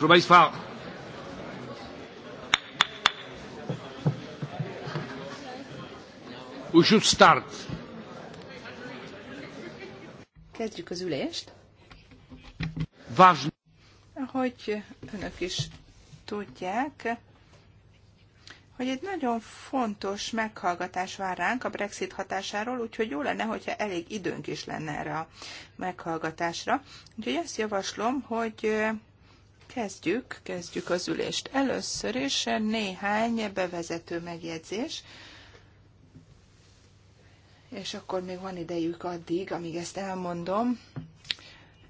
Proszę Państwa, we should start. Kezdjük az ülést. Ważne. Ahogy önök is tudják, hogy egy nagyon fontos meghallgatás vár ránk a Brexit hatásáról, úgyhogy jó lenne, hogyha elég időnk is lenne erre a meghallgatásra. Úgyhogy azt javaslom, hogy Kezdjük, kezdjük az ülést. Először is néhány bevezető megjegyzés, és akkor még van idejük addig, amíg ezt elmondom,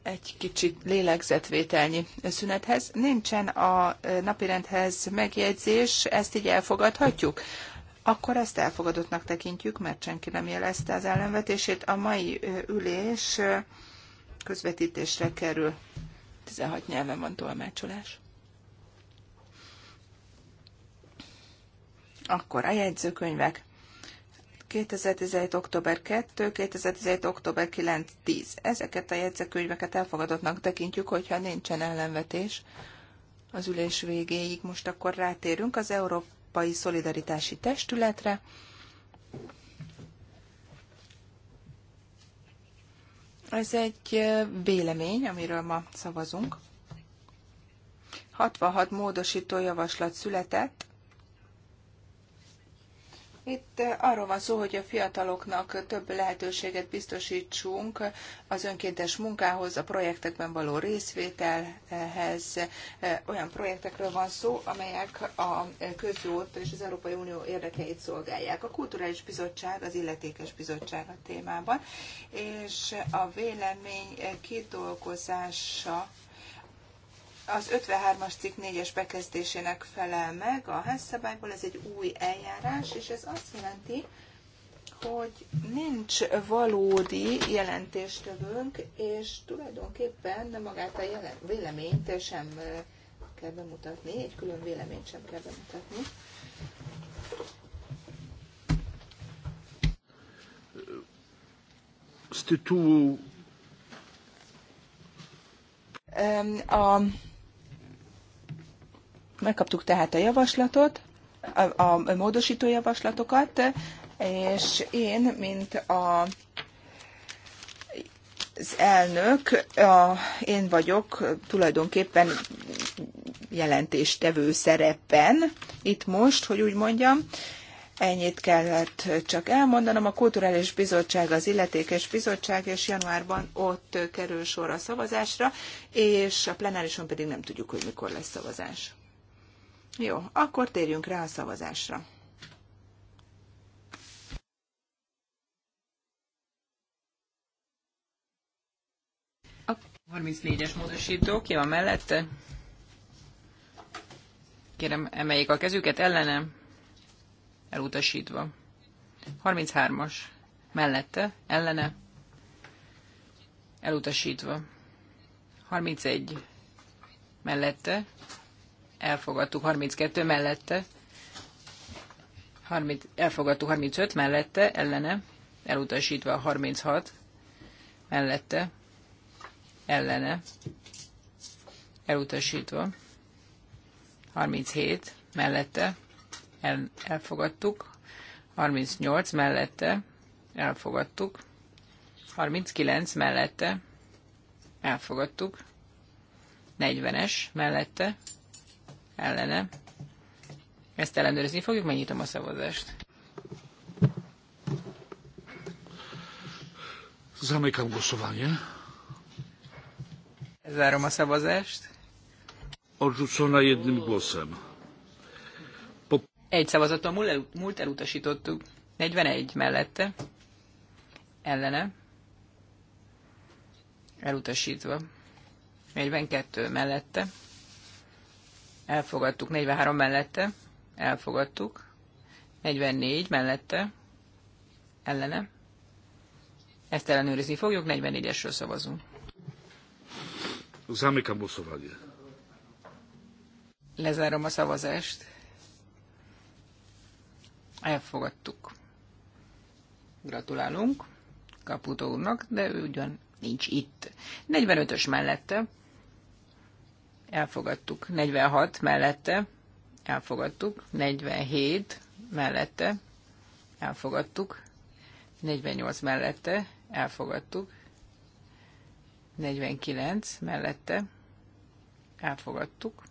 egy kicsit lélegzetvételnyi szünethez. Nincsen a e, napirendhez megjegyzés, ezt így elfogadhatjuk? Akkor ezt elfogadottnak tekintjük, mert senki nem jelezte az ellenvetését. A mai e, ülés e, közvetítésre kerül. 16 nyelven van tolmácsolás. Akkor a jegyzőkönyvek. 2017. október 2, 2017. október 9, 10. Ezeket a jegyzőkönyveket elfogadottnak tekintjük, hogyha nincsen ellenvetés az ülés végéig. Most akkor rátérünk az Európai Szolidaritási Testületre. Ez egy vélemény, amiről ma szavazunk. 66 módosító javaslat született, itt arról van szó, hogy a fiataloknak több lehetőséget biztosítsunk az önkéntes munkához, a projektekben való részvételhez. Olyan projektekről van szó, amelyek a közjót és az Európai Unió érdekeit szolgálják. A Kulturális Bizottság az illetékes bizottság a témában, és a vélemény kidolgozása az 53-as cikk 4-es bekezdésének felel meg a házszabályból, ez egy új eljárás, és ez azt jelenti, hogy nincs valódi jelentéstövünk, és tulajdonképpen magát a jelen, véleményt sem eh, kell bemutatni, egy külön véleményt sem kell bemutatni. Z a Megkaptuk tehát a javaslatot, a, a módosító javaslatokat, és én, mint a az elnök, a, én vagyok tulajdonképpen jelentéstevő szerepben, itt most, hogy úgy mondjam, ennyit kellett csak elmondanom. A Kulturális Bizottság, az Illetékes Bizottság, és januárban ott kerül sor a szavazásra, és a plenárison pedig nem tudjuk, hogy mikor lesz szavazás. Jó, akkor térjünk rá a szavazásra. A 34-es módosító, ki van mellette? Kérem, emeljék a kezüket ellenem. Elutasítva. 33-as. Mellette, ellene. Elutasítva. 31. Mellette, elfogadtuk 32 mellette, 30, elfogadtuk 35 mellette, ellene, elutasítva 36 mellette, ellene, elutasítva 37 mellette, el, elfogadtuk, 38 mellette, elfogadtuk, 39 mellette, elfogadtuk, 40-es mellette, ellene. Ezt ellenőrizni fogjuk, megnyitom a szavazást. Zamykam głosowanie. Zárom a szavazást. Odrzucona jednym głosem. Po... Egy szavazattal múlt elutasítottuk. 41 mellette. Ellene. Elutasítva. 42 mellette. Elfogadtuk. 43 mellette. Elfogadtuk. 44 mellette. Ellene. Ezt ellenőrizni fogjuk. 44-esről szavazunk. Lezárom a szavazást. Elfogadtuk. Gratulálunk Kaputo úrnak, de ő ugyan nincs itt. 45-ös mellette elfogadtuk. 46 mellette, elfogadtuk. 47 mellette, elfogadtuk. 48 mellette, elfogadtuk. 49 mellette, elfogadtuk.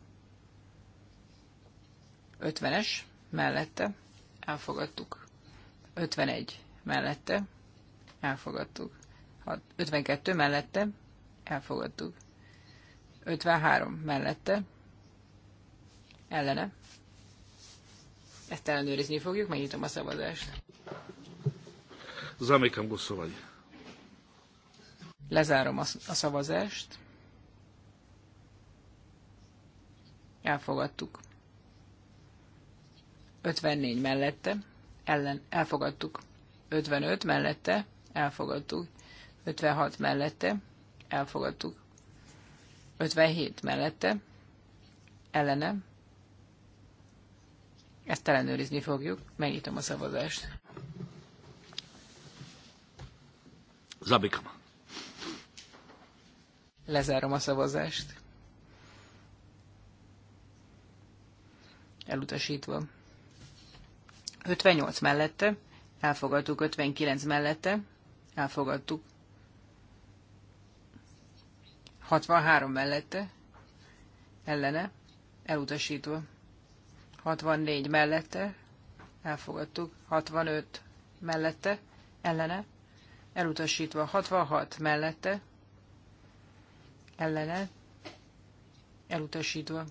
50-es mellette, elfogadtuk. 51 mellette, elfogadtuk. 52 mellette, elfogadtuk. 53 mellette, ellene. Ezt ellenőrizni fogjuk, megnyitom a szavazást. Zamykam vagy. Lezárom a szavazást. Elfogadtuk. 54 mellette, ellen, elfogadtuk. 55 mellette, elfogadtuk. 56 mellette, elfogadtuk. 57 mellette, ellene. Ezt ellenőrizni fogjuk. Megnyitom a szavazást. Zabikama. Lezárom a szavazást. Elutasítva. 58 mellette, elfogadtuk 59 mellette, elfogadtuk 63 mellette, ellene, elutasítva. 64 mellette, elfogadtuk. 65 mellette, ellene, elutasítva. 66 mellette, ellene, elutasítva.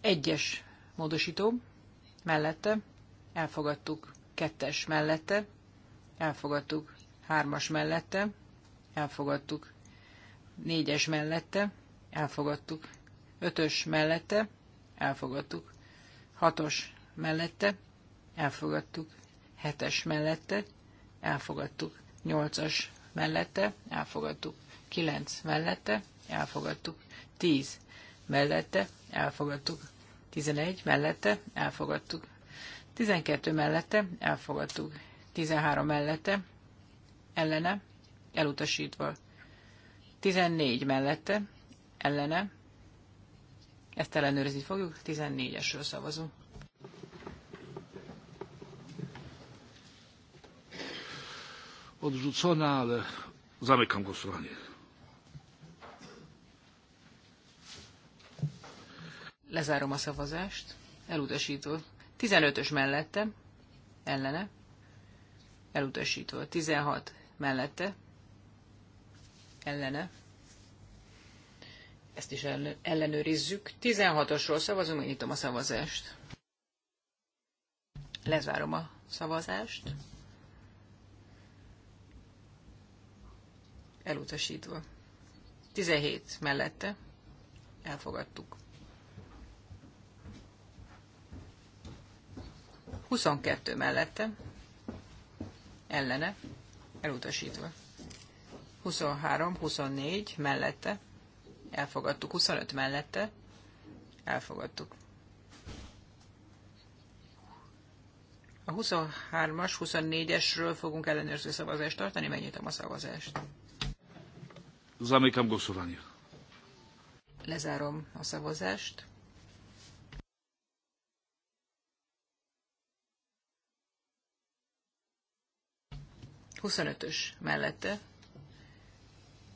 Egyes módosító mellette, elfogadtuk. Kettes mellette, elfogadtuk. Hármas mellette, elfogadtuk. Négyes mellette, elfogadtuk. Ötös mellette, elfogadtuk. Hatos mellette, elfogadtuk. Hetes mellette, elfogadtuk. Nyolcas mellette, elfogadtuk. Kilenc mellette, elfogadtuk. Tíz mellette, elfogadtuk. Tizenegy mellette, elfogadtuk. Tizenkettő mellette, elfogadtuk. Tizenhárom mellette, ellene, elutasítva. 14 mellette, ellene, ezt ellenőrizni fogjuk, 14-esről szavazunk. Odrzucona, ale zamykam głosowanie. Lezárom a szavazást. Elutasító. 15-ös mellette. Ellene. Elutasító. 16 mellette ellene. Ezt is ellenőrizzük. 16-osról szavazunk, megnyitom a szavazást. Lezárom a szavazást. Elutasítva. 17 mellette. Elfogadtuk. 22 mellette. Ellene. Elutasítva. 23, 24 mellette, elfogadtuk. 25 mellette, elfogadtuk. A 23-as, 24-esről fogunk ellenőrző szavazást tartani, megnyitom a szavazást. Zamykam głosowanie. Lezárom a szavazást. Huszonötös mellette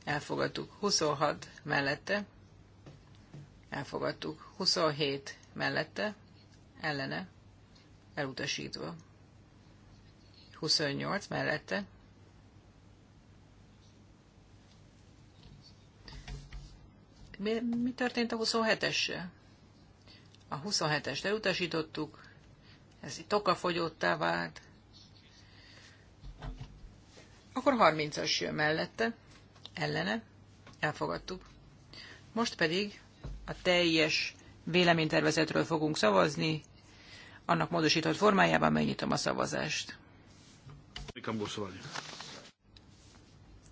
elfogadtuk. 26 mellette, elfogadtuk. 27 mellette, ellene, elutasítva. 28 mellette, mi, mi történt a 27-essel? A 27-est elutasítottuk, ez itt okafogyottá vált. Akkor 30-as jön mellette, ellene, elfogadtuk. Most pedig a teljes véleménytervezetről fogunk szavazni, annak módosított formájában megnyitom a szavazást.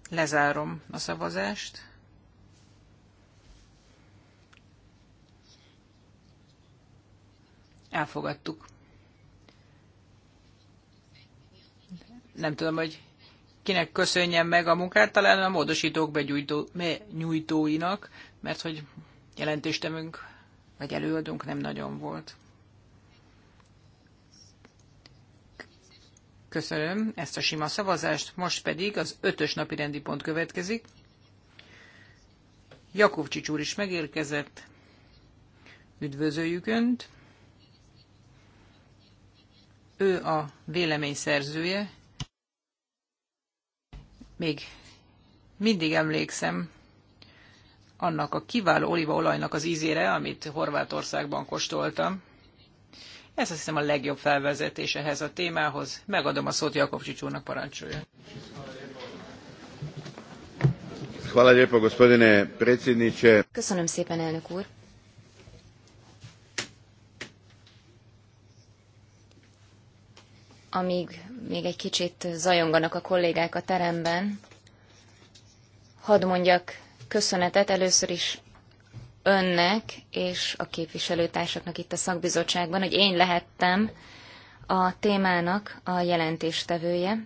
Lezárom a szavazást. Elfogadtuk. Nem tudom, hogy kinek köszönjem meg a munkát, talán a módosítók begyújtó, nyújtóinak, mert hogy jelentéstemünk vagy előadunk nem nagyon volt. Köszönöm ezt a sima szavazást, most pedig az ötös napi rendi pont következik. Jakub úr is megérkezett. Üdvözöljük Önt! Ő a véleményszerzője. Még mindig emlékszem annak a kiváló olívaolajnak az ízére, amit Horvátországban kóstoltam. Ez azt hiszem a legjobb felvezetés ehhez a témához. Megadom a szót Jakob Csicsónak parancsolja. Köszönöm szépen, elnök úr. Amíg még egy kicsit zajonganak a kollégák a teremben. Hadd mondjak köszönetet először is önnek és a képviselőtársaknak itt a szakbizottságban, hogy én lehettem a témának a jelentéstevője.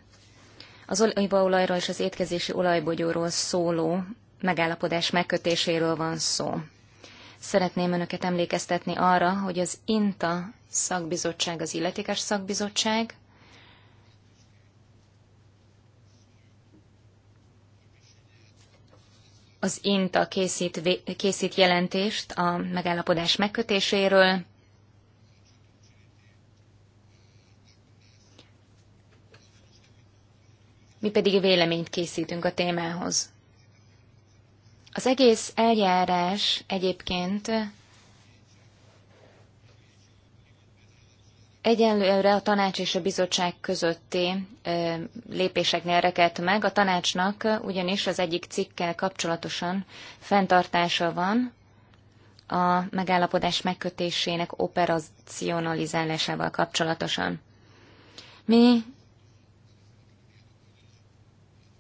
Az olajbaolajról és az étkezési olajbogyóról szóló megállapodás megkötéséről van szó. Szeretném önöket emlékeztetni arra, hogy az INTA szakbizottság az illetékes szakbizottság, az INTA készít, készít jelentést a megállapodás megkötéséről. Mi pedig véleményt készítünk a témához. Az egész eljárás egyébként Egyenlőre a tanács és a bizottság közötti lépéseknél rekedt meg. A tanácsnak ugyanis az egyik cikkkel kapcsolatosan fenntartása van a megállapodás megkötésének operacionalizálásával kapcsolatosan. Mi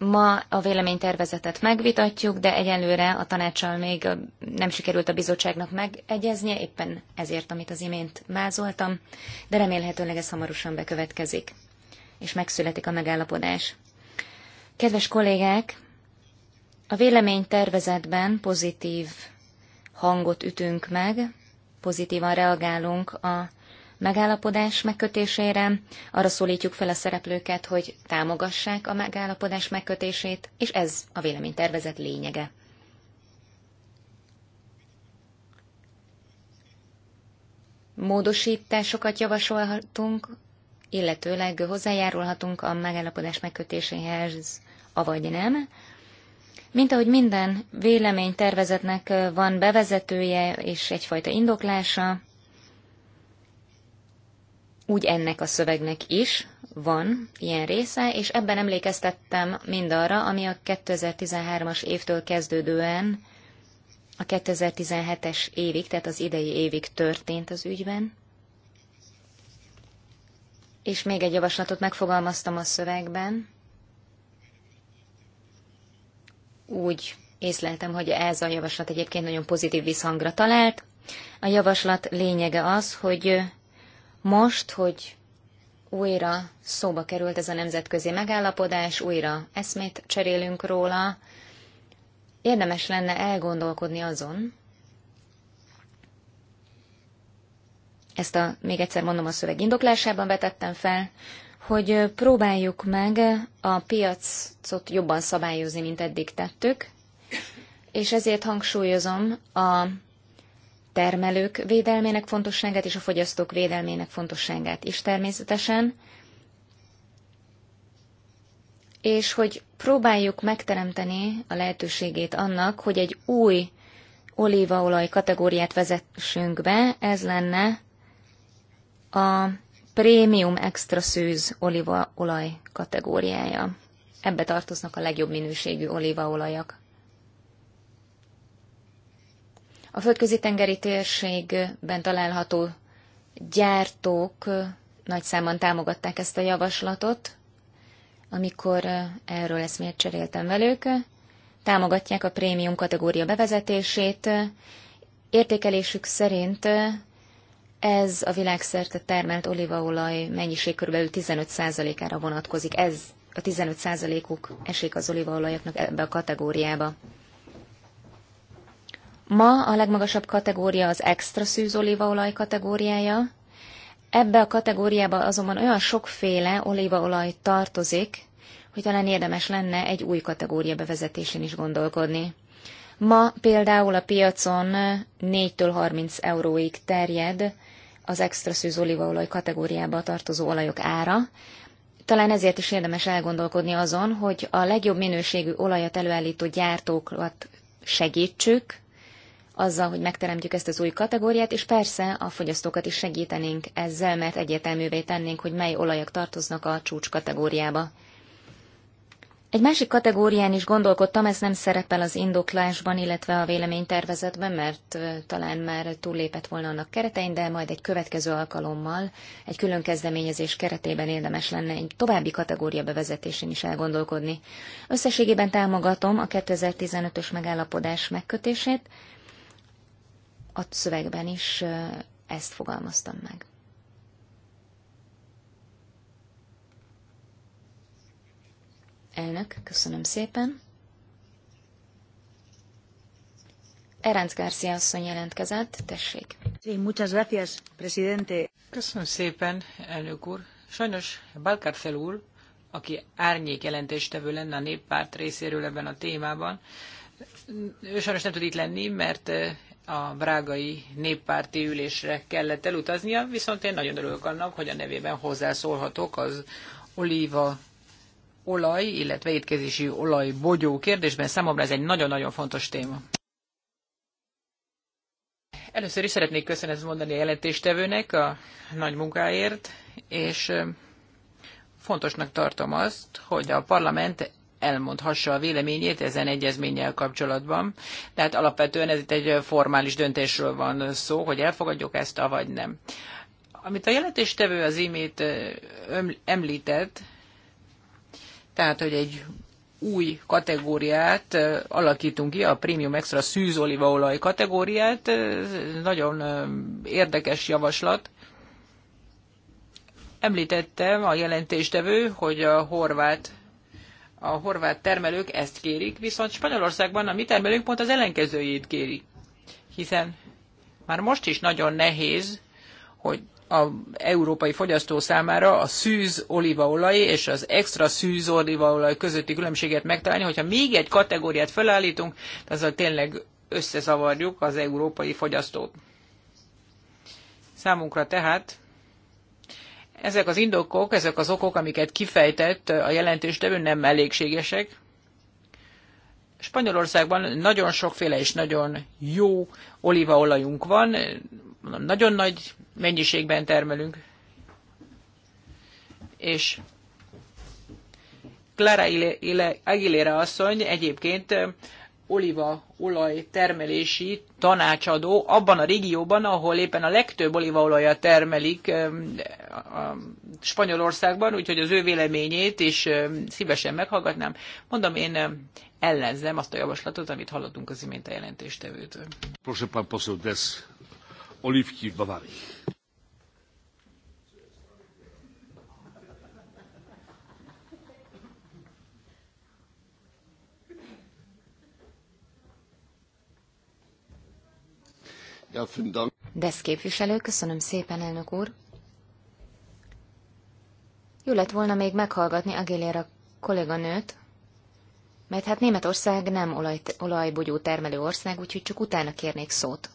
Ma a véleménytervezetet megvitatjuk, de egyelőre a tanácssal még nem sikerült a bizottságnak megegyeznie, éppen ezért, amit az imént vázoltam, de remélhetőleg ez hamarosan bekövetkezik, és megszületik a megállapodás. Kedves kollégák, a véleménytervezetben pozitív hangot ütünk meg, pozitívan reagálunk a megállapodás megkötésére. Arra szólítjuk fel a szereplőket, hogy támogassák a megállapodás megkötését, és ez a véleménytervezet lényege. Módosításokat javasolhatunk, illetőleg hozzájárulhatunk a megállapodás megkötéséhez, avagy nem. Mint ahogy minden véleménytervezetnek van bevezetője és egyfajta indoklása, úgy ennek a szövegnek is van ilyen része, és ebben emlékeztettem mindarra, ami a 2013-as évtől kezdődően a 2017-es évig, tehát az idei évig történt az ügyben. És még egy javaslatot megfogalmaztam a szövegben. Úgy észleltem, hogy ez a javaslat egyébként nagyon pozitív visszhangra talált. A javaslat lényege az, hogy most, hogy újra szóba került ez a nemzetközi megállapodás, újra eszmét cserélünk róla, érdemes lenne elgondolkodni azon, ezt a, még egyszer mondom, a szöveg indoklásában vetettem fel, hogy próbáljuk meg a piacot jobban szabályozni, mint eddig tettük, és ezért hangsúlyozom a termelők védelmének fontosságát és a fogyasztók védelmének fontosságát is természetesen, és hogy próbáljuk megteremteni a lehetőségét annak, hogy egy új olívaolaj kategóriát vezessünk be, ez lenne a prémium extra szűz olívaolaj kategóriája. Ebbe tartoznak a legjobb minőségű olívaolajak. A földközi tengeri térségben található gyártók nagy számban támogatták ezt a javaslatot, amikor erről eszmét cseréltem velük. Támogatják a prémium kategória bevezetését. Értékelésük szerint ez a világszerte termelt olívaolaj mennyiség kb. 15%-ára vonatkozik. Ez a 15%-uk esik az olívaolajoknak ebbe a kategóriába. Ma a legmagasabb kategória az extra szűz olívaolaj kategóriája. Ebbe a kategóriába azonban olyan sokféle olívaolaj tartozik, hogy talán érdemes lenne egy új kategória bevezetésén is gondolkodni. Ma például a piacon 4-től 30 euróig terjed az extra szűz olívaolaj kategóriába tartozó olajok ára. Talán ezért is érdemes elgondolkodni azon, hogy a legjobb minőségű olajat előállító gyártókat segítsük, azzal, hogy megteremtjük ezt az új kategóriát, és persze a fogyasztókat is segítenénk ezzel, mert egyértelművé tennénk, hogy mely olajak tartoznak a csúcs kategóriába. Egy másik kategórián is gondolkodtam, ez nem szerepel az indoklásban, illetve a véleménytervezetben, mert talán már túllépett volna annak keretein, de majd egy következő alkalommal, egy külön kezdeményezés keretében érdemes lenne egy további kategória bevezetésén is elgondolkodni. Összességében támogatom a 2015-ös megállapodás megkötését, a szövegben is ezt fogalmaztam meg. Elnök, köszönöm szépen. Erenc Garcia asszony jelentkezett, tessék. Sí, muchas gracias, presidente. Köszönöm szépen, elnök úr. Sajnos Balkárfel úr, aki árnyék jelentéstevő lenne a néppárt részéről ebben a témában, ő sajnos nem tud itt lenni, mert a brágai néppárti ülésre kellett elutaznia, viszont én nagyon örülök annak, hogy a nevében hozzászólhatok az olíva olaj, illetve étkezési olaj bogyó kérdésben. Számomra ez egy nagyon-nagyon fontos téma. Először is szeretnék köszönetet mondani a jelentéstevőnek a nagy munkáért, és fontosnak tartom azt, hogy a parlament elmondhassa a véleményét ezen egyezménnyel kapcsolatban. Tehát alapvetően ez itt egy formális döntésről van szó, hogy elfogadjuk ezt, vagy nem. Amit a jelentéstevő az imét említett, tehát, hogy egy új kategóriát alakítunk ki, a Premium Extra szűz olívaolaj kategóriát. Ez nagyon érdekes javaslat. Említettem a jelentéstevő, hogy a horvát a horvát termelők ezt kérik, viszont Spanyolországban a mi termelők pont az ellenkezőjét kéri. Hiszen már most is nagyon nehéz, hogy a európai fogyasztó számára a szűz olívaolaj és az extra szűz olívaolaj közötti különbséget megtalálni, hogyha még egy kategóriát felállítunk, azzal tényleg összezavarjuk az európai fogyasztót. Számunkra tehát ezek az indokok, ezek az okok, amiket kifejtett a jelentéstevő nem elégségesek. Spanyolországban nagyon sokféle és nagyon jó olívaolajunk van, nagyon nagy mennyiségben termelünk, és Clara Aguilera asszony egyébként olaj termelési tanácsadó abban a régióban, ahol éppen a legtöbb olívaolajat termelik a Spanyolországban, úgyhogy az ő véleményét is szívesen meghallgatnám. Mondom, én ellenzem azt a javaslatot, amit hallottunk az imént a jelentéstevőtől. Proszę pan posel Des, Oliwki Bawarii. Ja, Desz képviselő, köszönöm szépen, elnök úr. Jó lett volna még meghallgatni Agéléra kolléganőt, mert hát Németország nem olaj, olajbogyó termelő ország, úgyhogy csak utána kérnék szót.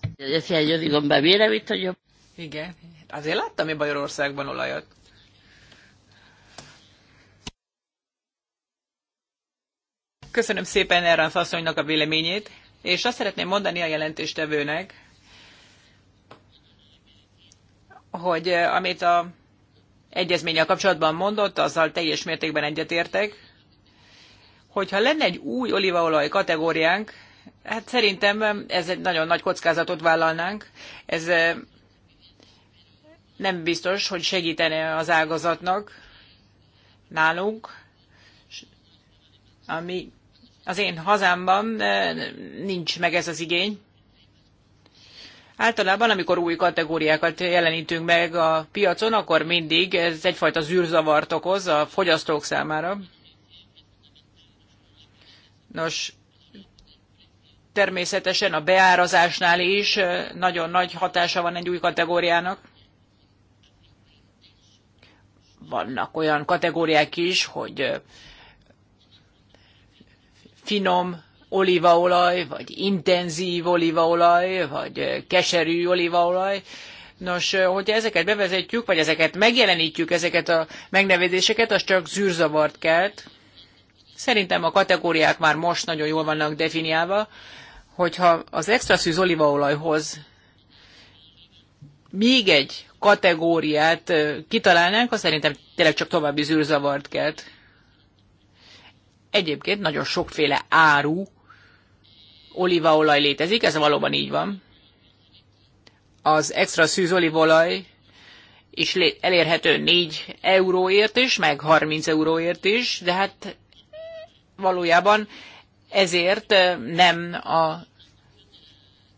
Igen, azért láttam hogy Bajorországban olajat. Köszönöm szépen Erransz Faszonynak a véleményét, és azt szeretném mondani a jelentéstevőnek, hogy eh, amit a egyezménnyel kapcsolatban mondott, azzal teljes mértékben egyetértek. Hogyha lenne egy új olívaolaj kategóriánk, hát szerintem eh, ez egy nagyon nagy kockázatot vállalnánk. Ez eh, nem biztos, hogy segítene az ágazatnak nálunk, ami az én hazámban nincs meg ez az igény. Általában, amikor új kategóriákat jelenítünk meg a piacon, akkor mindig ez egyfajta zűrzavart okoz a fogyasztók számára. Nos, természetesen a beárazásnál is nagyon nagy hatása van egy új kategóriának. Vannak olyan kategóriák is, hogy finom olívaolaj, vagy intenzív olívaolaj, vagy keserű olívaolaj. Nos, hogyha ezeket bevezetjük, vagy ezeket megjelenítjük, ezeket a megnevezéseket, az csak zűrzavart kelt. Szerintem a kategóriák már most nagyon jól vannak definiálva, hogyha az extra szűz olívaolajhoz még egy kategóriát kitalálnánk, az szerintem tényleg csak további zűrzavart kelt. Egyébként nagyon sokféle áru olívaolaj létezik, ez valóban így van. Az extra szűz olívaolaj is elérhető 4 euróért is, meg 30 euróért is, de hát valójában ezért nem a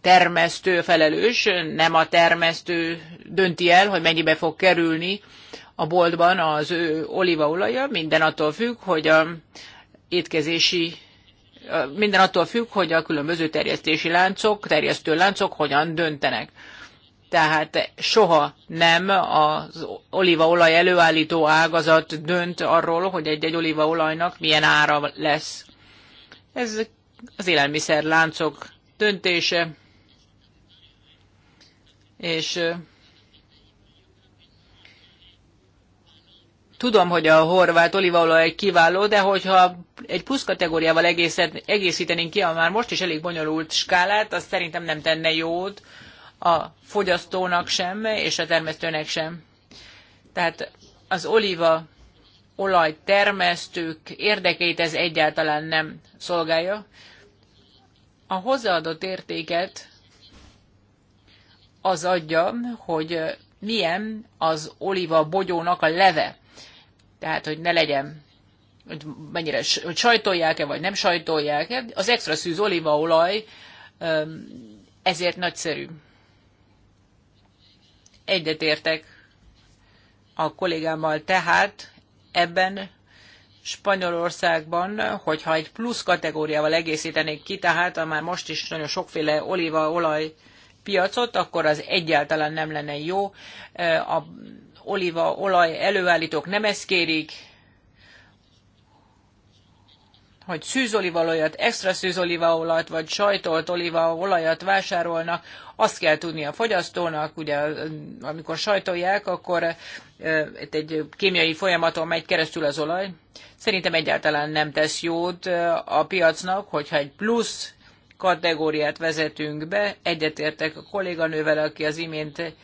termesztő felelős, nem a termesztő dönti el, hogy mennyibe fog kerülni a boltban az ő olívaolaja, minden attól függ, hogy a étkezési minden attól függ, hogy a különböző terjesztési láncok, terjesztő láncok hogyan döntenek. Tehát soha nem az olívaolaj előállító ágazat dönt arról, hogy egy-egy olívaolajnak milyen ára lesz. Ez az élelmiszer láncok döntése, és Tudom, hogy a horvát olívaolaj kiváló, de hogyha egy plusz kategóriával egészítenénk ki a már most is elég bonyolult skálát, az szerintem nem tenne jót a fogyasztónak sem, és a termesztőnek sem. Tehát az olíva olaj termesztők érdekeit ez egyáltalán nem szolgálja. A hozzáadott értéket az adja, hogy milyen az oliva bogyónak a leve. Tehát, hogy ne legyen, hogy mennyire hogy sajtolják-e, vagy nem sajtolják-e. Az extra szűz olívaolaj ezért nagyszerű. Egyetértek a kollégámmal tehát ebben Spanyolországban, hogyha egy plusz kategóriával egészítenék ki, tehát a már most is nagyon sokféle olívaolaj piacot, akkor az egyáltalán nem lenne jó. A olaj előállítók nem ezt kérik, hogy szűzolívaolajat, extra szűzolívaolajat, vagy sajtolt olivaolajat vásárolnak, azt kell tudni a fogyasztónak, ugye amikor sajtolják, akkor egy kémiai folyamaton megy keresztül az olaj. Szerintem egyáltalán nem tesz jót a piacnak, hogyha egy plusz kategóriát vezetünk be. Egyetértek a kolléganővel, aki az imént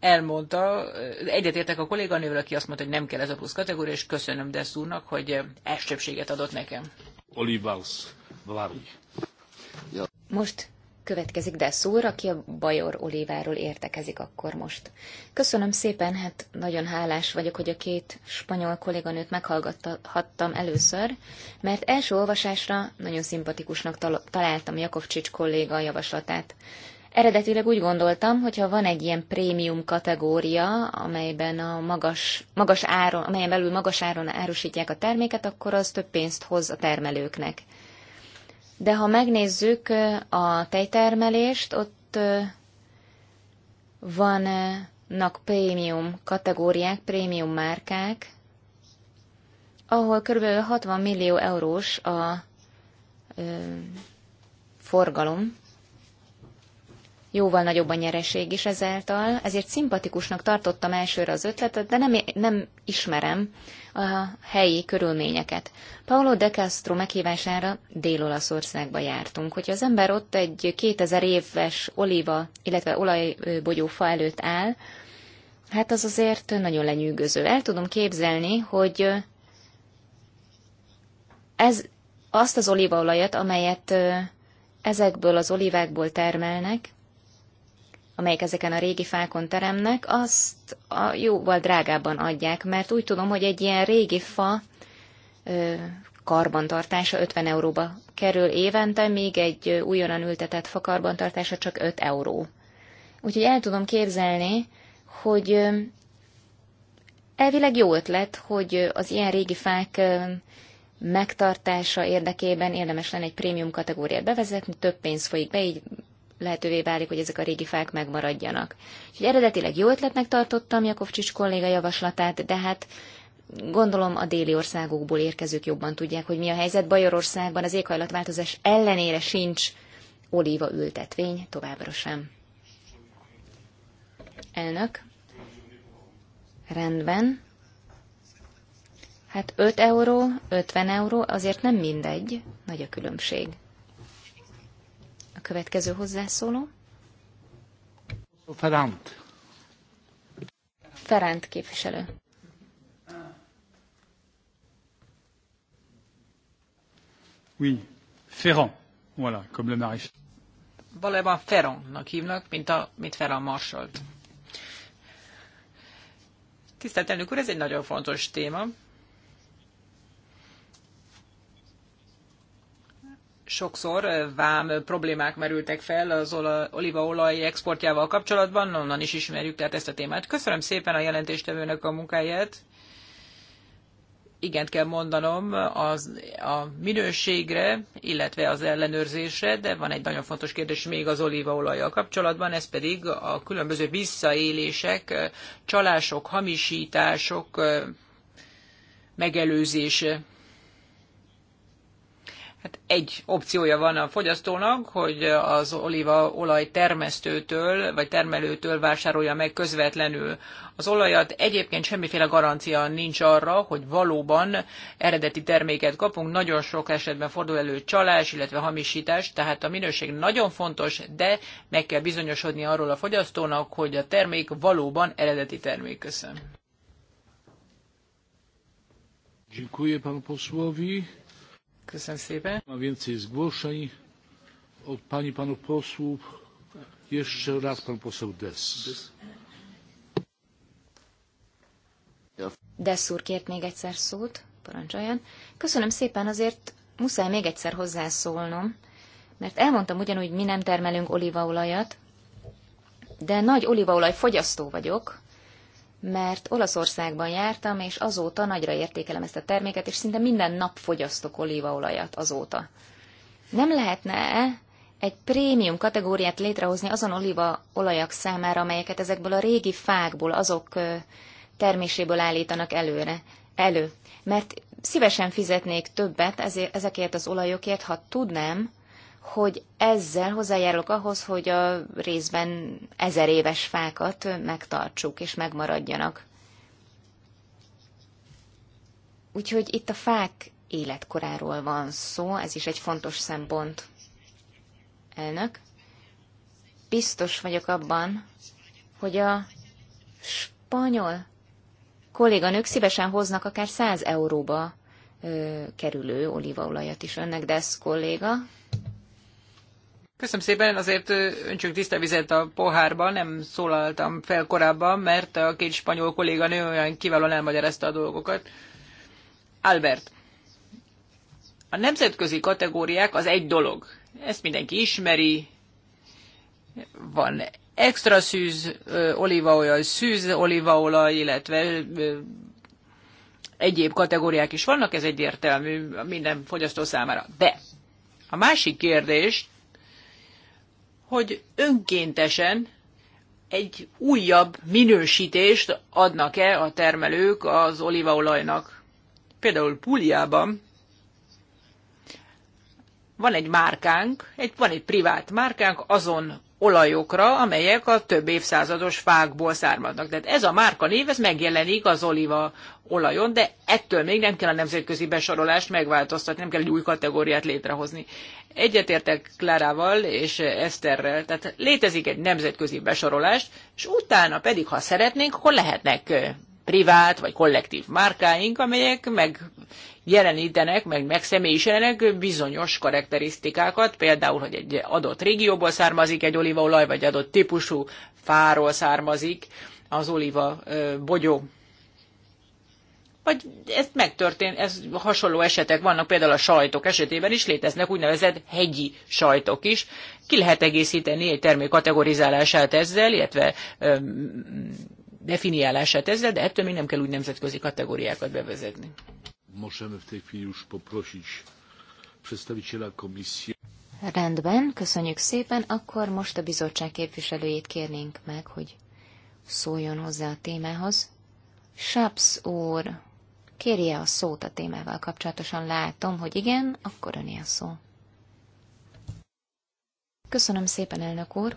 elmondta, egyetértek a kolléganővel, aki azt mondta, hogy nem kell ez a plusz kategória, és köszönöm Dessz úrnak, hogy elsőbséget adott nekem. Olivaus Vlavi. Ja. Most következik Dessz úr, aki a Bajor Oliváról értekezik akkor most. Köszönöm szépen, hát nagyon hálás vagyok, hogy a két spanyol kolléganőt meghallgathattam először, mert első olvasásra nagyon szimpatikusnak találtam Jakovcsics kolléga javaslatát. Eredetileg úgy gondoltam, hogy ha van egy ilyen prémium kategória, amelyben a magas, magas áron, amelyen belül magas áron árusítják a terméket, akkor az több pénzt hoz a termelőknek. De ha megnézzük a tejtermelést, ott vannak prémium kategóriák, prémium márkák, ahol kb. 60 millió eurós a ö, forgalom, jóval nagyobb a nyereség is ezáltal, ezért szimpatikusnak tartottam elsőre az ötletet, de nem, nem ismerem a helyi körülményeket. Paolo de Castro meghívására Dél-Olaszországba jártunk. Hogyha az ember ott egy 2000 éves oliva, illetve olajbogyó fa előtt áll, hát az azért nagyon lenyűgöző. El tudom képzelni, hogy ez, azt az olívaolajat, amelyet ezekből az olivákból termelnek, amelyek ezeken a régi fákon teremnek, azt a jóval drágában adják, mert úgy tudom, hogy egy ilyen régi fa ö, karbantartása 50 euróba kerül évente, még egy újonnan ültetett fa karbantartása csak 5 euró. Úgyhogy el tudom képzelni, hogy elvileg jó ötlet, hogy az ilyen régi fák megtartása érdekében érdemes lenne egy prémium kategóriát bevezetni, több pénz folyik be, így lehetővé válik, hogy ezek a régi fák megmaradjanak. Úgyhogy eredetileg jó ötletnek tartottam Jakovcsics kolléga javaslatát, de hát gondolom a déli országokból érkezők jobban tudják, hogy mi a helyzet. Bajorországban az éghajlatváltozás ellenére sincs olíva ültetvény, továbbra sem. Elnök. Rendben. Hát 5 euró, 50 euró azért nem mindegy, nagy a különbség. Következő hozzászóló. Ferent. Ferent képviselő. Oui, Ferrand. Voilà, comme le maréchal. Valójában Ferrandnak hívnak, mint, a, mint Ferrand Marsalt. Tisztelt elnök úr, ez egy nagyon fontos téma. sokszor vám problémák merültek fel az olívaolaj exportjával kapcsolatban, onnan is ismerjük tehát ezt a témát. Köszönöm szépen a jelentéstevőnek a munkáját. Igent kell mondanom az, a minőségre, illetve az ellenőrzésre, de van egy nagyon fontos kérdés még az olívaolajjal kapcsolatban, ez pedig a különböző visszaélések, csalások, hamisítások megelőzése hát egy opciója van a fogyasztónak, hogy az olívaolaj termesztőtől vagy termelőtől vásárolja meg közvetlenül az olajat. Egyébként semmiféle garancia nincs arra, hogy valóban eredeti terméket kapunk. Nagyon sok esetben fordul elő csalás, illetve hamisítás, tehát a minőség nagyon fontos, de meg kell bizonyosodni arról a fogyasztónak, hogy a termék valóban eredeti termék. Köszönöm. Dziękuję panu posłowi. Köszönöm szépen. Ma więcej zgłoszeń od pani panów posłów. Jeszcze raz pan poseł Des. Des úr kért még egyszer szót, parancsoljon. Köszönöm szépen, azért muszáj még egyszer hozzászólnom, mert elmondtam ugyanúgy, mi nem termelünk olívaolajat, de nagy olívaolaj fogyasztó vagyok, mert Olaszországban jártam, és azóta nagyra értékelem ezt a terméket, és szinte minden nap fogyasztok olívaolajat azóta. Nem lehetne egy prémium kategóriát létrehozni azon olívaolajak számára, amelyeket ezekből a régi fákból, azok terméséből állítanak előre, elő. Mert szívesen fizetnék többet ezért, ezekért az olajokért, ha tudnám, hogy ezzel hozzájárulok ahhoz, hogy a részben ezer éves fákat megtartsuk és megmaradjanak. Úgyhogy itt a fák életkoráról van szó, ez is egy fontos szempont. Elnök, biztos vagyok abban, hogy a spanyol kolléganők szívesen hoznak akár 100 euróba ö, kerülő olívaolajat is önnek, de ez kolléga, Köszönöm szépen, azért öntsünk tiszta vizet a pohárba, nem szólaltam fel korábban, mert a két spanyol kolléganő olyan kiválóan elmagyarázta a dolgokat. Albert, a nemzetközi kategóriák az egy dolog. Ezt mindenki ismeri. Van extra szűz olívaolaj, szűz olívaolaj, illetve egyéb kategóriák is vannak, ez egyértelmű minden fogyasztó számára. De a másik kérdést hogy önkéntesen egy újabb minősítést adnak-e a termelők az olívaolajnak. Például Púliában van egy márkánk, egy, van egy privát márkánk, azon olajokra, amelyek a több évszázados fákból származnak. Tehát ez a márka név, ez megjelenik az oliva olajon, de ettől még nem kell a nemzetközi besorolást megváltoztatni, nem kell egy új kategóriát létrehozni. Egyetértek Klárával és Eszterrel, tehát létezik egy nemzetközi besorolás, és utána pedig, ha szeretnénk, akkor lehetnek privát vagy kollektív márkáink, amelyek meg jelenítenek, meg megszemélyisenek bizonyos karakterisztikákat, például, hogy egy adott régióból származik egy olívaolaj, vagy adott típusú fáról származik az olíva bogyó. Vagy ez megtörtént, ez hasonló esetek vannak például a sajtok esetében is, léteznek úgynevezett hegyi sajtok is. Ki lehet egészíteni egy termék kategorizálását ezzel, illetve definiálását ezzel, de ettől még nem kell úgy nemzetközi kategóriákat bevezetni możemy w tej chwili już poprosić przedstawiciela komisji. Rendben, köszönjük szépen, akkor most a bizottság képviselőjét kérnénk meg, hogy szóljon hozzá a témához. Saps úr, kérje a szót a témával kapcsolatosan, látom, hogy igen, akkor öné a szó. Köszönöm szépen, elnök úr.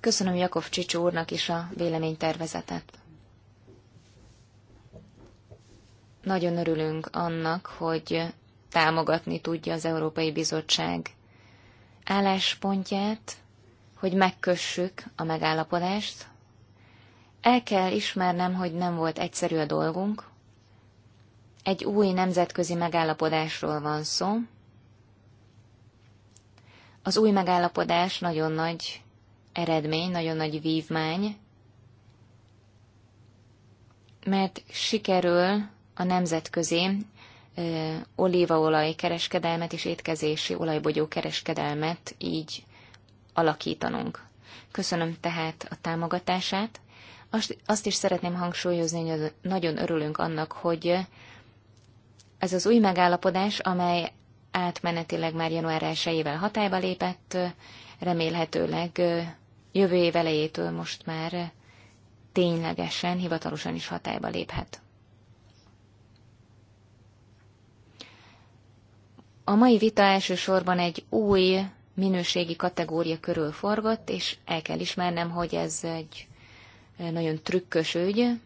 Köszönöm Jakov Csicsi úrnak is a véleménytervezetet. Nagyon örülünk annak, hogy támogatni tudja az Európai Bizottság álláspontját, hogy megkössük a megállapodást. El kell ismernem, hogy nem volt egyszerű a dolgunk. Egy új nemzetközi megállapodásról van szó. Az új megállapodás nagyon nagy eredmény, nagyon nagy vívmány, mert sikerül a nemzetközi olívaolaj kereskedelmet és étkezési olajbogyó kereskedelmet így alakítanunk. Köszönöm tehát a támogatását. Azt is szeretném hangsúlyozni, hogy nagyon örülünk annak, hogy ez az új megállapodás, amely átmenetileg már január 1-ével hatályba lépett, remélhetőleg jövő év elejétől most már ténylegesen, hivatalosan is hatályba léphet. A mai vita elsősorban egy új minőségi kategória körül forgott, és el kell ismernem, hogy ez egy nagyon trükkös ügy.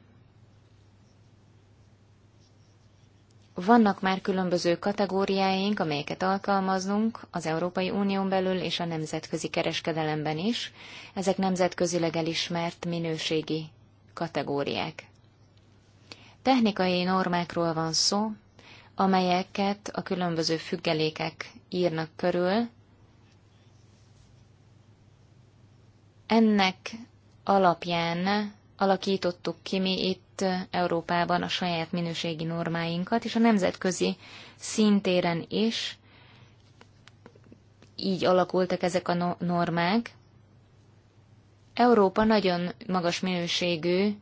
Vannak már különböző kategóriáink, amelyeket alkalmazunk az Európai Unión belül és a nemzetközi kereskedelemben is. Ezek nemzetközileg elismert minőségi kategóriák. Technikai normákról van szó, amelyeket a különböző függelékek írnak körül. Ennek alapján alakítottuk ki mi itt Európában a saját minőségi normáinkat, és a nemzetközi szintéren is így alakultak ezek a normák. Európa nagyon magas minőségű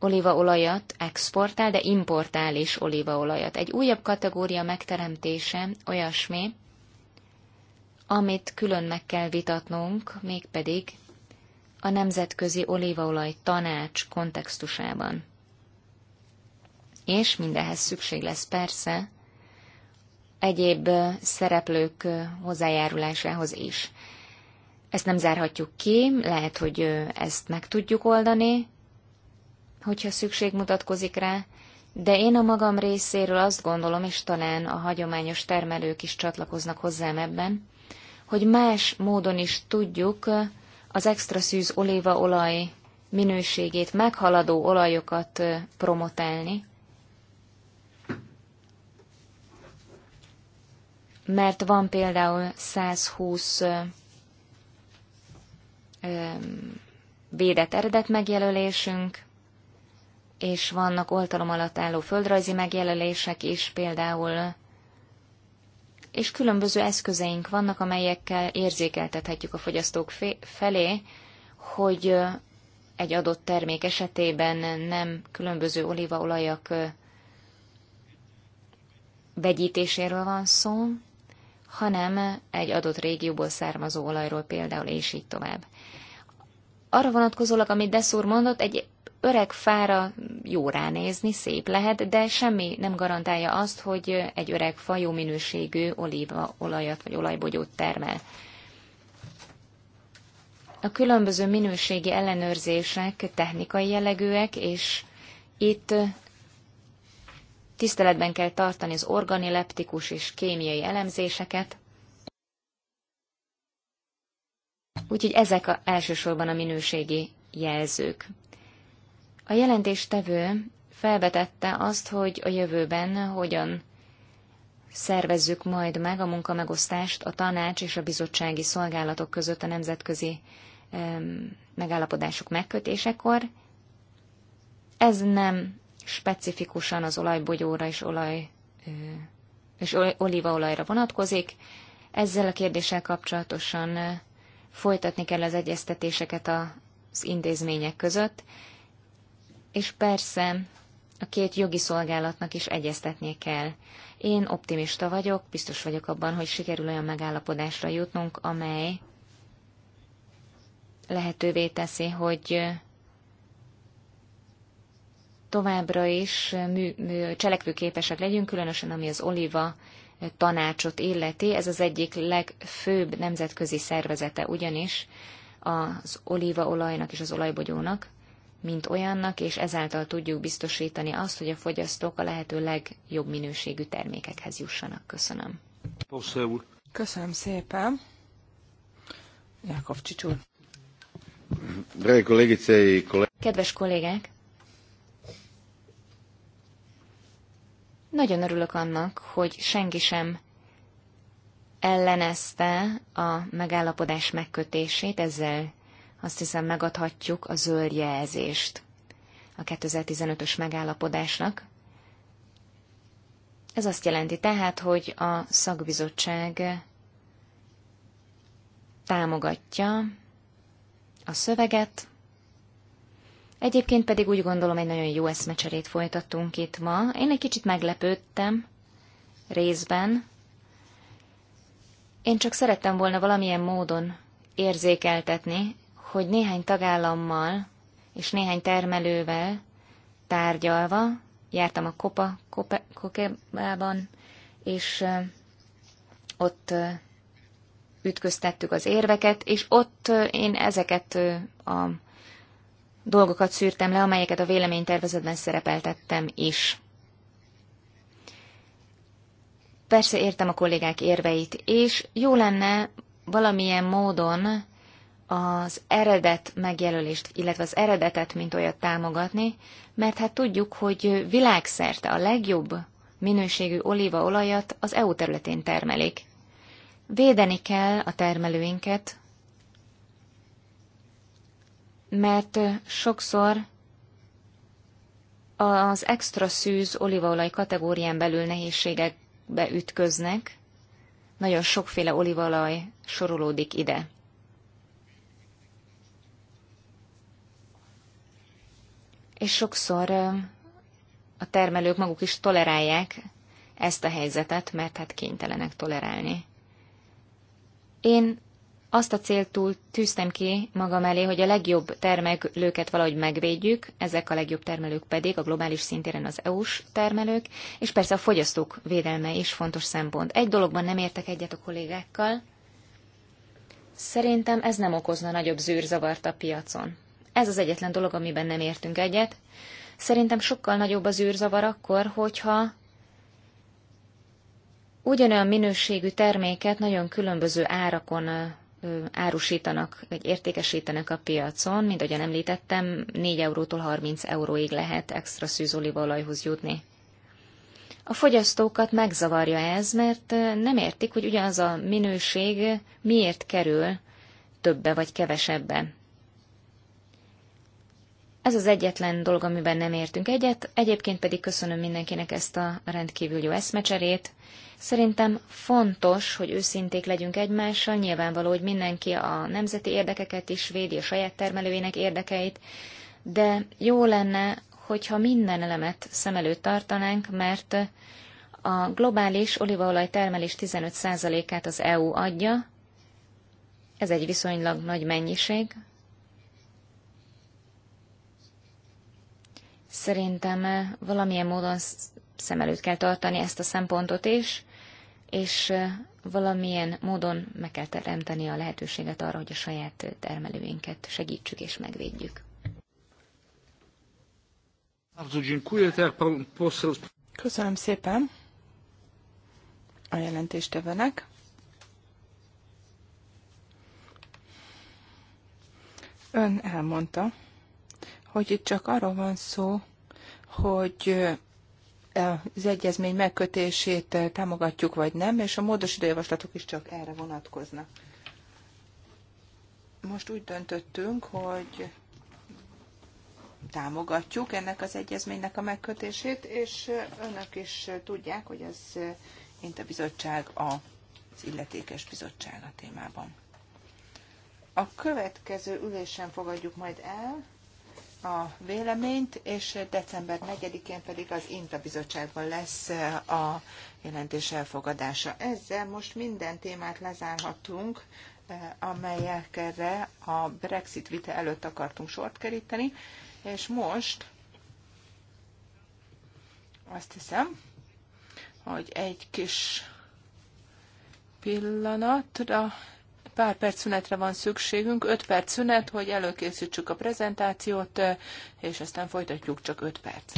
olívaolajat exportál, de importál is olívaolajat. Egy újabb kategória megteremtése olyasmi, amit külön meg kell vitatnunk, mégpedig a Nemzetközi Olívaolaj Tanács kontextusában. És mindehhez szükség lesz persze egyéb szereplők hozzájárulásához is. Ezt nem zárhatjuk ki, lehet, hogy ezt meg tudjuk oldani, hogyha szükség mutatkozik rá, de én a magam részéről azt gondolom, és talán a hagyományos termelők is csatlakoznak hozzám ebben, hogy más módon is tudjuk az extra szűz olívaolaj minőségét meghaladó olajokat promotálni, mert van például 120 védett eredet megjelölésünk, és vannak oltalom alatt álló földrajzi megjelölések is például, és különböző eszközeink vannak, amelyekkel érzékeltethetjük a fogyasztók felé, hogy egy adott termék esetében nem különböző olívaolajak vegyítéséről van szó, hanem egy adott régióból származó olajról például, és így tovább. Arra vonatkozólag, amit Deszúr mondott, egy öreg fára jó ránézni, szép lehet, de semmi nem garantálja azt, hogy egy öreg fa jó minőségű olívaolajat vagy olajbogyót termel. A különböző minőségi ellenőrzések technikai jellegűek, és itt tiszteletben kell tartani az organileptikus és kémiai elemzéseket, Úgyhogy ezek a, elsősorban a minőségi jelzők. A jelentéstevő felvetette azt, hogy a jövőben hogyan szervezzük majd meg a munkamegosztást a tanács és a bizottsági szolgálatok között a nemzetközi megállapodások megkötésekor. Ez nem specifikusan az olajbogyóra és olaj és olívaolajra vonatkozik. Ezzel a kérdéssel kapcsolatosan folytatni kell az egyeztetéseket az intézmények között, és persze a két jogi szolgálatnak is egyeztetnie kell. Én optimista vagyok, biztos vagyok abban, hogy sikerül olyan megállapodásra jutnunk, amely lehetővé teszi, hogy továbbra is mű, mű, cselekvőképesek legyünk, különösen ami az Oliva tanácsot illeti. Ez az egyik legfőbb nemzetközi szervezete ugyanis az olívaolajnak és az olajbogyónak mint olyannak, és ezáltal tudjuk biztosítani azt, hogy a fogyasztók a lehető legjobb minőségű termékekhez jussanak. Köszönöm. Köszönöm szépen. Jakov Csicsúr. Kedves kollégák! Nagyon örülök annak, hogy senki sem ellenezte a megállapodás megkötését, ezzel azt hiszem megadhatjuk a zöld jelzést a 2015-ös megállapodásnak. Ez azt jelenti tehát, hogy a szakbizottság támogatja a szöveget, Egyébként pedig úgy gondolom, egy nagyon jó eszmecserét folytattunk itt ma. Én egy kicsit meglepődtem részben. Én csak szerettem volna valamilyen módon érzékeltetni hogy néhány tagállammal és néhány termelővel tárgyalva, jártam a Kopa, Kokebában, és ott ütköztettük az érveket, és ott én ezeket a dolgokat szűrtem le, amelyeket a véleménytervezetben szerepeltettem is. Persze értem a kollégák érveit, és jó lenne valamilyen módon az eredet megjelölést, illetve az eredetet, mint olyat támogatni, mert hát tudjuk, hogy világszerte a legjobb minőségű olívaolajat az EU területén termelik. Védeni kell a termelőinket, mert sokszor az extra szűz olívaolaj kategórián belül nehézségekbe ütköznek, nagyon sokféle olívaolaj sorolódik ide. és sokszor a termelők maguk is tolerálják ezt a helyzetet, mert hát kénytelenek tolerálni. Én azt a célt túl tűztem ki magam elé, hogy a legjobb termelőket valahogy megvédjük, ezek a legjobb termelők pedig a globális szintéren az EU-s termelők, és persze a fogyasztók védelme is fontos szempont. Egy dologban nem értek egyet a kollégákkal, szerintem ez nem okozna nagyobb zűrzavart a piacon. Ez az egyetlen dolog, amiben nem értünk egyet. Szerintem sokkal nagyobb az űrzavar akkor, hogyha ugyanolyan minőségű terméket nagyon különböző árakon árusítanak, vagy értékesítenek a piacon, mint ahogyan említettem, 4 eurótól 30 euróig lehet extra szűzolívaolajhoz jutni. A fogyasztókat megzavarja ez, mert nem értik, hogy ugyanaz a minőség miért kerül többe vagy kevesebbe. Ez az egyetlen dolog, amiben nem értünk egyet, egyébként pedig köszönöm mindenkinek ezt a rendkívül jó eszmecserét. Szerintem fontos, hogy őszinték legyünk egymással, nyilvánvaló, hogy mindenki a nemzeti érdekeket is védi, a saját termelőjének érdekeit, de jó lenne, hogyha minden elemet szem előtt tartanánk, mert a globális olívaolaj termelés 15%-át az EU adja, ez egy viszonylag nagy mennyiség, Szerintem eh, valamilyen módon szem előtt kell tartani ezt a szempontot is, és eh, valamilyen módon meg kell teremteni a lehetőséget arra, hogy a saját eh, termelőinket segítsük és megvédjük. Köszönöm szépen a jelentéstevőnek. Ön elmondta, hogy itt csak arról van szó, hogy e, az egyezmény megkötését e, támogatjuk vagy nem, és a módosító javaslatok is csak erre vonatkoznak. Most úgy döntöttünk, hogy támogatjuk ennek az egyezménynek a megkötését, és önök is tudják, hogy ez mint a bizottság az illetékes bizottság a témában. A következő ülésen fogadjuk majd el a véleményt, és december 4-én pedig az INTA bizottságban lesz eh, a jelentés elfogadása. Ezzel most minden témát lezárhatunk, eh, amelyekre a Brexit vita előtt akartunk sort keríteni, és most azt hiszem, hogy egy kis pillanatra pár perc szünetre van szükségünk, 5 perc szünet, hogy előkészítsük a prezentációt, és aztán folytatjuk csak 5 perc.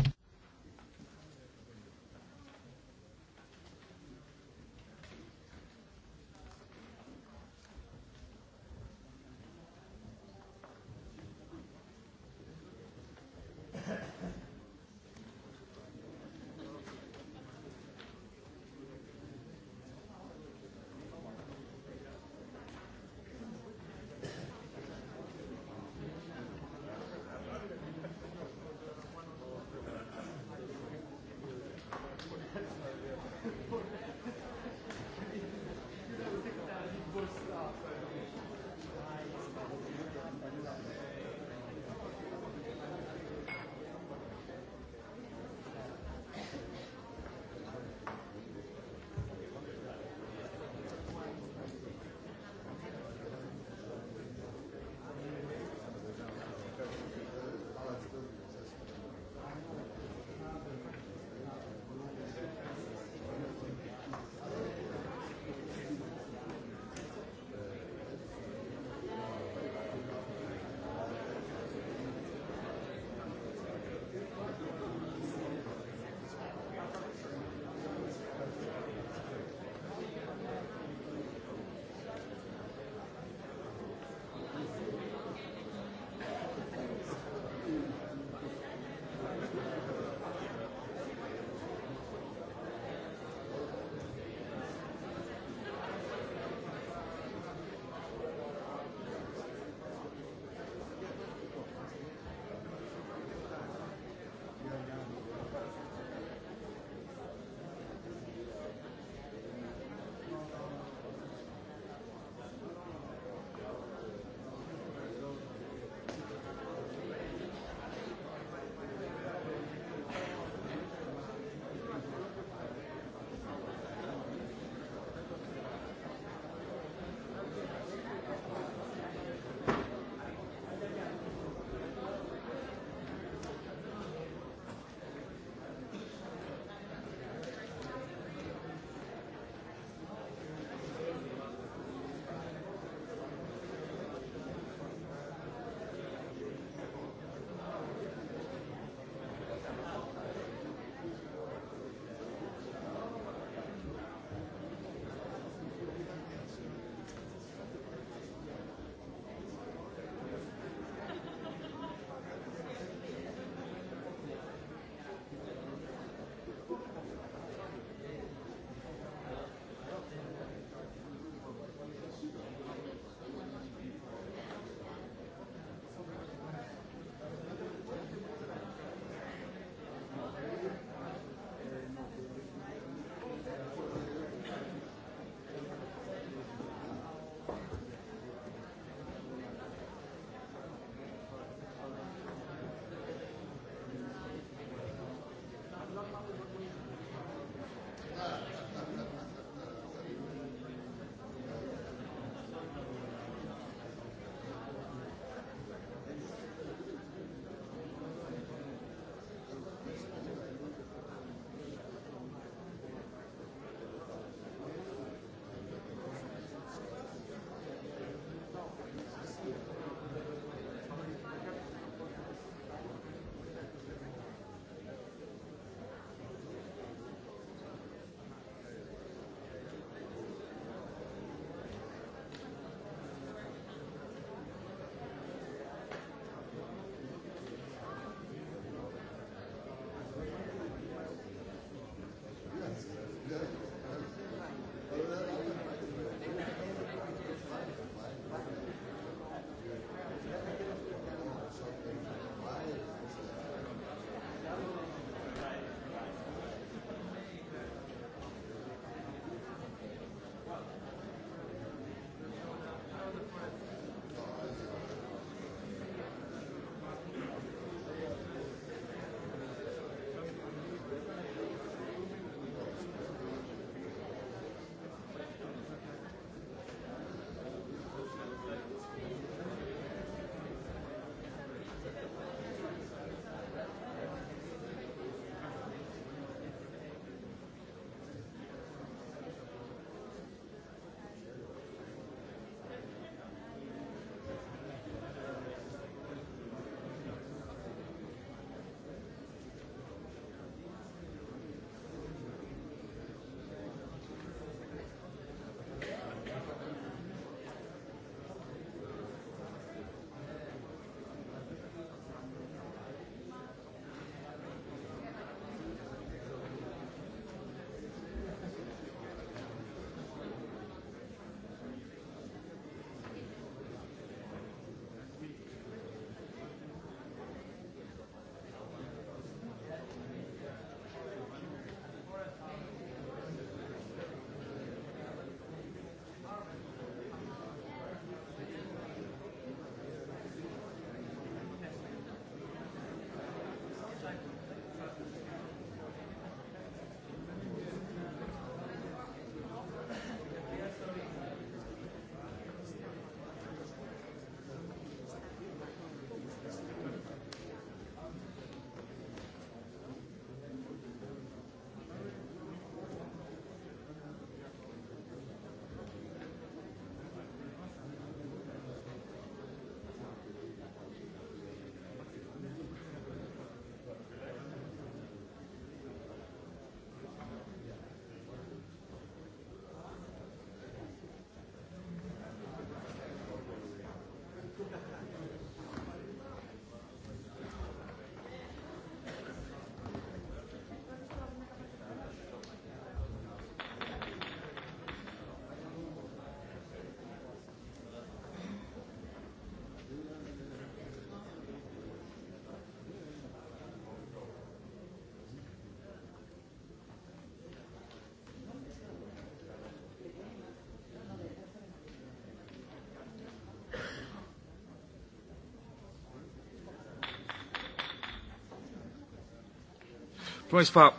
Państwa,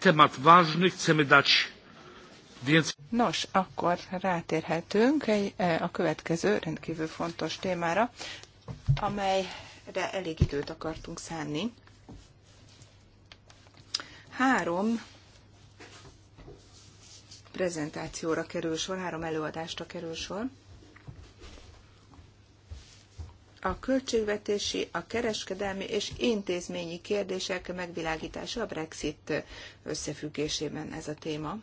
temat ważny, chcemy dać więcej. Nos, akkor rátérhetünk egy, e, a következő rendkívül fontos témára, amelyre elég időt akartunk szánni. Három prezentációra kerül sor, három előadásra kerül sor a költségvetési, a kereskedelmi és intézményi kérdések megvilágítása a Brexit összefüggésében ez a téma.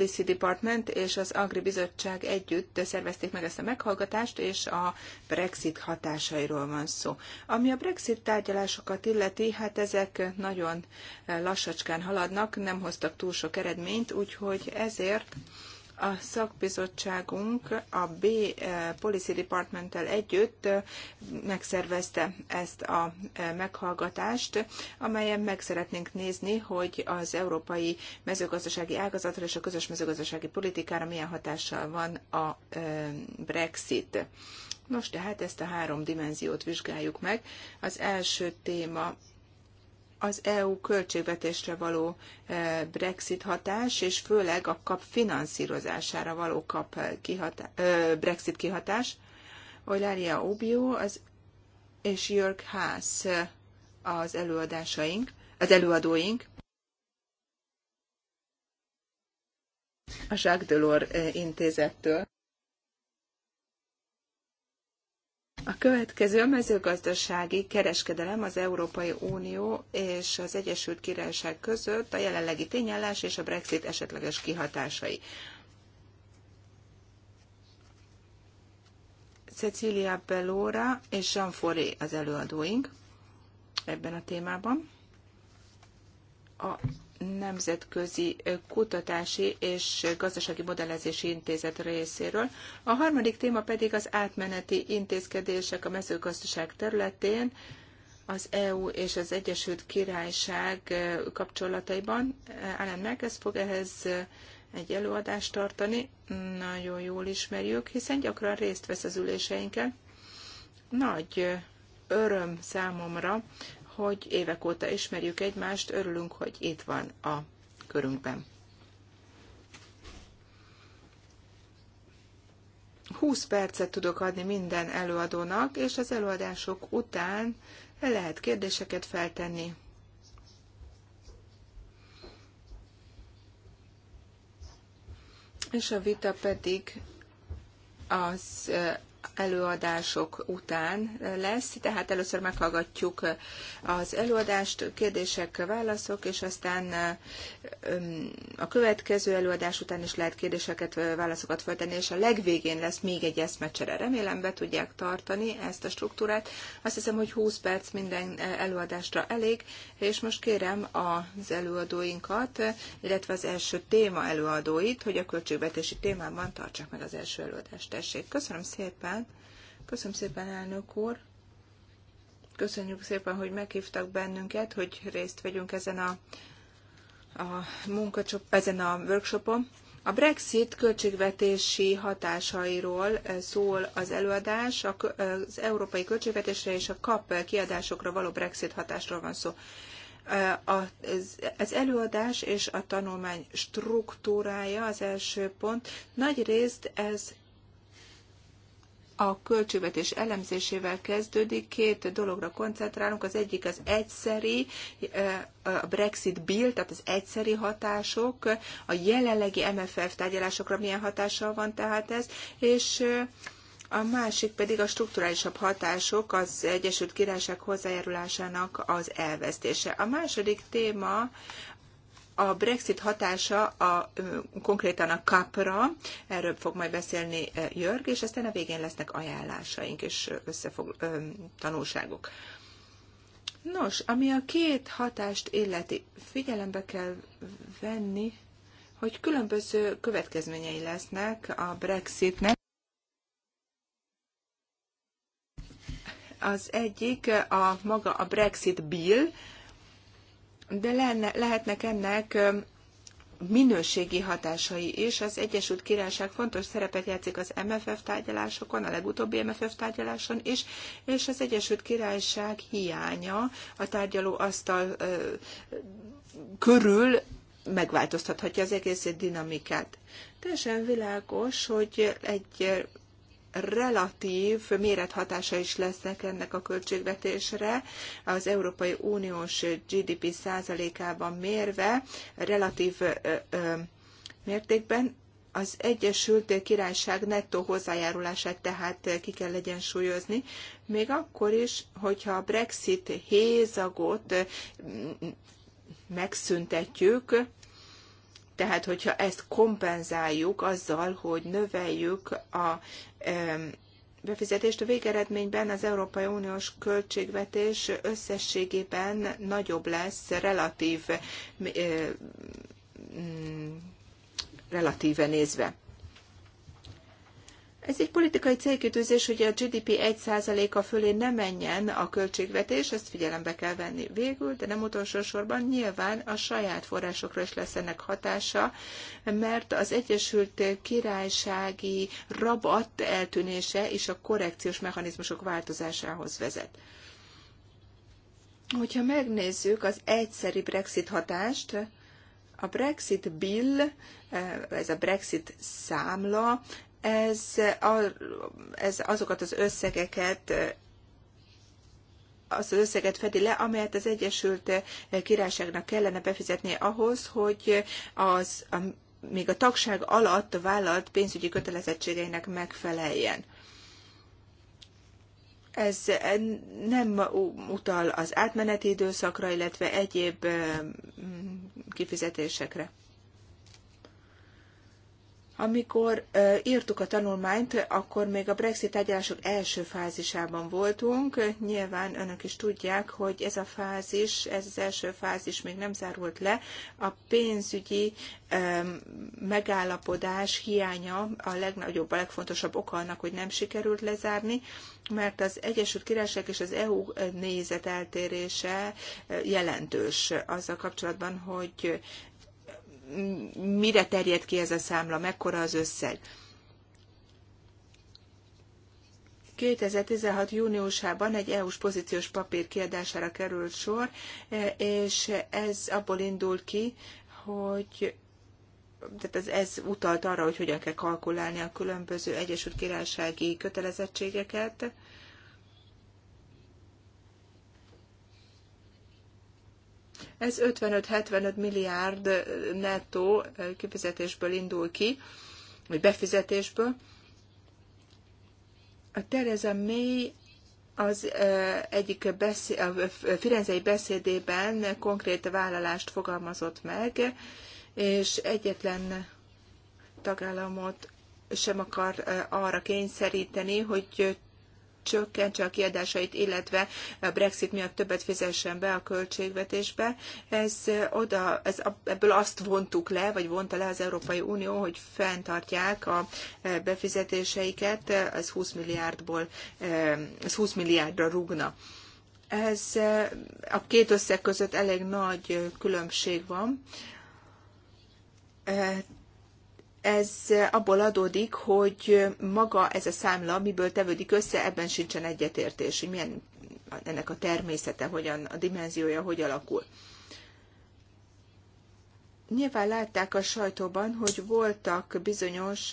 Policy Department és az Agri Bizottság együtt szervezték meg ezt a meghallgatást, és a Brexit hatásairól van szó. Ami a Brexit tárgyalásokat illeti, hát ezek nagyon lassacskán haladnak, nem hoztak túl sok eredményt, úgyhogy ezért a szakbizottságunk a B eh, Policy Departmenttel együtt eh, megszervezte ezt a eh, meghallgatást, amelyen meg szeretnénk nézni, hogy az európai mezőgazdasági ágazatra és a közös mezőgazdasági politikára milyen hatással van a Brexit. Nos, tehát ezt a három dimenziót vizsgáljuk meg. Az első téma az EU költségvetésre való e, Brexit hatás, és főleg a kap finanszírozására való kap kihatá, e, Brexit kihatás. Olária Obio az, és Jörg Haas e, az előadásaink, az előadóink. A Jacques Delors intézettől. A következő a mezőgazdasági kereskedelem az Európai Unió és az Egyesült Királyság között a jelenlegi tényállás és a Brexit esetleges kihatásai. Cecilia Bellora és Jean Foré az előadóink ebben a témában. A Nemzetközi Kutatási és Gazdasági Modellezési Intézet részéről. A harmadik téma pedig az átmeneti intézkedések a mezőgazdaság területén, az EU és az Egyesült Királyság kapcsolataiban. Alan ez fog ehhez egy előadást tartani, nagyon jól ismerjük, hiszen gyakran részt vesz az üléseinken. Nagy öröm számomra, hogy évek óta ismerjük egymást, örülünk, hogy itt van a körünkben. 20 percet tudok adni minden előadónak, és az előadások után lehet kérdéseket feltenni. És a vita pedig az előadások után lesz, tehát először meghallgatjuk az előadást, kérdések, válaszok, és aztán a következő előadás után is lehet kérdéseket, válaszokat föltenni, és a legvégén lesz még egy eszmecsere. Remélem be tudják tartani ezt a struktúrát. Azt hiszem, hogy 20 perc minden előadásra elég, és most kérem az előadóinkat, illetve az első téma előadóit, hogy a költségvetési témában tartsák meg az első előadást. Tessék, köszönöm szépen! szépen. Köszönöm szépen, elnök úr. Köszönjük szépen, hogy meghívtak bennünket, hogy részt vegyünk ezen a, a munkacsop, ezen a workshopon. A Brexit költségvetési hatásairól szól az előadás, az európai költségvetésre és a kap kiadásokra való Brexit hatásról van szó. Az előadás és a tanulmány struktúrája az első pont. Nagy részt ez a költségvetés elemzésével kezdődik. Két dologra koncentrálunk. Az egyik az egyszeri, eh, a Brexit bill, tehát az egyszeri hatások, a jelenlegi MFF tárgyalásokra milyen hatással van tehát ez, és eh, a másik pedig a strukturálisabb hatások, az Egyesült Királyság hozzájárulásának az elvesztése. A második téma a Brexit hatása a, konkrétan a kapra, erről fog majd beszélni Jörg, és aztán a végén lesznek ajánlásaink és összefog, tanulságok. Nos, ami a két hatást illeti, figyelembe kell venni, hogy különböző következményei lesznek a Brexitnek. Az egyik a maga a Brexit Bill, de lenne, lehetnek ennek minőségi hatásai is. Az Egyesült Királyság fontos szerepet játszik az MFF tárgyalásokon, a legutóbbi MFF tárgyaláson is, és az Egyesült Királyság hiánya a tárgyaló asztal körül megváltoztathatja az egész dinamikát. Teljesen világos, hogy egy relatív mérethatása is lesznek ennek a költségvetésre. Az Európai Uniós GDP százalékában mérve, relatív mértékben az Egyesült Királyság nettó hozzájárulását tehát ki kell legyen súlyozni, még akkor is, hogyha a Brexit hézagot megszüntetjük, tehát hogyha ezt kompenzáljuk azzal, hogy növeljük a befizetést. A végeredményben az Európai Uniós költségvetés összességében nagyobb lesz relatív, relatíve nézve. Ez egy politikai célkitűzés, hogy a GDP 1%-a fölé ne menjen a költségvetés, ezt figyelembe kell venni végül, de nem utolsó sorban nyilván a saját forrásokra is lesz ennek hatása, mert az Egyesült Királysági rabat eltűnése és a korrekciós mechanizmusok változásához vezet. Hogyha megnézzük az egyszeri Brexit hatást, a Brexit Bill, eh, ez a Brexit számla, ez, a, ez azokat az összegeket az összeget fedi le, amelyet az Egyesült Királyságnak kellene befizetnie ahhoz, hogy az, a, még a tagság alatt vállalt pénzügyi kötelezettségeinek megfeleljen. Ez nem utal az átmeneti időszakra, illetve egyéb kifizetésekre. Amikor írtuk a tanulmányt, akkor még a Brexit tárgyalások első fázisában voltunk. Nyilván önök is tudják, hogy ez a fázis, ez az első fázis még nem zárult le. A pénzügyi megállapodás hiánya a legnagyobb, a legfontosabb oka annak, hogy nem sikerült lezárni, mert az Egyesült Királyság és az EU nézeteltérése jelentős azzal kapcsolatban, hogy mire terjed ki ez a számla, mekkora az összeg. 2016. júniusában egy EU-s pozíciós papír kiadására került sor, és ez abból indul ki, hogy tehát ez, ez utalt arra, hogy hogyan kell kalkulálni a különböző Egyesült Királysági kötelezettségeket, Ez 55-75 milliárd nettó kifizetésből indul ki, vagy befizetésből. A Tereza May az egyik beszé, a firenzei beszédében konkrét vállalást fogalmazott meg, és egyetlen tagállamot sem akar arra kényszeríteni, hogy csökkentse a kiadásait, illetve a Brexit miatt többet fizessen be a költségvetésbe. Ez oda, ez, ebből azt vontuk le, vagy vonta le az Európai Unió, hogy fenntartják a e, befizetéseiket, ez 20 milliárdból, e, ez 20 milliárdra rúgna. Ez e, a két összeg között elég nagy különbség van ez abból adódik, hogy maga ez a számla miből tevődik össze, ebben sincsen egyetértés, hogy milyen ennek a természete, hogyan a dimenziója, hogy alakul. Nyilván látták a sajtóban, hogy voltak bizonyos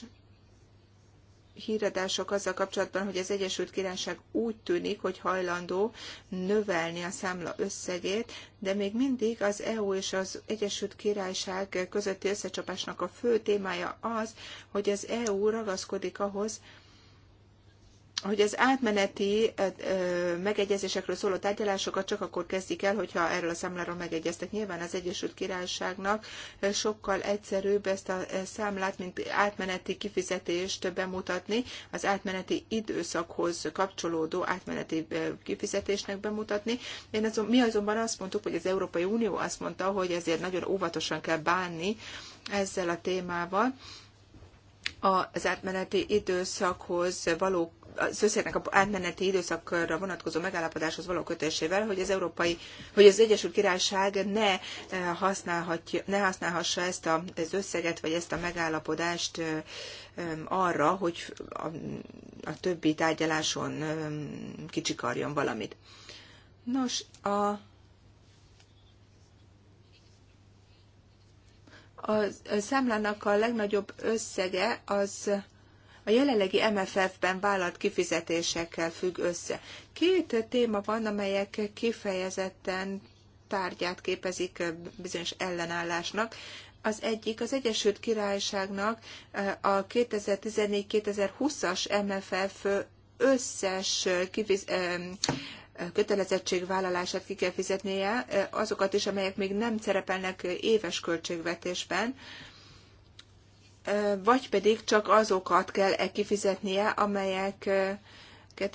híradások azzal kapcsolatban, hogy az Egyesült Királyság úgy tűnik, hogy hajlandó növelni a számla összegét, de még mindig az EU és az Egyesült Királyság közötti összecsapásnak a fő témája az, hogy az EU ragaszkodik ahhoz, hogy az átmeneti megegyezésekről szóló tárgyalásokat csak akkor kezdik el, hogyha erről a számláról megegyeztek. Nyilván az Egyesült Királyságnak sokkal egyszerűbb ezt a számlát, mint átmeneti kifizetést bemutatni, az átmeneti időszakhoz kapcsolódó átmeneti kifizetésnek bemutatni. Én azon, mi azonban azt mondtuk, hogy az Európai Unió azt mondta, hogy ezért nagyon óvatosan kell bánni ezzel a témával az átmeneti időszakhoz való az összegnek a átmeneti időszakra vonatkozó megállapodáshoz való kötésével, hogy az európai, hogy az Egyesült Királyság ne, eh, használhatja, ne használhassa ezt a, az összeget, vagy ezt a megállapodást eh, arra, hogy a, a többi tárgyaláson kicsikarjon valamit. Nos, a a számlának a legnagyobb összege az a jelenlegi MFF-ben vállalt kifizetésekkel függ össze. Két téma van, amelyek kifejezetten tárgyát képezik bizonyos ellenállásnak. Az egyik az Egyesült Királyságnak a 2014-2020-as MFF összes kifiz, kötelezettségvállalását ki kell fizetnie, azokat is, amelyek még nem szerepelnek éves költségvetésben vagy pedig csak azokat kell e kifizetnie, amelyeket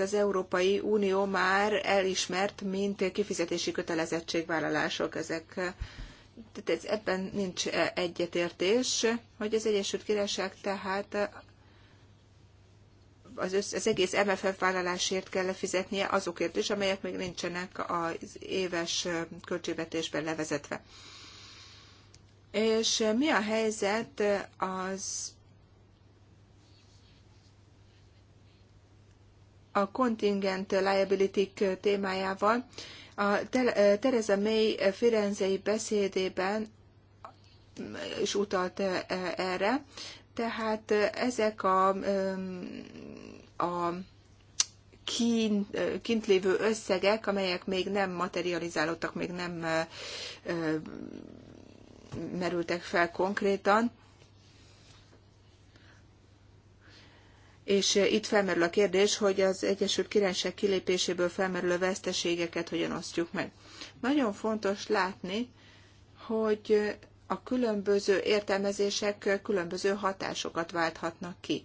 az Európai Unió már elismert, mint kifizetési kötelezettségvállalások. Ezek, tehát ez, ebben nincs egyetértés, hogy az Egyesült Királyság tehát az, össz, az egész MFF vállalásért kell fizetnie azokért is, amelyek még nincsenek az éves költségvetésben levezetve. És mi a helyzet az a contingent liability témájával? A Theresa May firenzei beszédében is utalt e, erre, tehát ezek a, a kint, kint lévő összegek, amelyek még nem materializálódtak, még nem merültek fel konkrétan. És itt felmerül a kérdés, hogy az Egyesült Királyság kilépéséből felmerülő veszteségeket hogyan osztjuk meg. Nagyon fontos látni, hogy a különböző értelmezések különböző hatásokat válthatnak ki.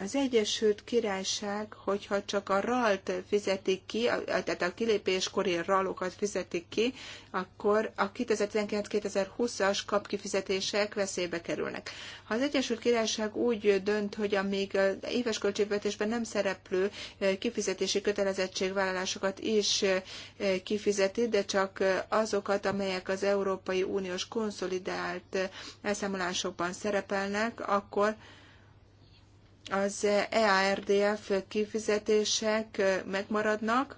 Az Egyesült Királyság, hogyha csak a RALT fizetik ki, tehát a kilépéskori RALokat fizetik ki, akkor a 2019-2020-as kapkifizetések veszélybe kerülnek. Ha az Egyesült Királyság úgy dönt, hogy amíg éves költségvetésben nem szereplő kifizetési kötelezettségvállalásokat is kifizeti, de csak azokat, amelyek az Európai Uniós konszolidált elszámolásokban szerepelnek, akkor az EARDF kifizetések megmaradnak,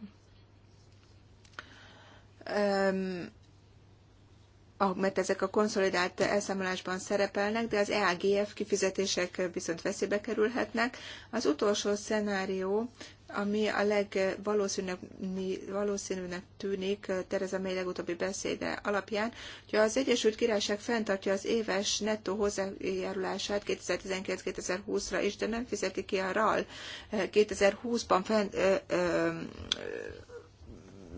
mert ezek a konszolidált elszámolásban szerepelnek, de az EAGF kifizetések viszont veszélybe kerülhetnek. Az utolsó szenárió ami a legvalószínűbbnek tűnik Tereza May legutóbbi beszéde alapján, hogy az Egyesült Királyság fenntartja az éves nettó hozzájárulását 2019-2020-ra is, de nem fizeti ki a RAL 2020-ban fent, ö, ö,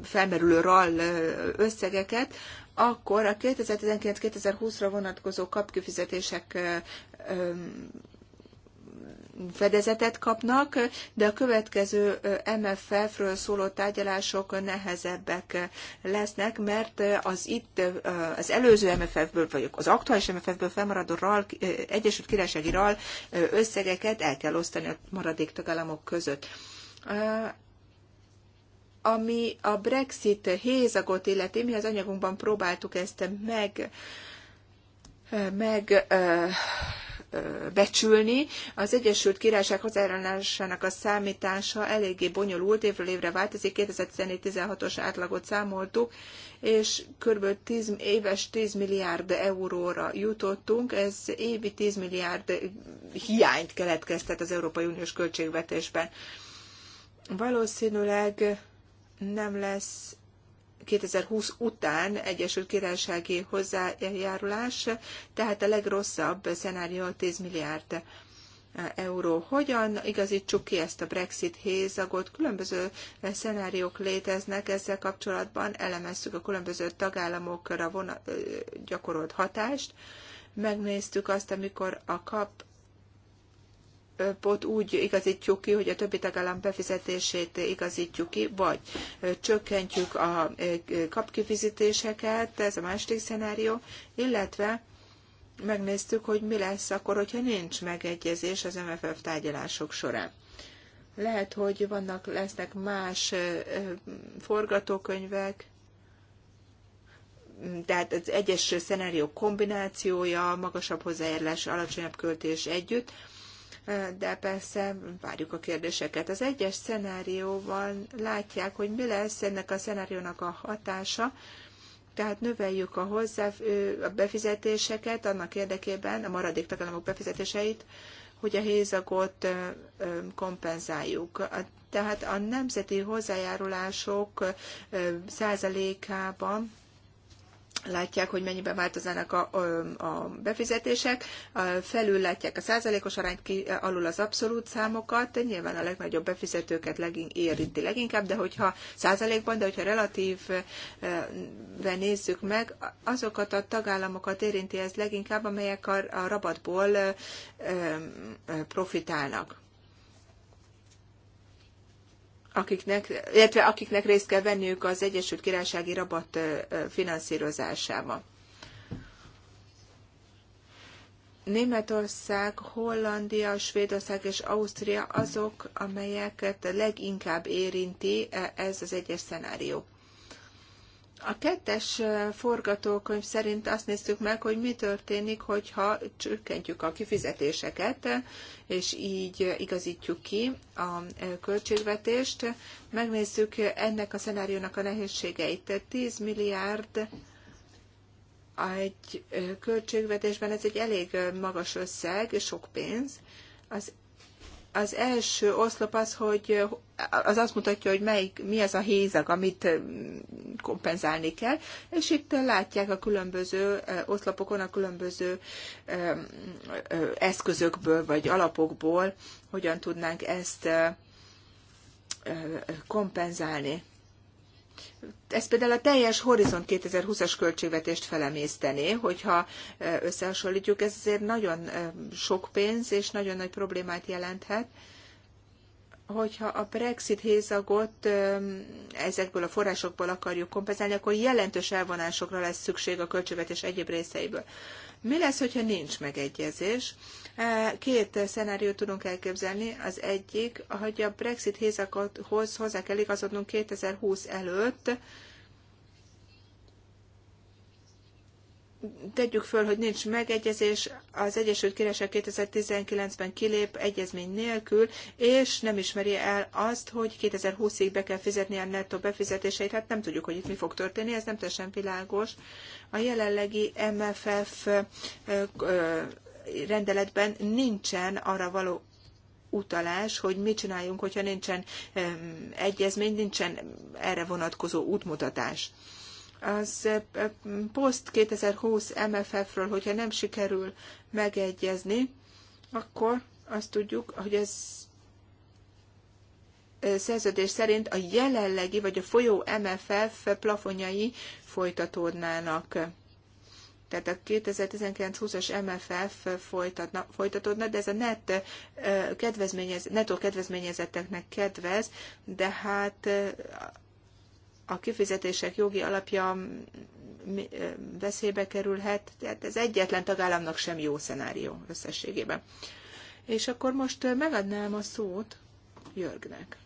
felmerülő RAL összegeket, akkor a 2019-2020-ra vonatkozó kapkifizetések fedezetet kapnak, de a következő MFF-ről szóló tárgyalások nehezebbek lesznek, mert az itt az előző MFF-ből, vagy az aktuális MFF-ből felmaradó RAL, Egyesült Királysági RAL összegeket el kell osztani a maradék tagállamok között ami a Brexit hézagot illeti, mi az anyagunkban próbáltuk ezt meg, meg becsülni. Az Egyesült Királyság hozzájárulásának a számítása eléggé bonyolult, évről évre változik, 2014-16-os átlagot számoltuk, és kb. 10 éves 10 milliárd euróra jutottunk, ez évi 10 milliárd hiányt keletkeztet az Európai Uniós költségvetésben. Valószínűleg nem lesz 2020 után Egyesült Királysági hozzájárulás, tehát a legrosszabb szenárió 10 milliárd euró. Hogyan igazítsuk ki ezt a Brexit hézagot? Különböző szenáriók léteznek ezzel kapcsolatban, elemeztük a különböző tagállamokra vona, gyakorolt hatást, megnéztük azt, amikor a kap pot úgy igazítjuk ki, hogy a többi tagállam befizetését igazítjuk ki, vagy csökkentjük a kapkifizetéseket, ez a második szenárió, illetve megnéztük, hogy mi lesz akkor, hogyha nincs megegyezés az MFF tárgyalások során. Lehet, hogy vannak, lesznek más forgatókönyvek, tehát az egyes szenárió kombinációja, magasabb hozzájárlás, alacsonyabb költés együtt, de persze várjuk a kérdéseket. Az egyes szenárióban látják, hogy mi lesz ennek a szenáriónak a hatása, tehát növeljük a hozzá a befizetéseket annak érdekében, a maradék tagállamok befizetéseit, hogy a hézagot kompenzáljuk. Tehát a nemzeti hozzájárulások százalékában látják, hogy mennyiben változának a, a befizetések, felül látják a százalékos arányt, ki alul az abszolút számokat, nyilván a legnagyobb befizetőket legin, érinti leginkább, de hogyha százalékban, de hogyha relatívben nézzük meg, azokat a tagállamokat érinti ez leginkább, amelyek a, a rabatból profitálnak akiknek, illetve akiknek részt kell venniük az Egyesült Királysági Rabat finanszírozásába. Németország, Hollandia, Svédország és Ausztria azok, amelyeket leginkább érinti e, ez az egyes szenárió. A kettes forgatókönyv szerint azt néztük meg, hogy mi történik, hogyha csökkentjük a kifizetéseket, és így igazítjuk ki a költségvetést. Megnézzük ennek a szenáriónak a nehézségeit. 10 milliárd egy költségvetésben ez egy elég magas összeg, sok pénz. Az az első oszlop az, hogy az azt mutatja, hogy melyik, mi az a hézag, amit kompenzálni kell, és itt látják a különböző oszlopokon a különböző eszközökből vagy alapokból, hogyan tudnánk ezt kompenzálni ez például a teljes Horizont 2020-as költségvetést felemésztené, hogyha összehasonlítjuk, ez azért nagyon sok pénz és nagyon nagy problémát jelenthet hogyha a Brexit hézagot ezekből a forrásokból akarjuk kompenzálni, akkor jelentős elvonásokra lesz szükség a költségvetés egyéb részeiből. Mi lesz, hogyha nincs megegyezés? E, két szenáriót tudunk elképzelni. Az egyik, hogy a Brexit hézakhoz hozzá kell igazodnunk 2020 előtt, tegyük föl, hogy nincs megegyezés, az Egyesült Királyság 2019-ben kilép egyezmény nélkül, és nem ismeri el azt, hogy 2020-ig be kell fizetni a nettó befizetéseit, hát nem tudjuk, hogy itt mi fog történni, ez nem teljesen világos. A jelenlegi MFF rendeletben nincsen arra való utalás, hogy mit csináljunk, hogyha nincsen egyezmény, nincsen erre vonatkozó útmutatás. Az post 2020 MFF-ről, hogyha nem sikerül megegyezni, akkor azt tudjuk, hogy ez szerződés szerint a jelenlegi vagy a folyó MFF plafonjai folytatódnának tehát a 2019-20-as MFF folytatna, folytatódna, de ez a net kedvezményez, netó kedvezményezetteknek kedvez, de hát a kifizetések jogi alapja veszélybe kerülhet, tehát ez egyetlen tagállamnak sem jó szenárió összességében. És akkor most megadnám a szót Jörgnek.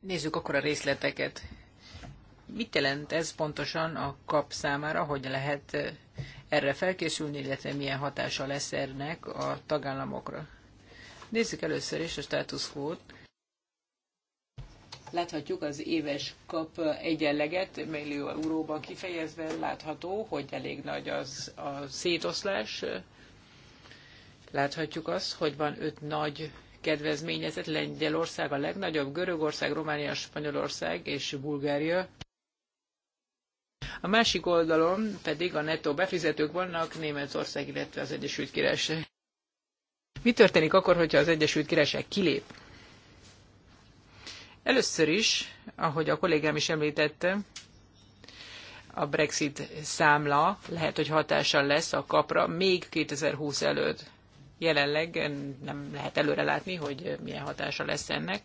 Nézzük akkor a részleteket. Mit jelent ez pontosan a kap számára, hogy lehet erre felkészülni, illetve milyen hatása lesz ennek a tagállamokra? Nézzük először is a status quo-t. Láthatjuk az éves kap egyenleget, millió euróban kifejezve látható, hogy elég nagy az a szétoszlás. Láthatjuk azt, hogy van öt nagy kedvezményezett, Lengyelország a legnagyobb, Görögország, Románia, Spanyolország és Bulgária. A másik oldalon pedig a nettó befizetők vannak Németország, illetve az Egyesült Királyság. Mi történik akkor, hogyha az Egyesült Királyság kilép? Először is, ahogy a kollégám is említette, a Brexit számla lehet, hogy hatással lesz a kapra még 2020 előtt. Jelenleg nem lehet előre látni, hogy milyen hatása lesz ennek,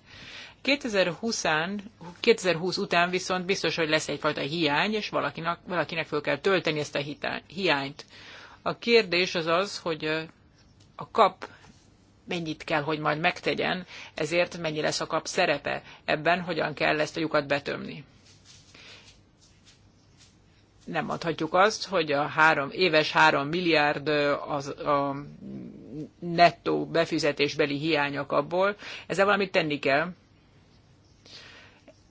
2020-án, 2020 után viszont biztos, hogy lesz egyfajta hiány, és valakinek, valakinek föl kell tölteni ezt a hiányt. A kérdés az az, hogy a kap mennyit kell, hogy majd megtegyen, ezért mennyi lesz a kap szerepe ebben, hogyan kell ezt a lyukat betömni. Nem mondhatjuk azt, hogy a három, éves három milliárd az a nettó befizetésbeli hiányok abból. Ezzel valamit tenni kell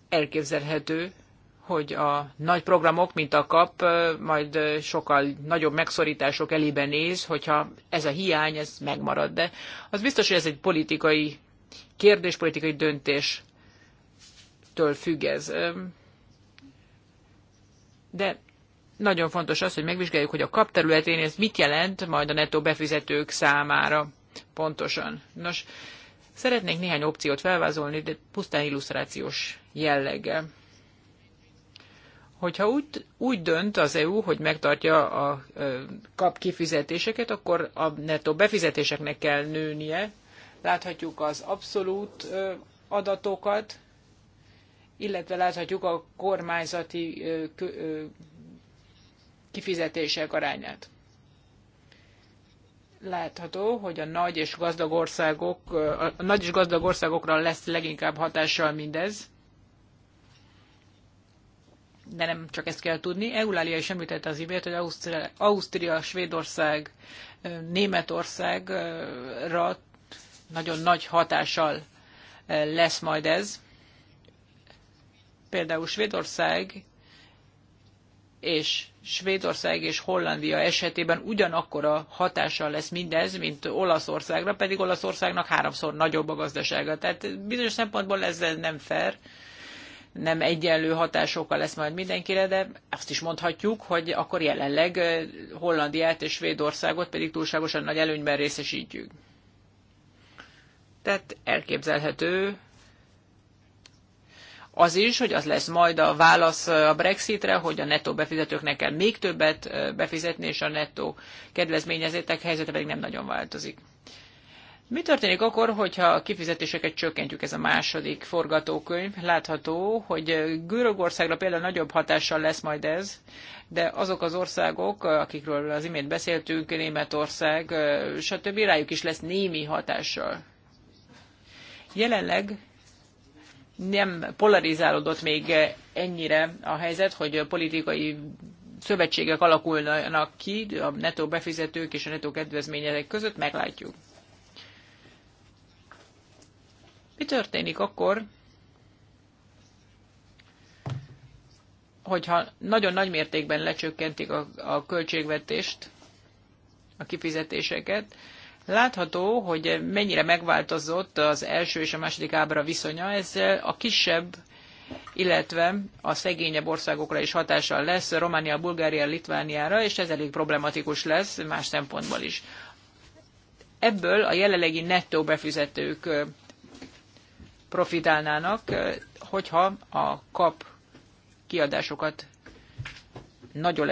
elképzelhető, hogy a nagy programok, mint a KAP, majd sokkal nagyobb megszorítások elébe néz, hogyha ez a hiány, ez megmarad. De az biztos, hogy ez egy politikai kérdés, politikai döntéstől függ ez. De nagyon fontos az, hogy megvizsgáljuk, hogy a kap területén ez mit jelent majd a nettó befizetők számára pontosan. Nos, szeretnék néhány opciót felvázolni, de pusztán illusztrációs jellege. Hogyha úgy, úgy dönt az EU, hogy megtartja a kap kifizetéseket, akkor a nettó befizetéseknek kell nőnie. Láthatjuk az abszolút adatokat, illetve láthatjuk a kormányzati kifizetések arányát. Látható, hogy a nagy és gazdag országok, a nagy és gazdag országokra lesz leginkább hatással mindez de nem csak ezt kell tudni. Eulália is említette az imént, hogy Ausztria, Ausztria, Svédország, Németországra nagyon nagy hatással lesz majd ez. Például Svédország és Svédország és Hollandia esetében ugyanakkora hatással lesz mindez, mint Olaszországra, pedig Olaszországnak háromszor nagyobb a gazdasága. Tehát bizonyos szempontból ez nem fair nem egyenlő hatásokkal lesz majd mindenkire, de azt is mondhatjuk, hogy akkor jelenleg Hollandiát és Svédországot pedig túlságosan nagy előnyben részesítjük. Tehát elképzelhető az is, hogy az lesz majd a válasz a Brexitre, hogy a nettó befizetőknek kell még többet befizetni, és a nettó kedvezményezétek helyzete pedig nem nagyon változik. Mi történik akkor, hogyha a kifizetéseket csökkentjük? Ez a második forgatókönyv. Látható, hogy Görögországra például nagyobb hatással lesz majd ez, de azok az országok, akikről az imént beszéltünk, Németország, stb. rájuk is lesz némi hatással. Jelenleg nem polarizálódott még ennyire a helyzet, hogy politikai szövetségek alakulnak ki a netó befizetők és a netó kedvezmények között, meglátjuk. Mi történik akkor, hogyha nagyon nagy mértékben lecsökkentik a, a költségvetést, a kifizetéseket, látható, hogy mennyire megváltozott az első és a második ábra viszonya, ez a kisebb, illetve a szegényebb országokra is hatással lesz, Románia, Bulgária, Litvániára, és ez elég problematikus lesz más szempontból is. Ebből a jelenlegi nettó befizetők profitálnának, hogyha a kap kiadásokat nagyon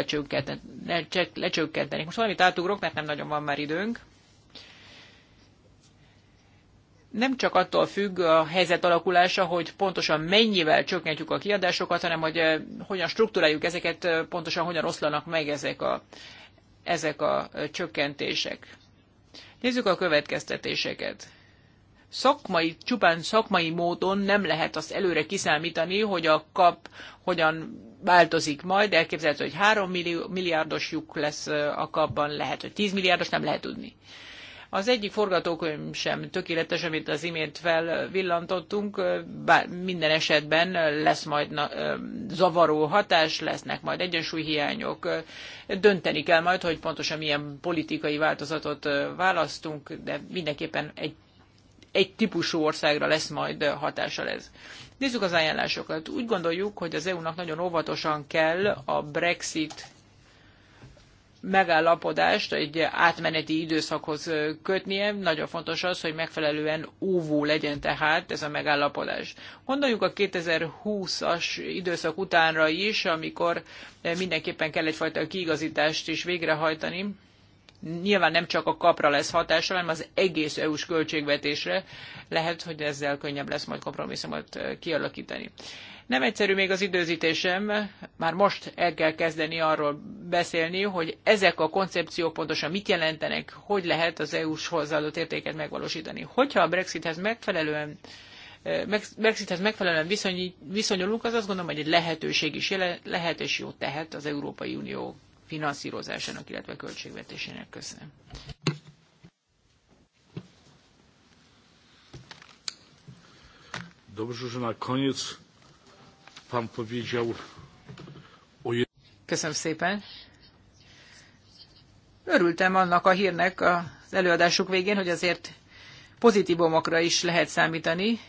lecsökkentenék. Most valamit átugrok, mert nem nagyon van már időnk. Nem csak attól függ a helyzet alakulása, hogy pontosan mennyivel csökkentjük a kiadásokat, hanem hogy hogyan struktúráljuk ezeket, pontosan hogyan oszlanak meg ezek a, ezek a csökkentések. Nézzük a következtetéseket szakmai, csupán szakmai módon nem lehet azt előre kiszámítani, hogy a kap hogyan változik majd, elképzelhető, hogy 3 milliárdos lyuk lesz a kapban, lehet, hogy 10 milliárdos, nem lehet tudni. Az egyik forgatókönyv sem tökéletes, amit az imént felvillantottunk, bár minden esetben lesz majd zavaró hatás, lesznek majd egyensúlyhiányok, dönteni kell majd, hogy pontosan milyen politikai változatot választunk, de mindenképpen egy egy típusú országra lesz majd hatással ez. Nézzük az ajánlásokat. Úgy gondoljuk, hogy az EU-nak nagyon óvatosan kell a Brexit megállapodást egy átmeneti időszakhoz kötnie. Nagyon fontos az, hogy megfelelően óvó legyen tehát ez a megállapodás. Gondoljuk a 2020-as időszak utánra is, amikor mindenképpen kell egyfajta kiigazítást is végrehajtani nyilván nem csak a kapra lesz hatása, hanem az egész EU-s költségvetésre lehet, hogy ezzel könnyebb lesz majd kompromisszumot kialakítani. Nem egyszerű még az időzítésem, már most el kell kezdeni arról beszélni, hogy ezek a koncepciók pontosan mit jelentenek, hogy lehet az EU-s hozzáadott értéket megvalósítani. Hogyha a Brexithez megfelelően Brexithez megfelelően viszonyulunk, az azt gondolom, hogy egy lehetőség is jelent, lehet és jó tehet az Európai Unió finanszírozásának, illetve költségvetésének. Köszönöm. Köszönöm szépen. Örültem annak a hírnek az előadásuk végén, hogy azért pozitívumokra is lehet számítani,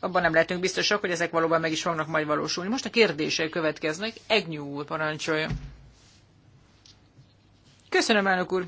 abban nem lehetünk biztosak, hogy ezek valóban meg is fognak majd valósulni. Most a kérdések következnek. Egnyú úr parancsolja. Köszönöm, elnök úr.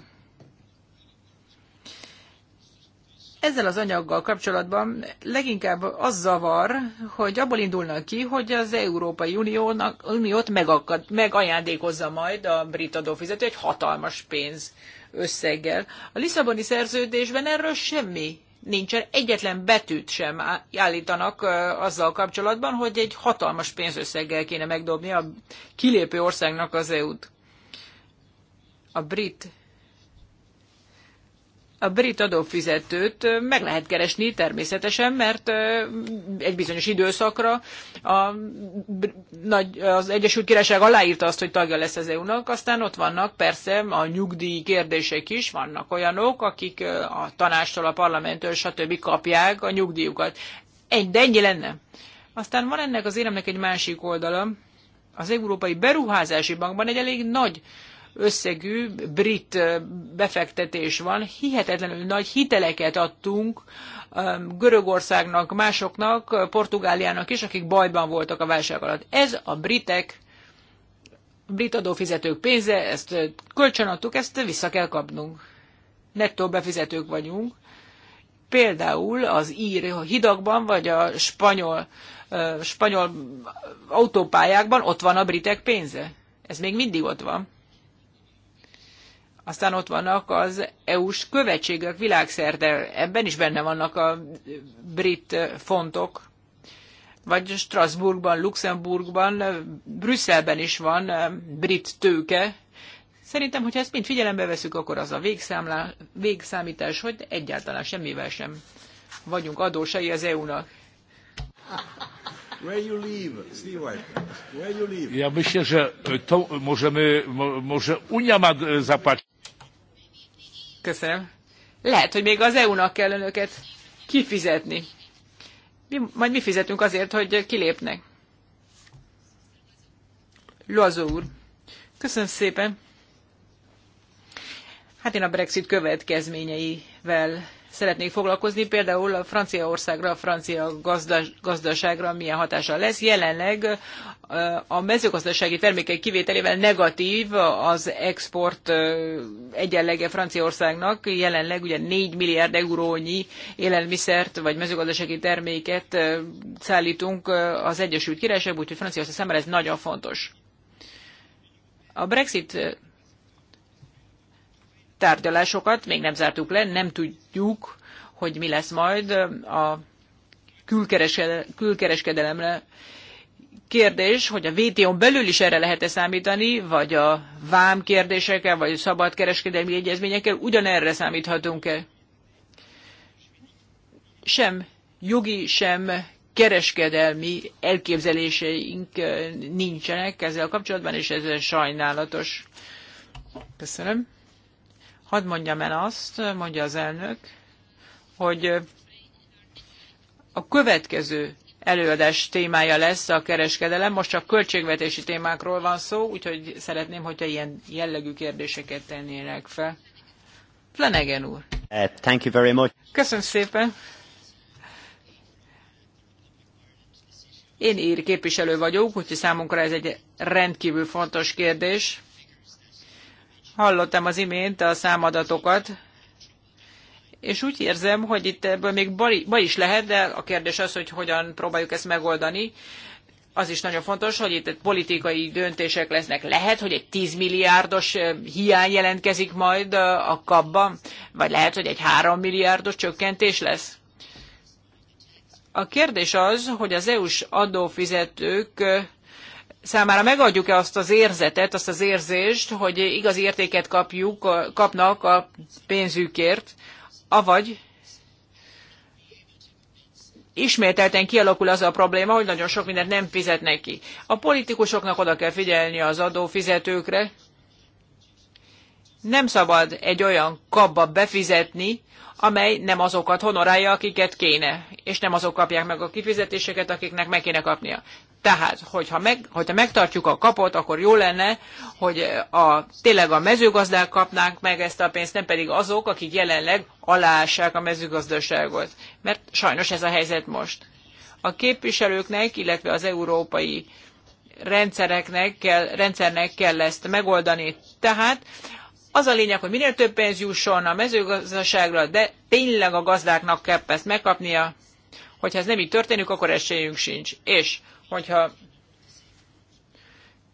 Ezzel az anyaggal kapcsolatban leginkább az zavar, hogy abból indulnak ki, hogy az Európai Uniónak, Uniót megakad, megajándékozza majd a brit adófizető egy hatalmas pénz összeggel. A Lisszaboni szerződésben erről semmi nincsen, egyetlen betűt sem állítanak azzal kapcsolatban, hogy egy hatalmas pénzösszeggel kéne megdobni a kilépő országnak az EU-t. A brit a brit adófizetőt meg lehet keresni természetesen, mert egy bizonyos időszakra a, nagy, az Egyesült Királyság aláírta azt, hogy tagja lesz az EU-nak, aztán ott vannak persze a nyugdíj kérdések is, vannak olyanok, akik a tanástól, a parlamenttől, stb. kapják a nyugdíjukat. Egy, de ennyi lenne. Aztán van ennek az éremnek egy másik oldala. Az Európai Beruházási Bankban egy elég nagy uh, összegű brit befektetés van. Hihetetlenül nagy hiteleket adtunk Görögországnak, másoknak, Portugáliának is, akik bajban voltak a válság alatt. Ez a britek, a brit adófizetők pénze, ezt kölcsönadtuk, ezt vissza kell kapnunk. Nettó befizetők vagyunk. Például az ír hidakban, vagy a spanyol, spanyol autópályákban ott van a britek pénze. Ez még mindig ott van. Aztán ott vannak az EU-s követségek világszerte, ebben is benne vannak a brit fontok, vagy Strasbourgban, Luxemburgban, Brüsszelben is van brit tőke. Szerintem, hogyha ezt mind figyelembe veszük, akkor az a végszámítás, hogy egyáltalán semmivel sem vagyunk adósai az EU-nak. Where you leave, Stewart? Where you leave? Ja myślę, że to możemy, może Unia ma zapłacić. Köszönöm. Lehet, hogy még az EU-nak kell önöket kifizetni. Mi, majd mi fizetünk azért, hogy kilépnek. Loazó úr. Köszönöm szépen. Hát én a Brexit következményeivel szeretnék foglalkozni, például a Franciaországra, a francia gazdaságra milyen hatása lesz. Jelenleg a mezőgazdasági termékek kivételével negatív az export egyenlege Franciaországnak. Jelenleg ugye 4 milliárd eurónyi élelmiszert vagy mezőgazdasági terméket szállítunk az Egyesült Királyságba, úgyhogy Franciaország számára ez nagyon fontos. A Brexit tárgyalásokat, még nem zártuk le, nem tudjuk, hogy mi lesz majd a külkereskedelemre kérdés, hogy a WTO-n belül is erre lehet-e számítani, vagy a vám kérdésekkel, vagy a szabad kereskedelmi egyezményekkel ugyanerre számíthatunk-e? Sem jogi, sem kereskedelmi elképzeléseink nincsenek ezzel kapcsolatban, és ez sajnálatos. Köszönöm. Hadd mondjam el azt, mondja az elnök, hogy a következő előadás témája lesz a kereskedelem. Most csak költségvetési témákról van szó, úgyhogy szeretném, hogyha ilyen jellegű kérdéseket tennének fel. Flanagan úr. Uh, thank you very much. Köszönöm szépen. Én ír képviselő vagyok, úgyhogy számunkra ez egy rendkívül fontos kérdés. Hallottam az imént a számadatokat, és úgy érzem, hogy itt ebből még baj is lehet, de a kérdés az, hogy hogyan próbáljuk ezt megoldani. Az is nagyon fontos, hogy itt politikai döntések lesznek. Lehet, hogy egy 10 milliárdos hiány jelentkezik majd a kapban, vagy lehet, hogy egy 3 milliárdos csökkentés lesz. A kérdés az, hogy az EU-s adófizetők számára megadjuk-e azt az érzetet, azt az érzést, hogy igazi értéket kapjuk, kapnak a pénzükért, avagy ismételten kialakul az a probléma, hogy nagyon sok mindent nem fizetnek ki. A politikusoknak oda kell figyelni az adófizetőkre. Nem szabad egy olyan kabba befizetni, amely nem azokat honorálja, akiket kéne, és nem azok kapják meg a kifizetéseket, akiknek meg kéne kapnia. Tehát, hogyha, meg, hogyha megtartjuk a kapot, akkor jó lenne, hogy a, tényleg a mezőgazdák kapnánk meg ezt a pénzt, nem pedig azok, akik jelenleg alássák a mezőgazdaságot. Mert sajnos ez a helyzet most. A képviselőknek, illetve az európai rendszereknek kell, rendszernek kell ezt megoldani. Tehát az a lényeg, hogy minél több pénz jusson a mezőgazdaságra, de tényleg a gazdáknak kell ezt megkapnia. Hogyha ez nem így történik, akkor esélyünk sincs. És hogyha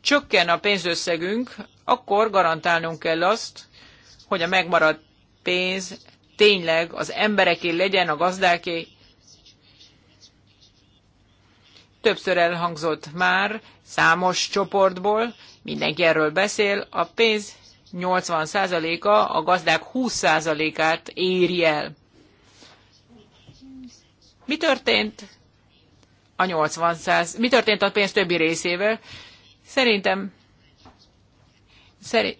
csökken a pénzösszegünk, akkor garantálnunk kell azt, hogy a megmaradt pénz tényleg az embereké legyen, a gazdáké. Többször elhangzott már számos csoportból, mindenki erről beszél, a pénz 80%-a a gazdák 20%-át éri el. Mi történt a 80 száz. Mi történt a pénz többi részével? Szerintem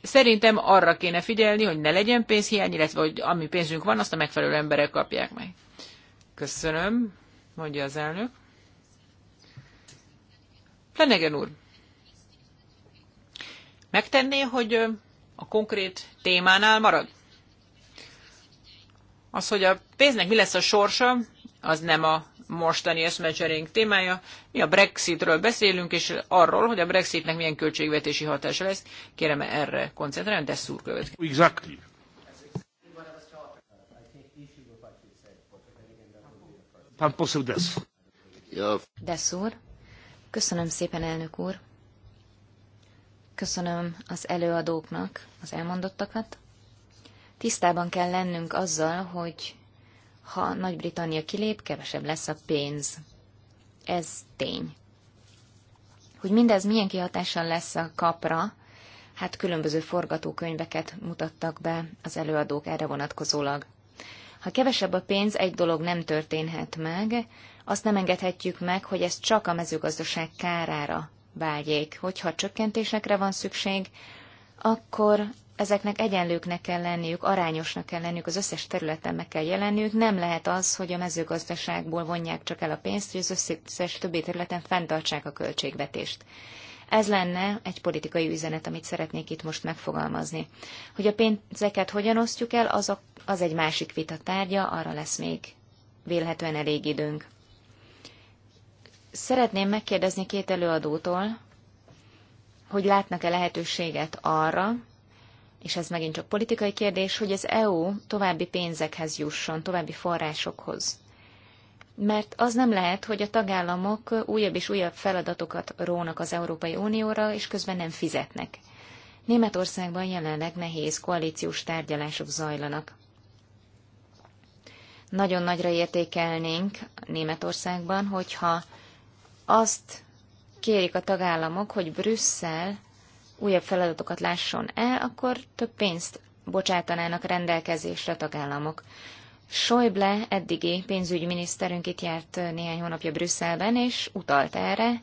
Szerintem arra kéne figyelni, hogy ne legyen pénzhiány, illetve hogy ami pénzünk van, azt a megfelelő emberek kapják meg. Köszönöm, mondja az elnök. Plenegen úr, megtenné, hogy a konkrét témánál marad? Az, hogy a pénznek mi lesz a sorsa, az nem a mostani eszmecserénk témája. Mi a Brexitről beszélünk, és arról, hogy a Brexitnek milyen költségvetési hatása lesz. Kérem erre koncentrálni, de szúr következik. Exactly. De szúr, Köszönöm szépen, elnök úr. Köszönöm az előadóknak az elmondottakat. Tisztában kell lennünk azzal, hogy ha Nagy-Britannia kilép, kevesebb lesz a pénz. Ez tény. Hogy mindez milyen kihatással lesz a kapra, hát különböző forgatókönyveket mutattak be az előadók erre vonatkozólag. Ha kevesebb a pénz, egy dolog nem történhet meg, azt nem engedhetjük meg, hogy ez csak a mezőgazdaság kárára váljék. Hogyha csökkentésekre van szükség, akkor ezeknek egyenlőknek kell lenniük, arányosnak kell lenniük, az összes területen meg kell jelenniük. Nem lehet az, hogy a mezőgazdaságból vonják csak el a pénzt, hogy az összes többi területen fenntartsák a költségvetést. Ez lenne egy politikai üzenet, amit szeretnék itt most megfogalmazni. Hogy a pénzeket hogyan osztjuk el, az, a, az egy másik vita tárgya, arra lesz még vélhetően elég időnk. Szeretném megkérdezni két előadótól, hogy látnak-e lehetőséget arra, és ez megint csak politikai kérdés, hogy az EU további pénzekhez jusson, további forrásokhoz. Mert az nem lehet, hogy a tagállamok újabb és újabb feladatokat rónak az Európai Unióra, és közben nem fizetnek. Németországban jelenleg nehéz koalíciós tárgyalások zajlanak. Nagyon nagyra értékelnénk Németországban, hogyha azt kérik a tagállamok, hogy Brüsszel újabb feladatokat lásson el, akkor több pénzt bocsátanának rendelkezésre tagállamok. Schäuble, eddigi pénzügyminiszterünk itt járt néhány hónapja Brüsszelben, és utalt erre,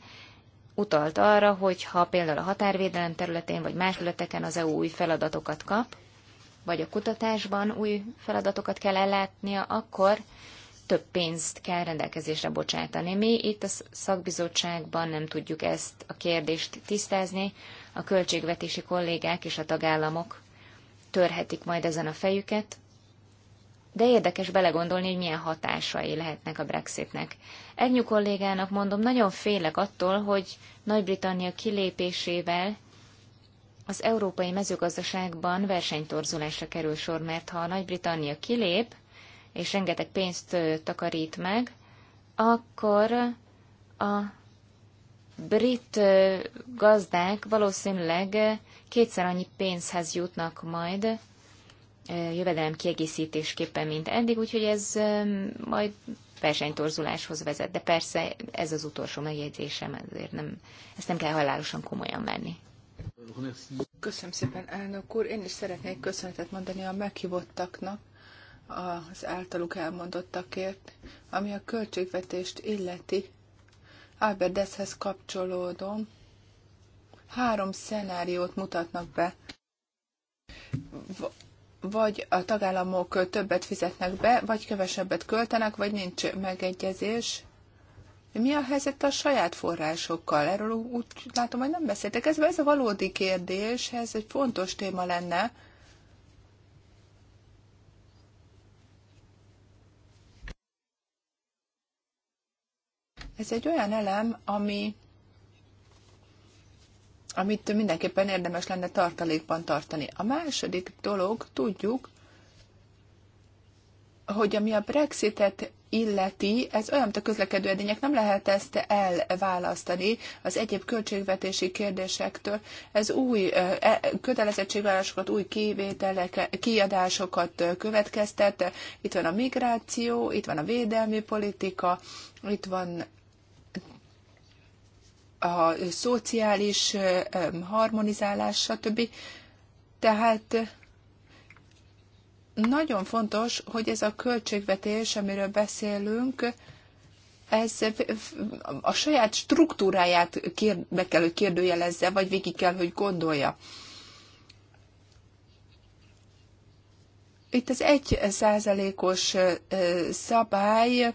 utalt arra, hogy ha például a határvédelem területén vagy más területeken az EU új feladatokat kap, vagy a kutatásban új feladatokat kell ellátnia, akkor több pénzt kell rendelkezésre bocsátani. Mi itt a szakbizottságban nem tudjuk ezt a kérdést tisztázni, a költségvetési kollégák és a tagállamok törhetik majd ezen a fejüket, de érdekes belegondolni, hogy milyen hatásai lehetnek a Brexitnek. Egnyú kollégának mondom, nagyon félek attól, hogy Nagy-Britannia kilépésével az európai mezőgazdaságban versenytorzulásra kerül sor, mert ha Nagy-Britannia kilép, és rengeteg pénzt takarít meg, akkor a brit gazdák valószínűleg kétszer annyi pénzhez jutnak majd jövedelem kiegészítésképpen, mint eddig, úgyhogy ez majd versenytorzuláshoz vezet. De persze ez az utolsó megjegyzésem, ezért nem, ezt nem kell halálosan komolyan venni. Köszönöm szépen, elnök úr. Én is szeretnék köszönetet mondani a meghívottaknak az általuk elmondottakért, ami a költségvetést illeti Alberdeshez kapcsolódom. Három szenáriót mutatnak be. Vagy a tagállamok többet fizetnek be, vagy kevesebbet költenek, vagy nincs megegyezés. Mi a helyzet a saját forrásokkal? Erről úgy látom, hogy nem beszéltek. Ez, ez a valódi kérdés, ez egy fontos téma lenne Ez egy olyan elem, ami amit mindenképpen érdemes lenne tartalékban tartani. A második dolog, tudjuk, hogy ami a Brexitet illeti, ez olyan, mint a közlekedő edények, nem lehet ezt elválasztani az egyéb költségvetési kérdésektől. Ez új e, kötelezettségvállalásokat, új kivételek, kiadásokat következtet. Itt van a migráció, itt van a védelmi politika, itt van a szociális harmonizálás, stb. Tehát nagyon fontos, hogy ez a költségvetés, amiről beszélünk, ez a saját struktúráját kér, meg kell, hogy kérdőjelezze, vagy végig kell, hogy gondolja. Itt az egy százalékos szabály,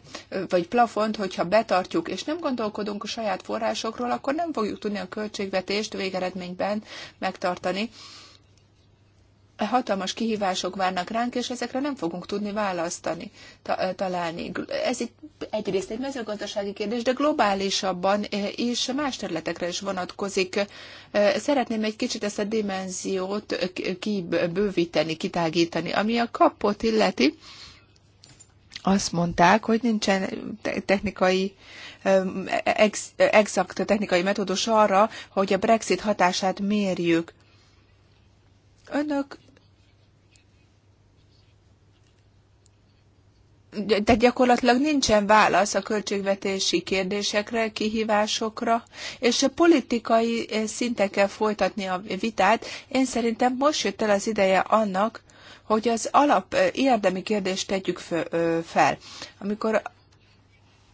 vagy plafont, hogyha betartjuk, és nem gondolkodunk a saját forrásokról, akkor nem fogjuk tudni a költségvetést végeredményben megtartani hatalmas kihívások várnak ránk, és ezekre nem fogunk tudni választani, ta, találni. Ez itt egyrészt egy mezőgazdasági kérdés, de globálisabban is más területekre is vonatkozik. Szeretném egy kicsit ezt a dimenziót kibővíteni, kitágítani, ami a kapot illeti. Azt mondták, hogy nincsen technikai exakt technikai metódus arra, hogy a Brexit hatását mérjük. Önök tehát gyakorlatilag nincsen válasz a költségvetési kérdésekre, kihívásokra, és a politikai eh, szinten kell folytatni a vitát. Én szerintem most jött el az ideje annak, hogy az alap eh, érdemi kérdést tegyük fel. Amikor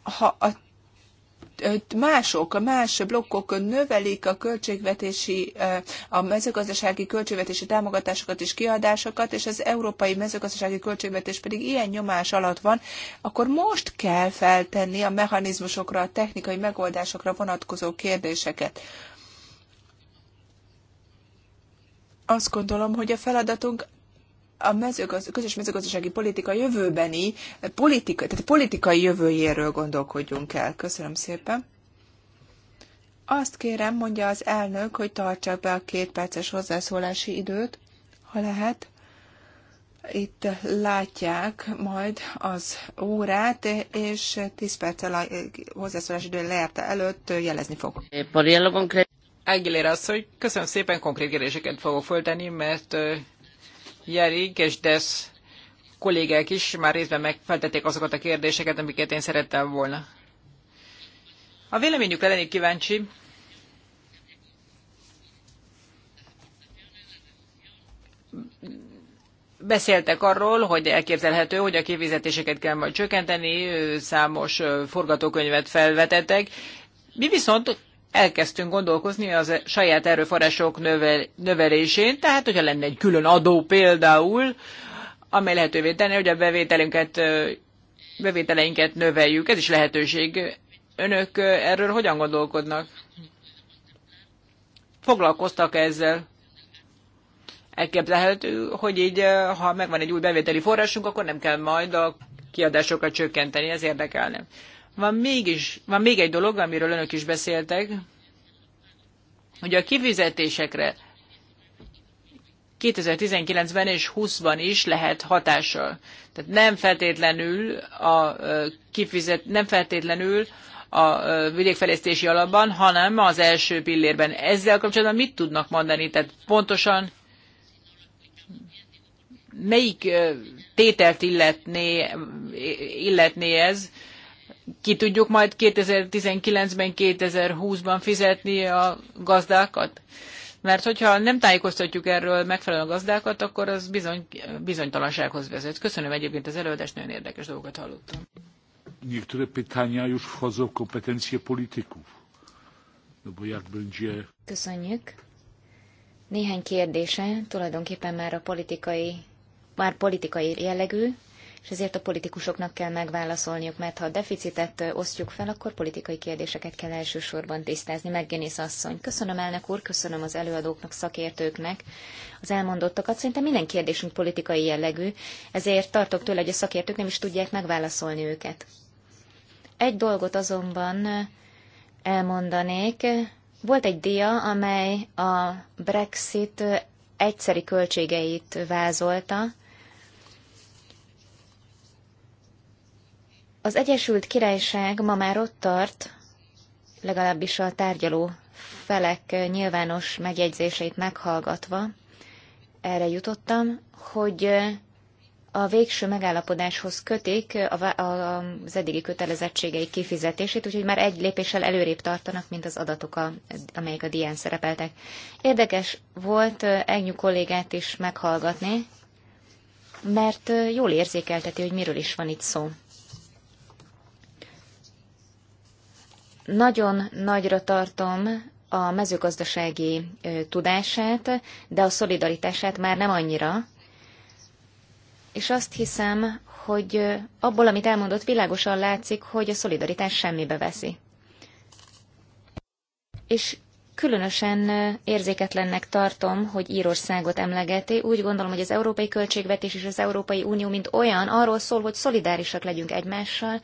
ha a mások, más blokkok növelik a költségvetési, eh, a mezőgazdasági költségvetési támogatásokat és kiadásokat, és az európai mezőgazdasági költségvetés pedig ilyen nyomás alatt van, akkor most kell feltenni a mechanizmusokra, a technikai megoldásokra vonatkozó kérdéseket. Azt gondolom, hogy a feladatunk a mezőgaz, közös mezőgazdasági politika jövőbeni, politika, tehát politikai jövőjéről gondolkodjunk el. Köszönöm szépen. Azt kérem, mondja az elnök, hogy tartsák be a két perces hozzászólási időt, ha lehet. Itt látják majd az órát, és 10 perccel a hozzászólási idő lejárta előtt jelezni fog. Aguilera asszony, köszönöm szépen, konkrét kérdéseket fogok föltenni, mert Jerig és Desz kollégák is már részben megfeltették azokat a kérdéseket, amiket én szerettem volna. A véleményükre lennék kíváncsi. Beszéltek arról, hogy elképzelhető, hogy a kifizetéseket kell majd csökkenteni, számos forgatókönyvet felvetettek. Mi viszont elkezdtünk gondolkozni az saját erőforrások növelésén, tehát hogyha lenne egy külön adó például, amely lehetővé tenni, hogy a bevételünket, bevételeinket növeljük. Ez is lehetőség. Önök erről hogyan gondolkodnak? Foglalkoztak -e ezzel? Elképzelhető, hogy így, ha megvan egy új bevételi forrásunk, akkor nem kell majd a kiadásokat csökkenteni, ez érdekelne. Van, mégis, van még egy dolog, amiről önök is beszéltek, hogy a kifizetésekre 2019-ben és 20-ban is lehet hatással. Tehát nem feltétlenül a kifizet, nem feltétlenül a vidékfejlesztési alapban, hanem az első pillérben. Ezzel kapcsolatban mit tudnak mondani? Tehát pontosan melyik tételt illetné, illetné ez? ki tudjuk majd 2019-ben, 2020-ban fizetni a gazdákat? Mert hogyha nem tájékoztatjuk erről megfelelően a gazdákat, akkor az bizony, bizonytalansághoz vezet. Köszönöm egyébként az előadást, nagyon érdekes dolgokat hallottam. Niektóre pytania już wchodzą w kompetencje polityków. No bo jak będzie... Köszönjük. Néhány kérdése tulajdonképpen már a politikai, már politikai jellegű, és ezért a politikusoknak kell megválaszolniuk, mert ha a deficitet osztjuk fel, akkor politikai kérdéseket kell elsősorban tisztázni. Meggenész asszony. Köszönöm elnök úr, köszönöm az előadóknak, szakértőknek az elmondottakat. Szerintem minden kérdésünk politikai jellegű, ezért tartok tőle, hogy a szakértők nem is tudják megválaszolni őket. Egy dolgot azonban elmondanék. Volt egy dia, amely a Brexit egyszeri költségeit vázolta, Az Egyesült Királyság ma már ott tart, legalábbis a tárgyaló felek nyilvános megjegyzéseit meghallgatva, erre jutottam, hogy a végső megállapodáshoz kötik az eddigi kötelezettségei kifizetését, úgyhogy már egy lépéssel előrébb tartanak, mint az adatok, a, amelyek a dián szerepeltek. Érdekes volt Egnyú kollégát is meghallgatni, mert jól érzékelteti, hogy miről is van itt szó. Nagyon nagyra tartom a mezőgazdasági tudását, de a szolidaritását már nem annyira. És azt hiszem, hogy abból, amit elmondott, világosan látszik, hogy a szolidaritás semmibe veszi. És különösen érzéketlennek tartom, hogy Írországot emlegeti. Úgy gondolom, hogy az európai költségvetés és az Európai Unió, mint olyan, arról szól, hogy szolidárisak legyünk egymással,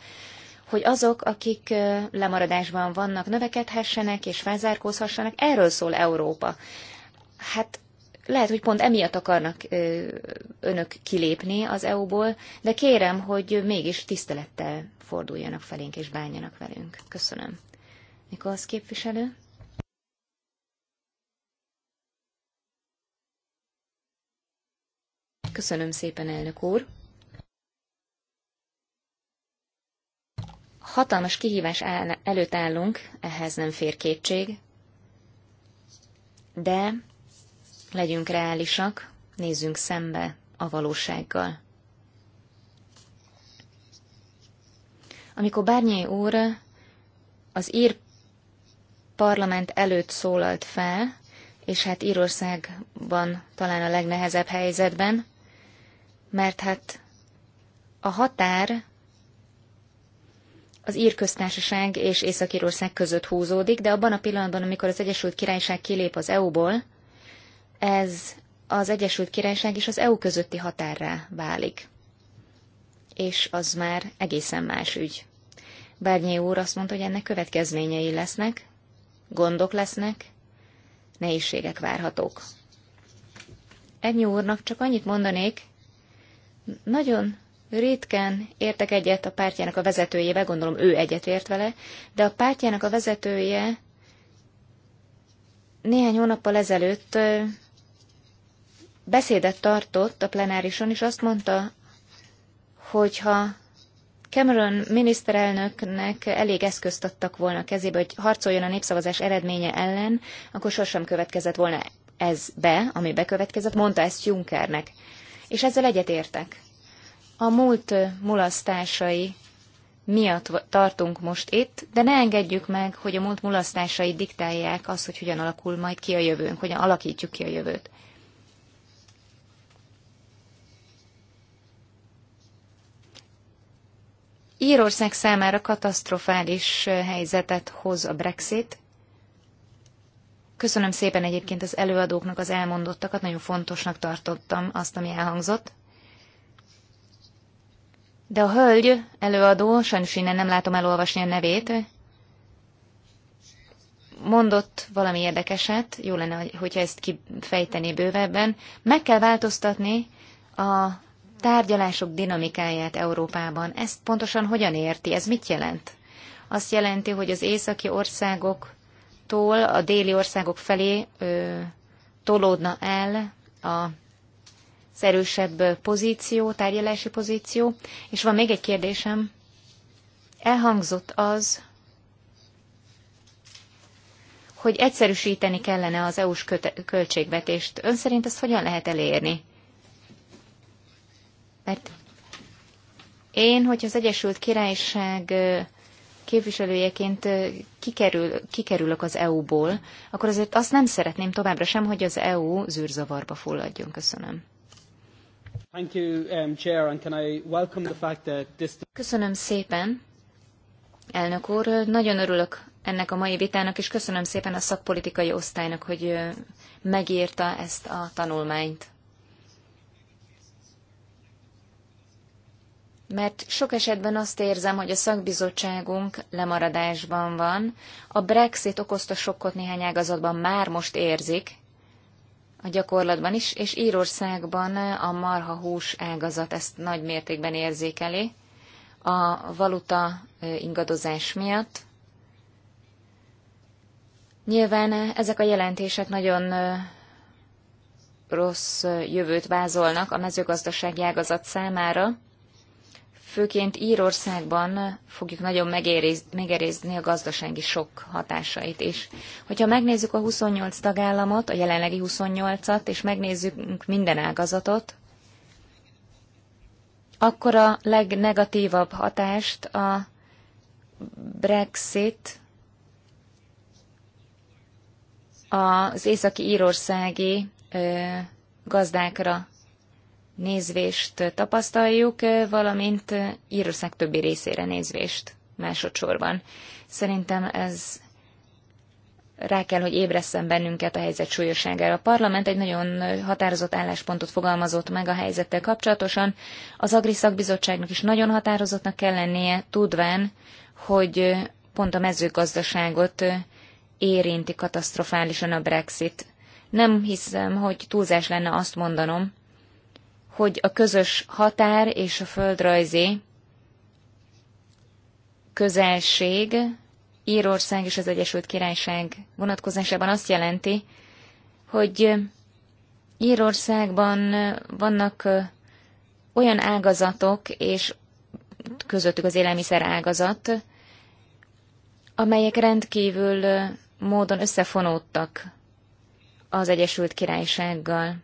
hogy azok, akik lemaradásban vannak, növekedhessenek és felzárkózhassanak, erről szól Európa. Hát lehet, hogy pont emiatt akarnak önök kilépni az EU-ból, de kérem, hogy mégis tisztelettel forduljanak felénk és bánjanak velünk. Köszönöm. Nikolsz képviselő? Köszönöm szépen, elnök úr. hatalmas kihívás áll, előtt állunk, ehhez nem fér kétség, de legyünk reálisak, nézzünk szembe a valósággal. Amikor Bárnyai úr az ír parlament előtt szólalt fel, és hát Írországban talán a legnehezebb helyzetben, mert hát a határ az Ír köztársaság és Észak-Írország között húzódik, de abban a pillanatban, amikor az Egyesült Királyság kilép az EU-ból, ez az Egyesült Királyság és az EU közötti határra válik. És az már egészen más ügy. Bárnyi úr azt mondta, hogy ennek következményei lesznek, gondok lesznek, nehézségek várhatók. Egy úrnak csak annyit mondanék, nagyon ritkán értek egyet a pártjának a vezetőjével, gondolom ő egyetért vele, de a pártjának a vezetője néhány hónappal ezelőtt beszédet tartott a plenárison, és azt mondta, hogy ha Cameron miniszterelnöknek elég eszközt adtak volna a kezébe, hogy harcoljon a népszavazás eredménye ellen, akkor sosem következett volna ez be, ami bekövetkezett, mondta ezt Junckernek. És ezzel egyetértek. A múlt mulasztásai miatt tartunk most itt, de ne engedjük meg, hogy a múlt mulasztásai diktálják azt, hogy hogyan alakul majd ki a jövőnk, hogyan alakítjuk ki a jövőt. Írország számára katasztrofális helyzetet hoz a Brexit. Köszönöm szépen egyébként az előadóknak az elmondottakat, nagyon fontosnak tartottam azt, ami elhangzott. De a hölgy előadó, sajnos innen nem látom elolvasni a nevét, mondott valami érdekeset, jó lenne, hogyha ezt kifejteni bővebben. Meg kell változtatni a tárgyalások dinamikáját Európában. Ezt pontosan hogyan érti? Ez mit jelent? Azt jelenti, hogy az északi országoktól a déli országok felé ö, tolódna el a az erősebb pozíció, tárgyalási pozíció. És van még egy kérdésem. Elhangzott az, hogy egyszerűsíteni kellene az EU-s költségvetést. Ön szerint ezt hogyan lehet elérni? Mert én, hogyha az Egyesült Királyság képviselőjeként kikerül, kikerülök az EU-ból, akkor azért azt nem szeretném továbbra sem, hogy az EU zűrzavarba fulladjon. Köszönöm. Köszönöm szépen, elnök úr. Nagyon örülök ennek a mai vitának, és köszönöm szépen a szakpolitikai osztálynak, hogy megírta ezt a tanulmányt. mert sok esetben azt érzem, hogy a szakbizottságunk lemaradásban van. A Brexit okozta sokkot néhány ágazatban már most érzik, a gyakorlatban is, és Írországban a marhahús ágazat ezt nagy mértékben érzékeli a valuta ingadozás miatt. Nyilván ezek a jelentések nagyon rossz jövőt vázolnak a mezőgazdasági ágazat számára, főként Írországban fogjuk nagyon megerézni a gazdasági sok hatásait is. Hogyha megnézzük a 28 tagállamot, a jelenlegi 28-at, és megnézzük minden ágazatot, akkor a legnegatívabb hatást a Brexit az északi írországi gazdákra nézvést tapasztaljuk, valamint Írország többi részére nézvést másodszorban. Szerintem ez rá kell, hogy ébresszen bennünket a helyzet súlyosságára. A parlament egy nagyon határozott álláspontot fogalmazott meg a helyzettel kapcsolatosan. Az Agri Szakbizottságnak is nagyon határozottnak kell lennie, tudván, hogy pont a mezőgazdaságot érinti katasztrofálisan a Brexit. Nem hiszem, hogy túlzás lenne azt mondanom, hogy a közös határ és a földrajzi közelség Írország és az Egyesült Királyság vonatkozásában azt jelenti, hogy Írországban vannak olyan ágazatok, és közöttük az élelmiszer ágazat, amelyek rendkívül módon összefonódtak az Egyesült Királysággal.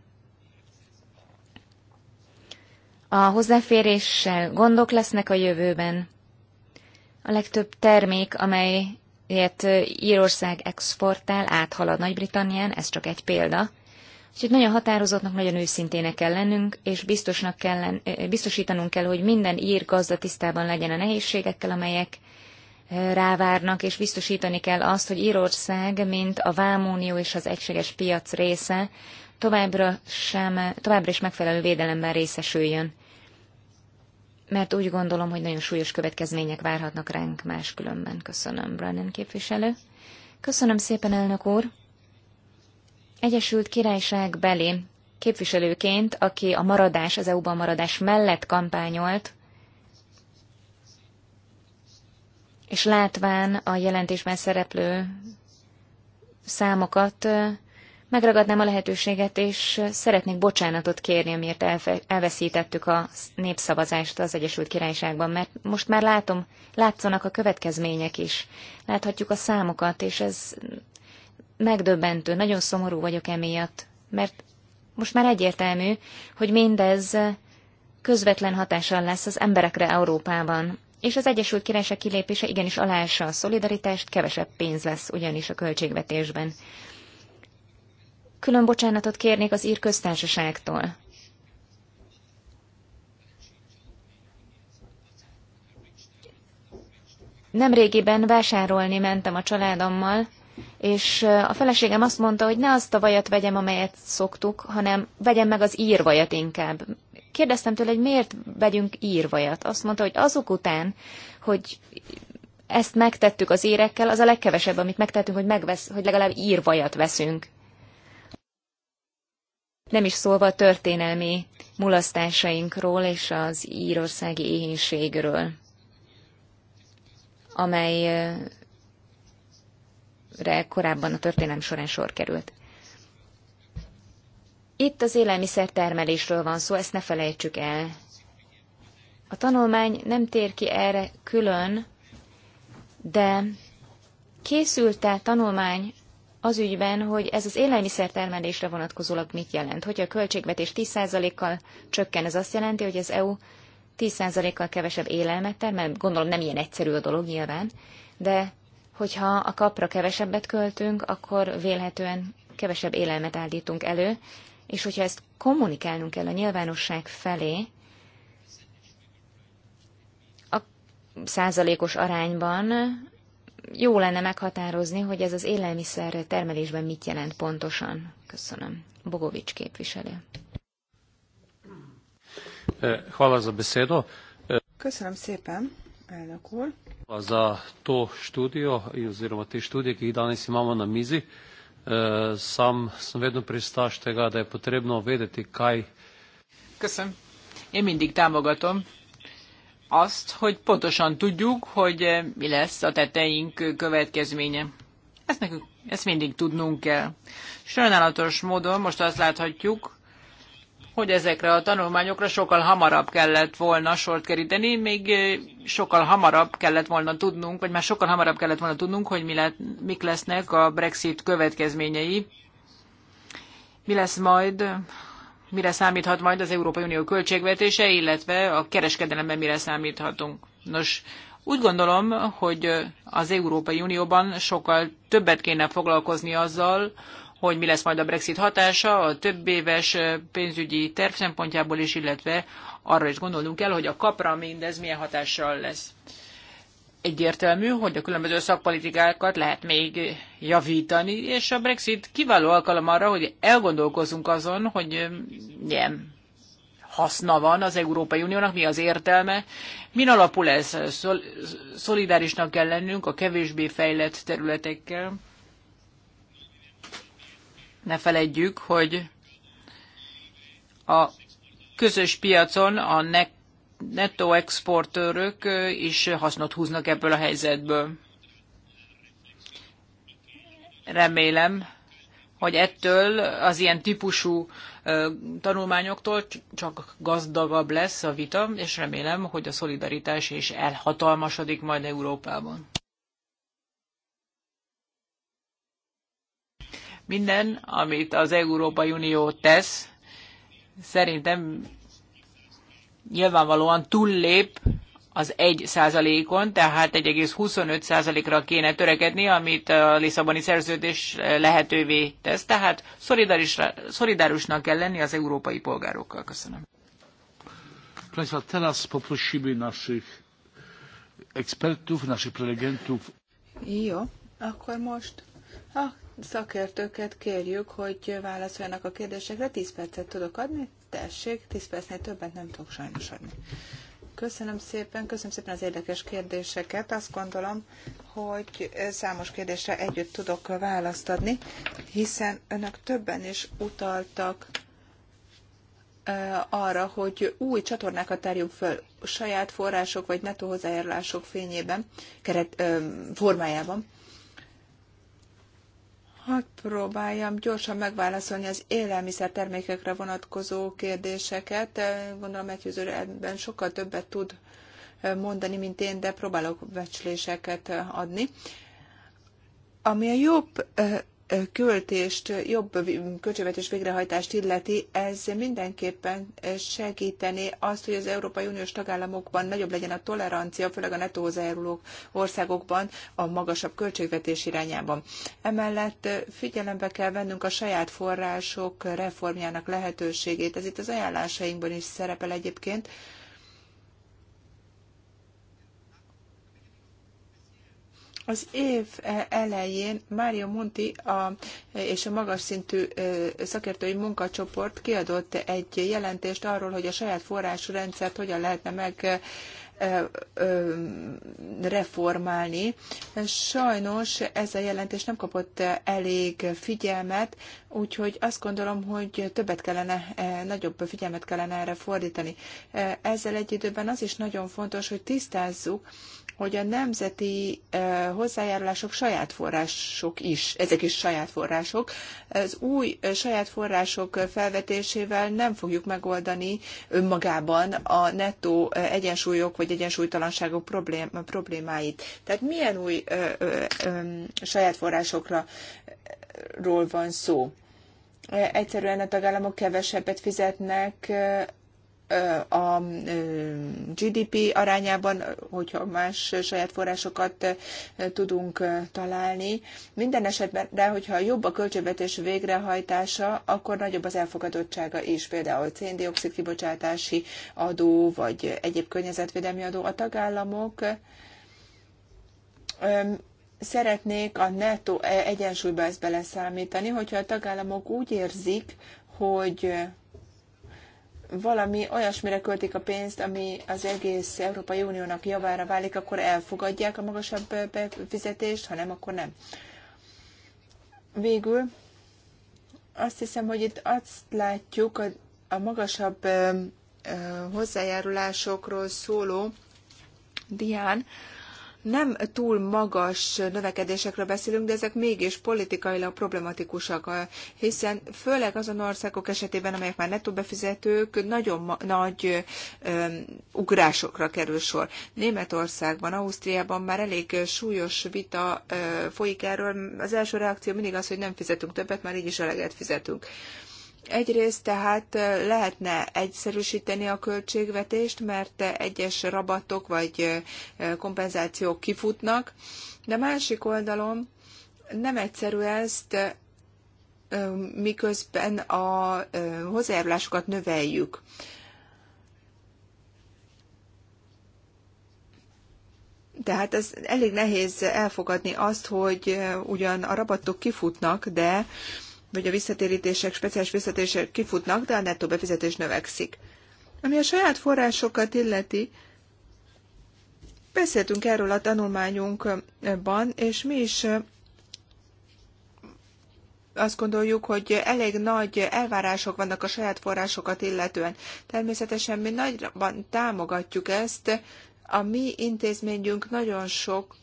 A hozzáféréssel gondok lesznek a jövőben. A legtöbb termék, amelyet Írország exportál, áthalad Nagy-Britannián, ez csak egy példa. Úgyhogy nagyon határozottnak, nagyon őszintének kell lennünk, és biztosnak kell, biztosítanunk kell, hogy minden ír gazda tisztában legyen a nehézségekkel, amelyek rávárnak, és biztosítani kell azt, hogy Írország, mint a Vámunió és az egységes piac része, továbbra, sem, továbbra is megfelelő védelemben részesüljön. Mert úgy gondolom, hogy nagyon súlyos következmények várhatnak ránk máskülönben. Köszönöm, Brennan képviselő. Köszönöm szépen, elnök úr. Egyesült Királyság belé képviselőként, aki a maradás, az EU-ban maradás mellett kampányolt, és látván a jelentésben szereplő számokat, Megragadnám a lehetőséget, és szeretnék bocsánatot kérni, amiért elveszítettük a népszavazást az Egyesült Királyságban, mert most már látom, látszanak a következmények is. Láthatjuk a számokat, és ez megdöbbentő, nagyon szomorú vagyok emiatt, mert most már egyértelmű, hogy mindez közvetlen hatással lesz az emberekre Európában. És az Egyesült Királyság kilépése igenis aláássa a szolidaritást, kevesebb pénz lesz ugyanis a költségvetésben. Külön bocsánatot kérnék az ír köztársaságtól. Nemrégiben vásárolni mentem a családommal, és a feleségem azt mondta, hogy ne azt a vajat vegyem, amelyet szoktuk, hanem vegyem meg az írvajat inkább. Kérdeztem tőle, hogy miért vegyünk írvajat. Azt mondta, hogy azok után, hogy ezt megtettük az érekkel, az a legkevesebb, amit megtettünk, hogy, megvesz, hogy legalább írvajat veszünk nem is szólva a történelmi mulasztásainkról és az írországi éhénységről, amelyre korábban a történelem során sor került. Itt az élelmiszertermelésről van szó, ezt ne felejtsük el. A tanulmány nem tér ki erre külön, de készült-e tanulmány az ügyben, hogy ez az élelmiszertermelésre vonatkozólag mit jelent. Hogyha a költségvetés 10%-kal csökken, ez azt jelenti, hogy az EU 10%-kal kevesebb élelmet termel, gondolom nem ilyen egyszerű a dolog nyilván, de hogyha a kapra kevesebbet költünk, akkor vélhetően kevesebb élelmet állítunk elő, és hogyha ezt kommunikálnunk kell a nyilvánosság felé, a százalékos arányban jó lenne meghatározni, hogy ez az élelmiszer termelésben mit jelent pontosan. Köszönöm. Bogovics képviselő. Eh, eh, Köszönöm szépen, elnök úr. a to študijo, eh, oziroma te študije, ki jih danes imamo na mizi, sam sem vedno pristaš tega, da je potrebno vedeti, kaj. Köszönöm. Én mindig támogatom azt, hogy pontosan tudjuk, hogy eh, mi lesz a teteink következménye. Ezt nekünk, ezt mindig tudnunk kell. Sajnálatos módon most azt láthatjuk, hogy ezekre a tanulmányokra sokkal hamarabb kellett volna sort keríteni, még eh, sokkal hamarabb kellett volna tudnunk, vagy már sokkal hamarabb kellett volna tudnunk, hogy mi lett, mik lesznek a Brexit következményei. Mi lesz majd mire számíthat majd az Európai Unió költségvetése, illetve a kereskedelemben mire számíthatunk. Nos, úgy gondolom, hogy az Európai Unióban sokkal többet kéne foglalkozni azzal, hogy mi lesz majd a Brexit hatása a több éves pénzügyi terv szempontjából is, illetve arra is gondolnunk kell, hogy a kapra mindez milyen hatással lesz egyértelmű, hogy a különböző szakpolitikákat lehet még javítani, és a Brexit kiváló alkalom arra, hogy elgondolkozunk azon, hogy milyen haszna van az Európai Uniónak, mi az értelme, min alapul ez, szol szolidárisnak kell lennünk a kevésbé fejlett területekkel. Ne feledjük, hogy a közös piacon a nek nettó exportőrök is hasznot húznak ebből a helyzetből. Remélem, hogy ettől az ilyen típusú tanulmányoktól csak gazdagabb lesz a vita, és remélem, hogy a szolidaritás is elhatalmasodik majd Európában. Minden, amit az Európai Unió tesz, szerintem nyilvánvalóan túllép az 1 százalékon, tehát 1,25 százalékra kéne törekedni, amit a Lisszaboni szerződés lehetővé tesz. Tehát szolidárusnak kell lenni az európai polgárokkal. Köszönöm. Państwa, teraz poprosimy naszych ekspertów, naszych prelegentów. Jó, akkor most a szakértőket kérjük, hogy válaszoljanak a kérdésekre. 10 percet tudok adni, tessék, 10 percnél többet nem tudok sajnos adni. Köszönöm szépen, köszönöm szépen az érdekes kérdéseket. Azt gondolom, hogy számos kérdésre együtt tudok választ adni, hiszen önök többen is utaltak arra, hogy új csatornákat terjünk föl saját források vagy netó hozzájárulások fényében, keret, formájában. Hadd próbáljam gyorsan megválaszolni az élelmiszertermékekre vonatkozó kérdéseket. Gondolom, Matthews ebben sokkal többet tud mondani, mint én, de próbálok becsléseket adni. Ami a jobb költést, jobb költségvetés végrehajtást illeti, ez mindenképpen segítené azt, hogy az Európai Uniós tagállamokban nagyobb legyen a tolerancia, főleg a nettóhozzájáruló országokban a magasabb költségvetés irányában. Emellett figyelembe kell vennünk a saját források reformjának lehetőségét. Ez itt az ajánlásainkban is szerepel egyébként. Az év eh, elején Mário Monti a, és a magas szintű eh, szakértői munkacsoport kiadott egy jelentést arról, hogy a saját forrású rendszert hogyan lehetne meg eh, mm, reformálni. Sajnos ez a jelentés nem kapott elég figyelmet, úgyhogy azt gondolom, hogy többet kellene, nagyobb figyelmet kellene erre fordítani. Ezzel egy időben az is nagyon fontos, hogy tisztázzuk, hogy a nemzeti hozzájárulások saját források is, ezek is saját források. Az új saját források felvetésével nem fogjuk megoldani önmagában a nettó egyensúlyok vagy egyensúlytalanságok problémáit. Tehát milyen új saját forrásokra ról van szó? egyszerűen a tagállamok kevesebbet fizetnek a GDP arányában, hogyha más saját forrásokat tudunk találni. Minden esetben, de hogyha jobb a költségvetés végrehajtása, akkor nagyobb az elfogadottsága is, például széndiokszid kibocsátási adó, vagy egyéb környezetvédelmi adó. A tagállamok szeretnék a netto egyensúlyba ezt beleszámítani, hogyha a tagállamok úgy érzik, hogy valami olyasmire költik a pénzt, ami az egész Európai Uniónak javára válik, akkor elfogadják a magasabb befizetést, ha nem, akkor nem. Végül azt hiszem, hogy itt azt látjuk a, a magasabb hozzájárulásokról szóló dián, nem túl magas növekedésekről beszélünk, de ezek mégis politikailag problematikusak, hiszen főleg azon országok esetében, amelyek már nettó befizetők, nagyon nagy ö, ugrásokra kerül sor. Németországban, Ausztriában már elég súlyos vita ö, folyik erről. Az első reakció mindig az, hogy nem fizetünk többet, már így is eleget fizetünk. Ö, Egyrészt tehát lehetne egyszerűsíteni a költségvetést, mert egyes rabatok vagy kompenzációk kifutnak, de másik oldalon nem egyszerű ezt, miközben a hozzájárulásokat növeljük. Tehát ez elég nehéz elfogadni azt, hogy ugyan a rabatok kifutnak, de vagy a visszatérítések, speciális visszatérések kifutnak, de a nettó befizetés növekszik. Ami a saját forrásokat illeti, beszéltünk erről a tanulmányunkban, és mi is azt gondoljuk, hogy elég nagy elvárások vannak a saját forrásokat illetően. Természetesen mi nagyban támogatjuk ezt, a mi intézményünk nagyon sok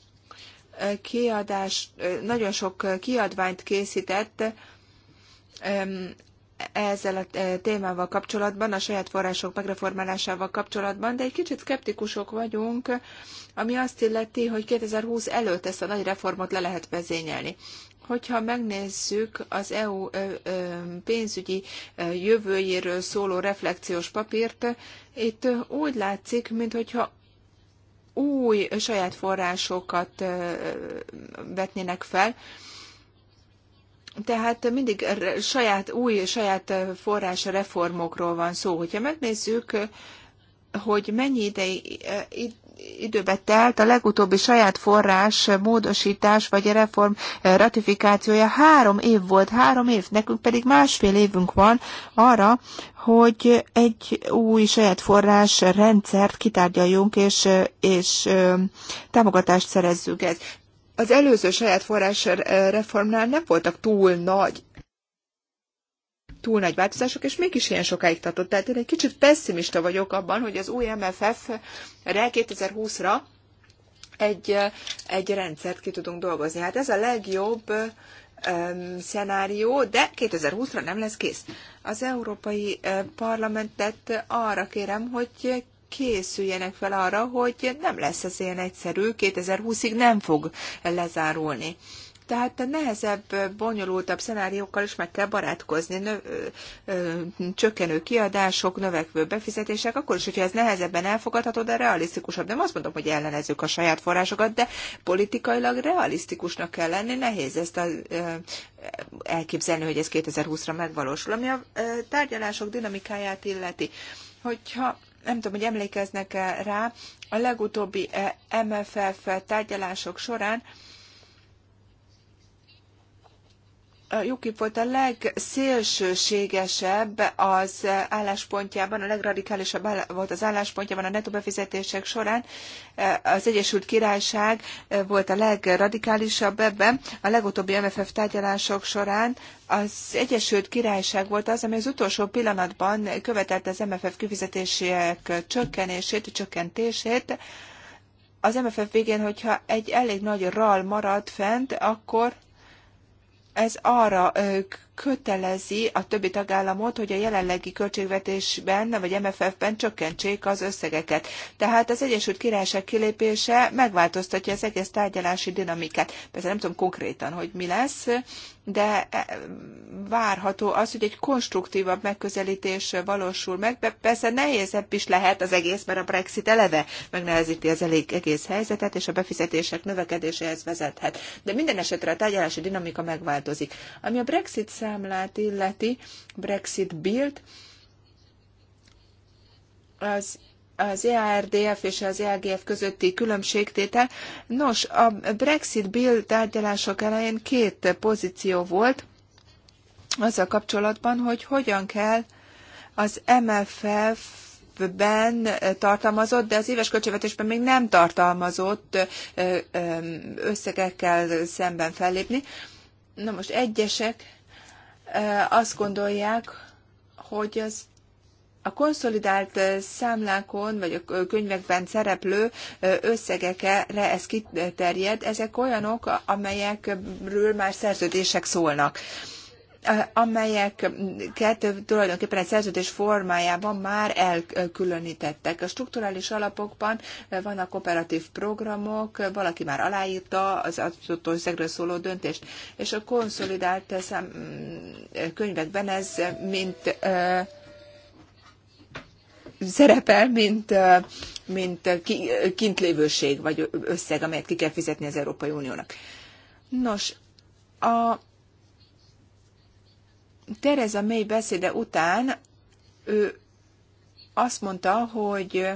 kiadás, nagyon sok kiadványt készített, ezzel a eh, témával kapcsolatban, a saját források megreformálásával kapcsolatban, de egy kicsit szkeptikusok vagyunk, ami azt illeti, hogy 2020 előtt ezt a nagy reformot le lehet vezényelni. Hogyha megnézzük az EU pénzügyi jövőjéről szóló reflekciós papírt, itt úgy látszik, mintha új saját forrásokat vetnének fel, tehát mindig saját új, saját forrás reformokról van szó. Hogyha megnézzük, hogy mennyi idei, időbe telt a legutóbbi saját forrás módosítás vagy a reform ratifikációja. Három év volt, három év, nekünk pedig másfél évünk van arra, hogy egy új saját forrás rendszert kitárgyaljunk, és, és támogatást szerezzük ez az előző saját forrás reformnál nem voltak túl nagy túl nagy változások, és mégis ilyen sokáig tartott. Tehát én egy kicsit pessimista vagyok abban, hogy az új MFF-re 2020-ra egy, egy rendszert ki tudunk dolgozni. Hát ez a legjobb um, szenárió, de 2020-ra nem lesz kész. Az Európai Parlamentet arra kérem, hogy készüljenek fel arra, hogy nem lesz ez ilyen egyszerű, 2020-ig nem fog lezárulni. Tehát a nehezebb, bonyolultabb szenáriókkal is meg kell barátkozni. Nö, ö, csökkenő kiadások, növekvő befizetések, akkor is, hogyha ez nehezebben elfogadható, de realisztikusabb. Nem azt mondom, hogy ellenezzük a saját forrásokat, de politikailag realisztikusnak kell lenni. Nehéz ezt a, ö, elképzelni, hogy ez 2020-ra megvalósul. Ami a ö, tárgyalások dinamikáját illeti, hogyha nem tudom, hogy emlékeznek -e rá, a legutóbbi eh, MFF tárgyalások során a UKIP volt a legszélsőségesebb az álláspontjában, a legradikálisabb volt az álláspontjában a netto befizetések során. Az Egyesült Királyság volt a legradikálisabb ebben. A legutóbbi MFF tárgyalások során az Egyesült Királyság volt az, ami az utolsó pillanatban követelte az MFF kifizetések csökkenését, csökkentését. Az MFF végén, hogyha egy elég nagy ral marad fent, akkor ez arra kötelezi a többi tagállamot, hogy a jelenlegi költségvetésben vagy MFF-ben csökkentsék az összegeket. Tehát az Egyesült Királyság kilépése megváltoztatja az egész tárgyalási dinamikát. Persze nem tudom konkrétan, hogy mi lesz, de e, várható az, hogy egy konstruktívabb megközelítés valósul meg. Persze nehézebb is lehet az egész, mert a Brexit eleve megnehezíti az elég egész helyzetet, és a befizetések növekedéséhez vezethet. De minden esetre a tárgyalási dinamika megváltozik. Ami a Brexit számlát illeti, Brexit Build, az az EARDF és az EAGF közötti különbségtétel. Nos, a Brexit Bill tárgyalások elején két pozíció volt azzal kapcsolatban, hogy hogyan kell az MFF ben tartalmazott, de az éves költségvetésben még nem tartalmazott összegekkel szemben fellépni. Na most egyesek azt gondolják, hogy az a konszolidált számlákon, vagy a könyvekben szereplő összegekre ez kiterjed, ezek olyanok, amelyekről már szerződések szólnak amelyeket tulajdonképpen egy szerződés formájában már elkülönítettek. A strukturális alapokban vannak operatív programok, valaki már aláírta az adott összegről szóló döntést, és a konszolidált mm, könyvekben ez mint szerepel, mint, mint kintlévőség, vagy összeg, amelyet ki kell fizetni az Európai Uniónak. Nos, a Tereza May beszéde után ő azt mondta, hogy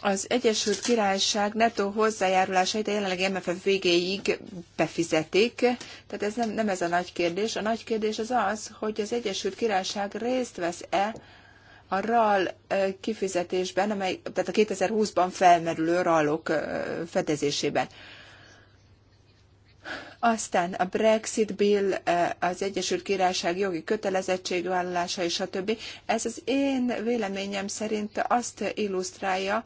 az Egyesült Királyság netó hozzájárulásait a jelenlegi MFF végéig befizetik, tehát ez nem, nem ez a nagy kérdés. A nagy kérdés az az, hogy az Egyesült Királyság részt vesz-e a RAL kifizetésben, amely, tehát a 2020-ban felmerülő RAL-ok fedezésében. Aztán a Brexit Bill, az Egyesült Királyság jogi kötelezettségvállalása és a többi. Ez az én véleményem szerint azt illusztrálja,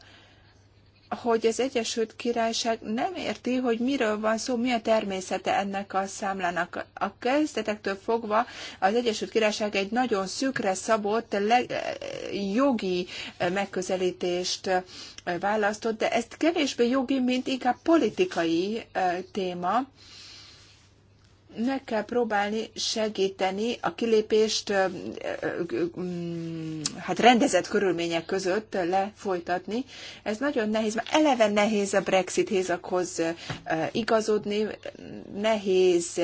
hogy az Egyesült Királyság nem érti, hogy miről van szó, mi a természete ennek a számlának. A kezdetektől fogva az Egyesült Királyság egy nagyon szükre szabott jogi megközelítést választott, de ezt kevésbé jogi, mint inkább politikai téma meg kell próbálni segíteni a kilépést mm, hát rendezett körülmények között lefolytatni. Ez nagyon nehéz, mert eleve nehéz a Brexit hézakhoz igazodni, nehéz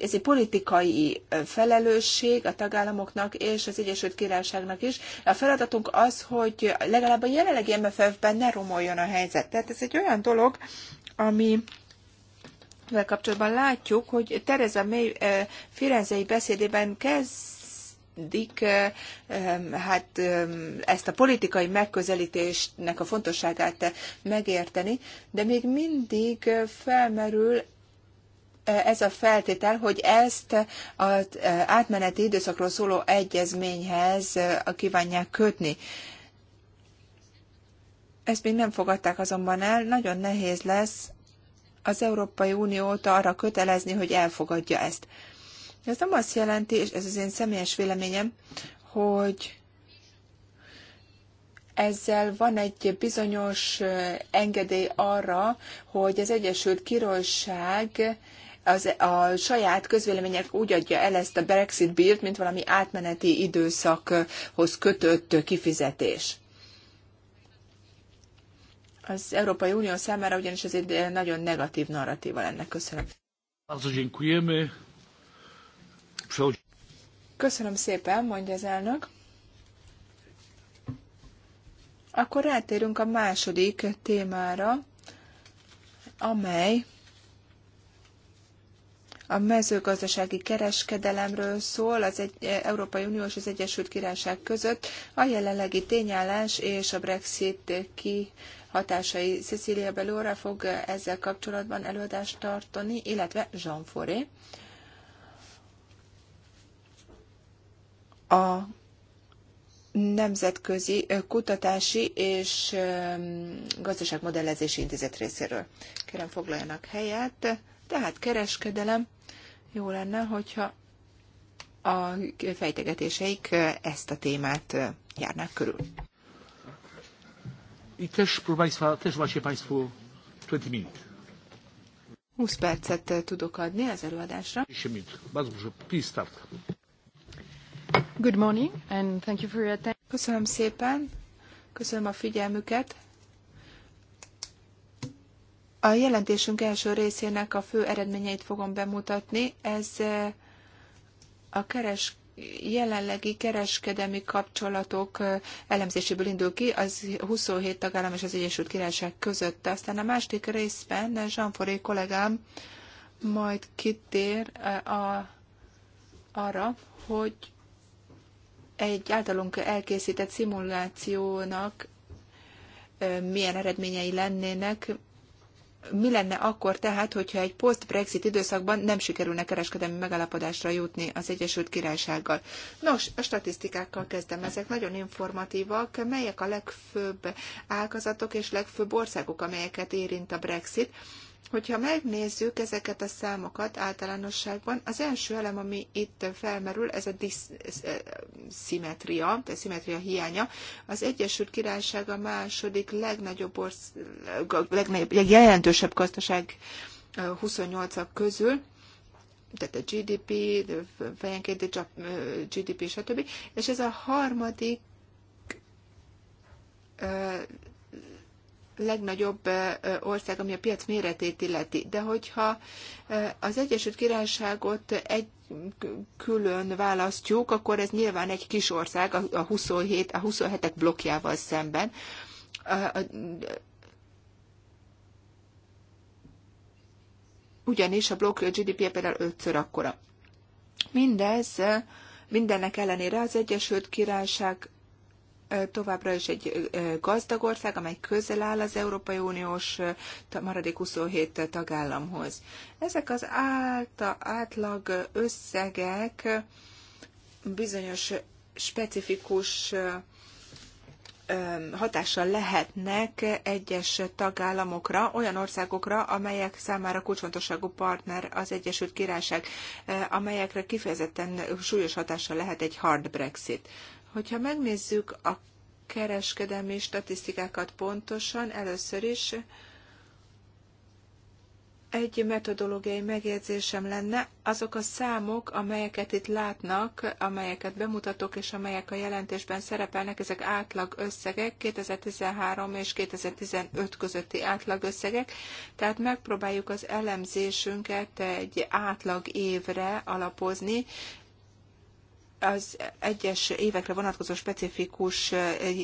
ez egy politikai felelősség a tagállamoknak és az Egyesült Királyságnak is. A feladatunk az, hogy legalább a jelenlegi MFF-ben ne romoljon a helyzet. Tehát ez egy olyan dolog, ami vel kapcsolatban látjuk, hogy Tereza May eh, firenzei beszédében kezdik eh, hát ezt a politikai megközelítésnek a fontosságát eh, megérteni, de még mindig felmerül ez a feltétel, hogy ezt az átmeneti időszakról szóló egyezményhez kívánják kötni. Ezt még nem fogadták azonban el, nagyon nehéz lesz az Európai óta arra kötelezni, hogy elfogadja ezt. Ez nem azt jelenti, és ez az én személyes véleményem, hogy ezzel van egy bizonyos engedély arra, hogy az Egyesült Királyság az, a saját közvélemények úgy adja el ezt a Brexit bírt, mint valami átmeneti időszakhoz kötött kifizetés. Az Európai Unió számára ugyanis ez egy nagyon negatív narratíva lenne. Köszönöm. Köszönöm szépen, mondja az elnök. Akkor rátérünk a második témára, amely a mezőgazdasági kereskedelemről szól az egy, Európai Unió és az Egyesült Királyság között, a jelenlegi tényállás és a Brexit ki hatásai. Cecilia Belóra fog ezzel kapcsolatban előadást tartani, illetve Jean Foré. A Nemzetközi Kutatási és Gazdaságmodellezési Intézet részéről. Kérem foglaljanak helyet, tehát kereskedelem. Jó lenne, hogyha a fejtegetéseik ezt a témát járnák körül. I też, proszę Państwa, też 20 minut. 20 percet e, tudok adni az előadásra. Good morning, and thank you for your attention. Köszönöm szépen, köszönöm a figyelmüket. A jelentésünk első részének a fő eredményeit fogom bemutatni. Ez e, a keres jelenlegi kereskedelmi kapcsolatok elemzéséből indul ki, az 27 tagállam és az Egyesült Királyság között. Aztán a másik részben Jean Foré kollégám majd kitér a, arra, hogy egy általunk elkészített szimulációnak milyen eredményei lennének, mi lenne akkor tehát, hogyha egy post-Brexit időszakban nem sikerülne kereskedelmi megállapodásra jutni az Egyesült Királysággal? Nos, a statisztikákkal kezdem. Ezek nagyon informatívak. Melyek a legfőbb ágazatok és legfőbb országok, amelyeket érint a Brexit? Hogyha megnézzük ezeket a számokat általánosságban, az első elem, ami itt felmerül, ez a diszimetria, e, tehát szimetria hiánya. Az Egyesült Királyság a második legnagyobb, orsz, legnagyobb jelentősebb gazdaság 28-ak e, közül, tehát a GDP, fejenként a e, GDP, stb. És ez a harmadik legnagyobb ország, ami a piac méretét illeti. De hogyha az Egyesült Királyságot egy külön választjuk, akkor ez nyilván egy kis ország a 27, a 27-ek blokkjával szemben. Ugyanis a blokk GDP-je például ötször akkora. Mindez mindennek ellenére az Egyesült Királyság továbbra is egy gazdag ország, amely közel áll az Európai Uniós maradék 27 tagállamhoz. Ezek az álta, átlag összegek bizonyos specifikus hatással lehetnek egyes tagállamokra, olyan országokra, amelyek számára kulcsfontosságú partner az Egyesült Királyság, amelyekre kifejezetten súlyos hatással lehet egy hard Brexit. Hogyha megnézzük a kereskedelmi statisztikákat pontosan, először is egy metodológiai megjegyzésem lenne, azok a számok, amelyeket itt látnak, amelyeket bemutatok, és amelyek a jelentésben szerepelnek, ezek átlag összegek, 2013 és 2015 közötti átlag összegek, tehát megpróbáljuk az elemzésünket egy átlag évre alapozni, az egyes évekre vonatkozó specifikus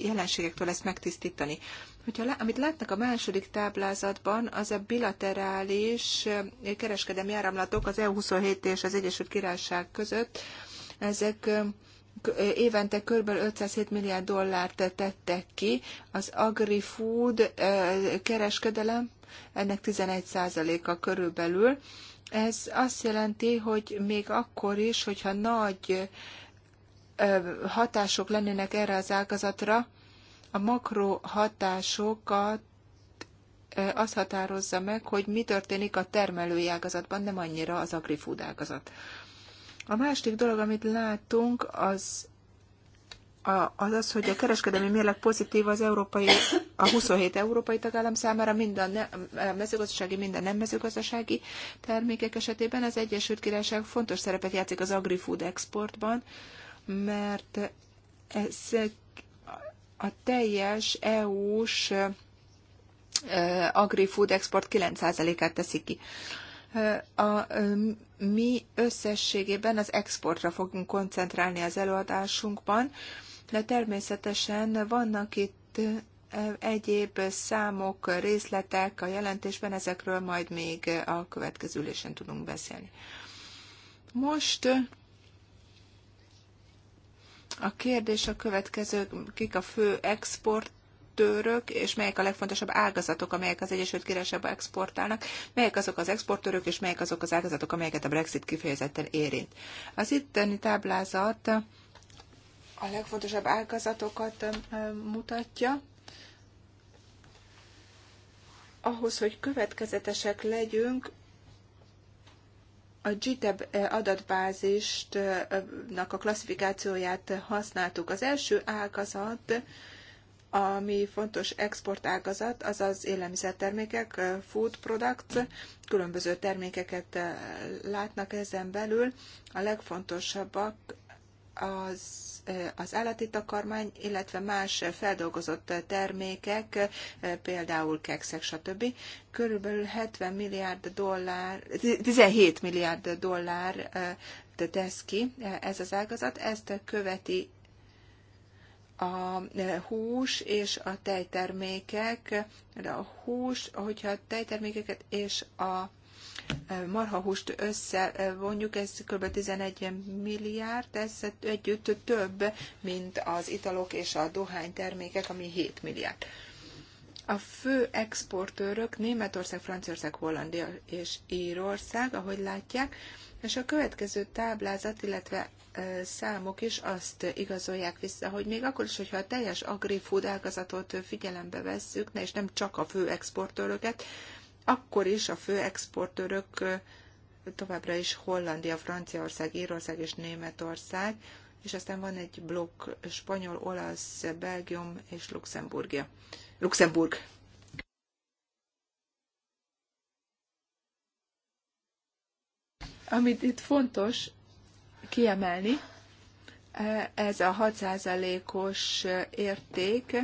jelenségektől ezt megtisztítani. Hogyha, amit látnak a második táblázatban, az a bilaterális kereskedelmi áramlatok az EU27 és az Egyesült Királyság között, ezek évente kb. 507 milliárd dollárt tettek ki. Az agri-food kereskedelem, ennek 11%-a körülbelül. Ez azt jelenti, hogy még akkor is, hogyha nagy hatások lennének erre az ágazatra, a makro hatásokat az határozza meg, hogy mi történik a termelői ágazatban, nem annyira az agrifood ágazat. A másik dolog, amit látunk, az az az, hogy a kereskedelmi mérleg pozitív az európai, a 27 európai tagállam számára, mind a, ne, a mezőgazdasági, mind a nem mezőgazdasági termékek esetében. Az Egyesült Királyság fontos szerepet játszik az agri-food exportban mert ez a teljes EU-s agri-food export 9%-át teszi ki. A, mi összességében az exportra fogunk koncentrálni az előadásunkban, de természetesen vannak itt egyéb számok, részletek a jelentésben, ezekről majd még a következő ülésen tudunk beszélni. Most a kérdés a következő, kik a fő export exportőrök, és melyek a legfontosabb ágazatok, amelyek az Egyesült Királyságba exportálnak, melyek azok az exportőrök, és melyek azok az ágazatok, amelyeket a Brexit kifejezetten érint. Az itteni táblázat a legfontosabb ágazatokat mutatja. Ahhoz, hogy következetesek legyünk, a GTEB adatbázisnak a klasszifikációját használtuk. Az első ágazat, ami fontos exportágazat, az az élelmiszertermékek, food products, különböző termékeket látnak ezen belül. A legfontosabbak az az állati takarmány, illetve más feldolgozott termékek, például kekszek, stb. Körülbelül 70 milliárd dollár, 17 milliárd dollár tesz ki ez az ágazat, ezt követi a hús és a tejtermékek, a hús, hogyha a tejtermékeket és a marhahúst összevonjuk, ez kb. 11 milliárd, ez együtt több, mint az italok és a dohánytermékek, ami 7 milliárd. A fő exportőrök Németország, Franciaország, Hollandia és Írország, ahogy látják, és a következő táblázat, illetve számok is azt igazolják vissza, hogy még akkor is, hogyha a teljes agri-food ágazatot figyelembe vesszük, és nem csak a fő exportőröket, akkor is a fő exportőrök továbbra is Hollandia, Franciaország, Írország és Németország, és aztán van egy blokk spanyol, olasz, Belgium és Luxemburgia. Luxemburg. Amit itt fontos kiemelni, ez a 6%-os érték,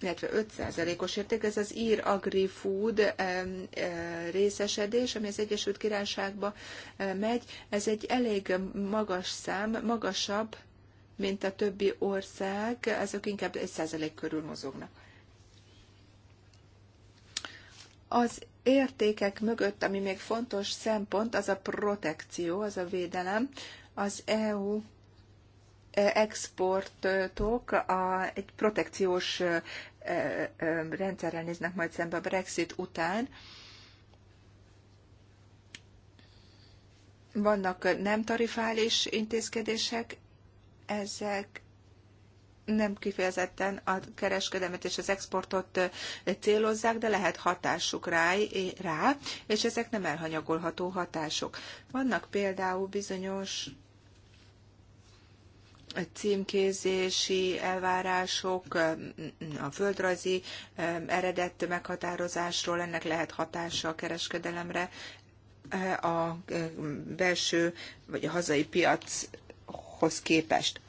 illetve 5%-os érték, ez az ír agri-food részesedés, ami az Egyesült Királyságba megy, ez egy elég magas szám, magasabb, mint a többi ország, azok inkább 1% körül mozognak. Az értékek mögött, ami még fontos szempont, az a protekció, az a védelem. Az EU exportok a, egy protekciós rendszerrel néznek majd szembe a Brexit után. Vannak nem tarifális intézkedések, ezek nem kifejezetten a kereskedelmet és az exportot célozzák, de lehet hatásuk rá, rá és ezek nem elhanyagolható hatások. Vannak például bizonyos címkézési elvárások, a földrajzi eredett meghatározásról, ennek lehet hatása a kereskedelemre, a belső vagy a hazai piachoz képest.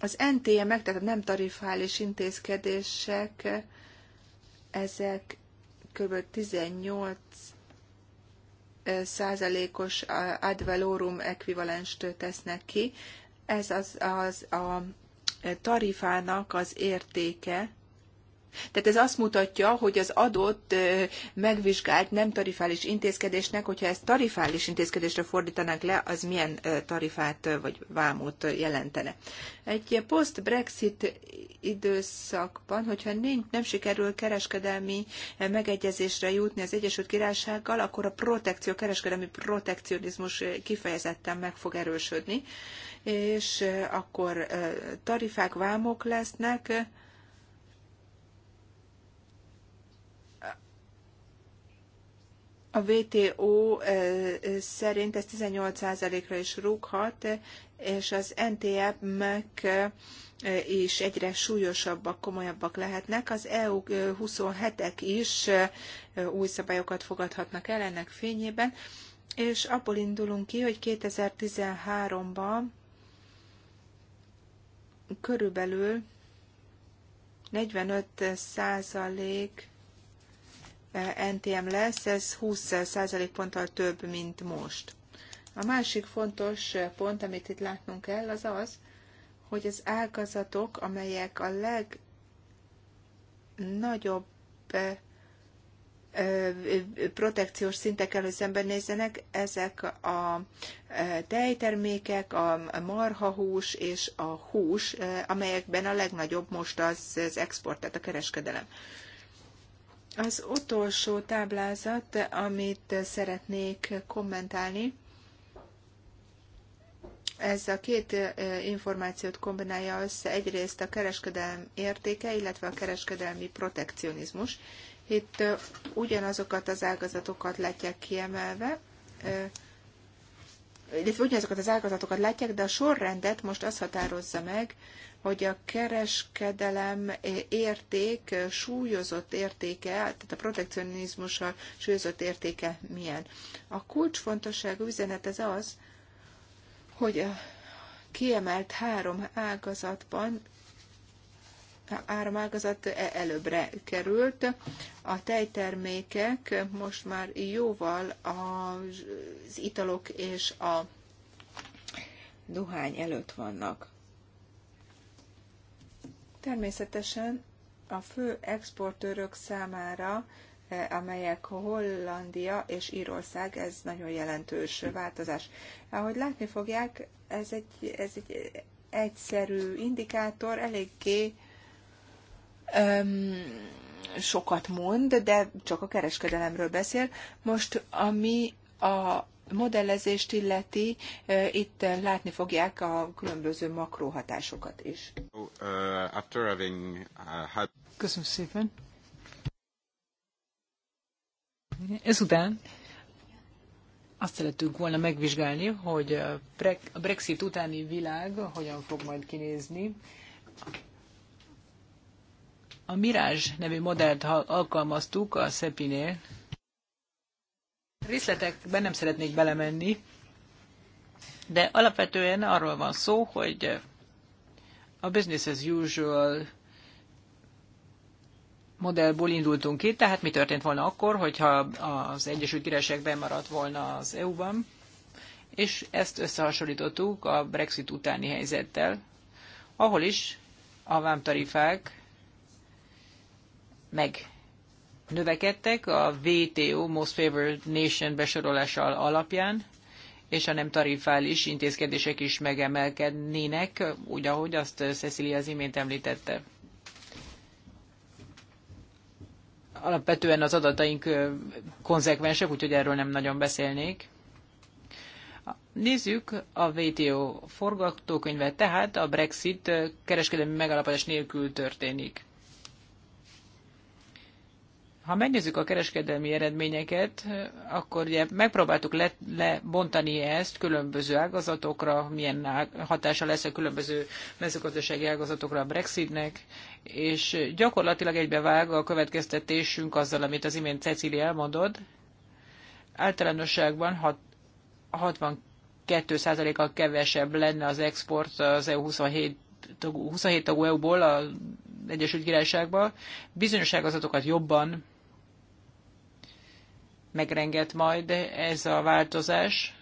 Az ntm e meg, tehát a nem tarifális intézkedések, ezek kb. 18 százalékos ad valorum ekvivalenst tesznek ki. Ez az, az a tarifának az értéke, tehát ez azt mutatja, hogy az adott megvizsgált nem tarifális intézkedésnek, hogyha ezt tarifális intézkedésre fordítanánk le, az milyen tarifát vagy vámot jelentene. Egy post-Brexit időszakban, hogyha nincs, nem sikerül kereskedelmi megegyezésre jutni az Egyesült Királysággal, akkor a protekció, kereskedelmi protekcionizmus kifejezetten meg fog erősödni, és akkor tarifák, vámok lesznek, A WTO szerint ez 18%-ra is rúghat, és az NTM-ek is egyre súlyosabbak, komolyabbak lehetnek. Az EU 27-ek is új szabályokat fogadhatnak el ennek fényében, és abból indulunk ki, hogy 2013-ban körülbelül 45 százalék NTM lesz, ez 20 ponttal több, mint most. A másik fontos pont, amit itt látnunk kell, az az, hogy az ágazatok, amelyek a legnagyobb protekciós szintekkel nézzenek, ezek a tejtermékek, a marhahús és a hús, amelyekben a legnagyobb most az, az export, tehát a kereskedelem. Az utolsó táblázat, amit szeretnék kommentálni, ez a két információt kombinálja össze, egyrészt a kereskedelem értéke, illetve a kereskedelmi protekcionizmus. Itt ugyanazokat az ágazatokat látják kiemelve, illetve ugyanazokat az ágazatokat látják, de a sorrendet most az határozza meg, hogy a kereskedelem érték, súlyozott értéke, tehát a protekcionizmussal súlyozott értéke milyen. A kulcsfontosságú üzenet ez az, hogy a kiemelt három ágazatban három ágazat e előbbre került. A tejtermékek most már jóval az italok és a dohány előtt vannak. Természetesen a fő exportőrök számára, amelyek Hollandia és Írország, ez nagyon jelentős változás. Ahogy látni fogják, ez egy, ez egy egyszerű indikátor, eléggé sokat mond, de csak a kereskedelemről beszél. Most, ami a modellezést illeti, itt látni fogják a különböző makróhatásokat is. Uh, uh, Köszönöm szépen. Ezután azt szerettünk volna megvizsgálni, hogy a Brexit utáni világ hogyan fog majd kinézni. A Mirage nevű modellt alkalmaztuk a Szepinél. Részletekben nem szeretnék belemenni, de alapvetően arról van szó, hogy a business as usual modellból indultunk ki, tehát mi történt volna akkor, hogyha az Egyesült Királyság bemaradt volna az EU-ban, és ezt összehasonlítottuk a Brexit utáni helyzettel, ahol is a vámtarifák meg növekedtek a WTO Most Favored Nation besorolása alapján, és a nem tarifális intézkedések is megemelkednének, úgy ahogy azt Cecilia az imént említette. Alapvetően az adataink konzekvensek, úgyhogy erről nem nagyon beszélnék. Nézzük a WTO forgatókönyvet, tehát a Brexit kereskedelmi megalapodás nélkül történik. Ha megnézzük a kereskedelmi eredményeket, akkor ugye megpróbáltuk le, lebontani ezt különböző ágazatokra, milyen hatása lesz a különböző mezőgazdasági ágazatokra a Brexitnek, és gyakorlatilag egybevág a következtetésünk azzal, amit az imént Cecília elmondott. Általánosságban 62%-kal kevesebb lenne az export az EU 27 tagú, 27 tagú EU-ból az Egyesült Királyságba. Bizonyos ágazatokat jobban megrenget majd ez a változás.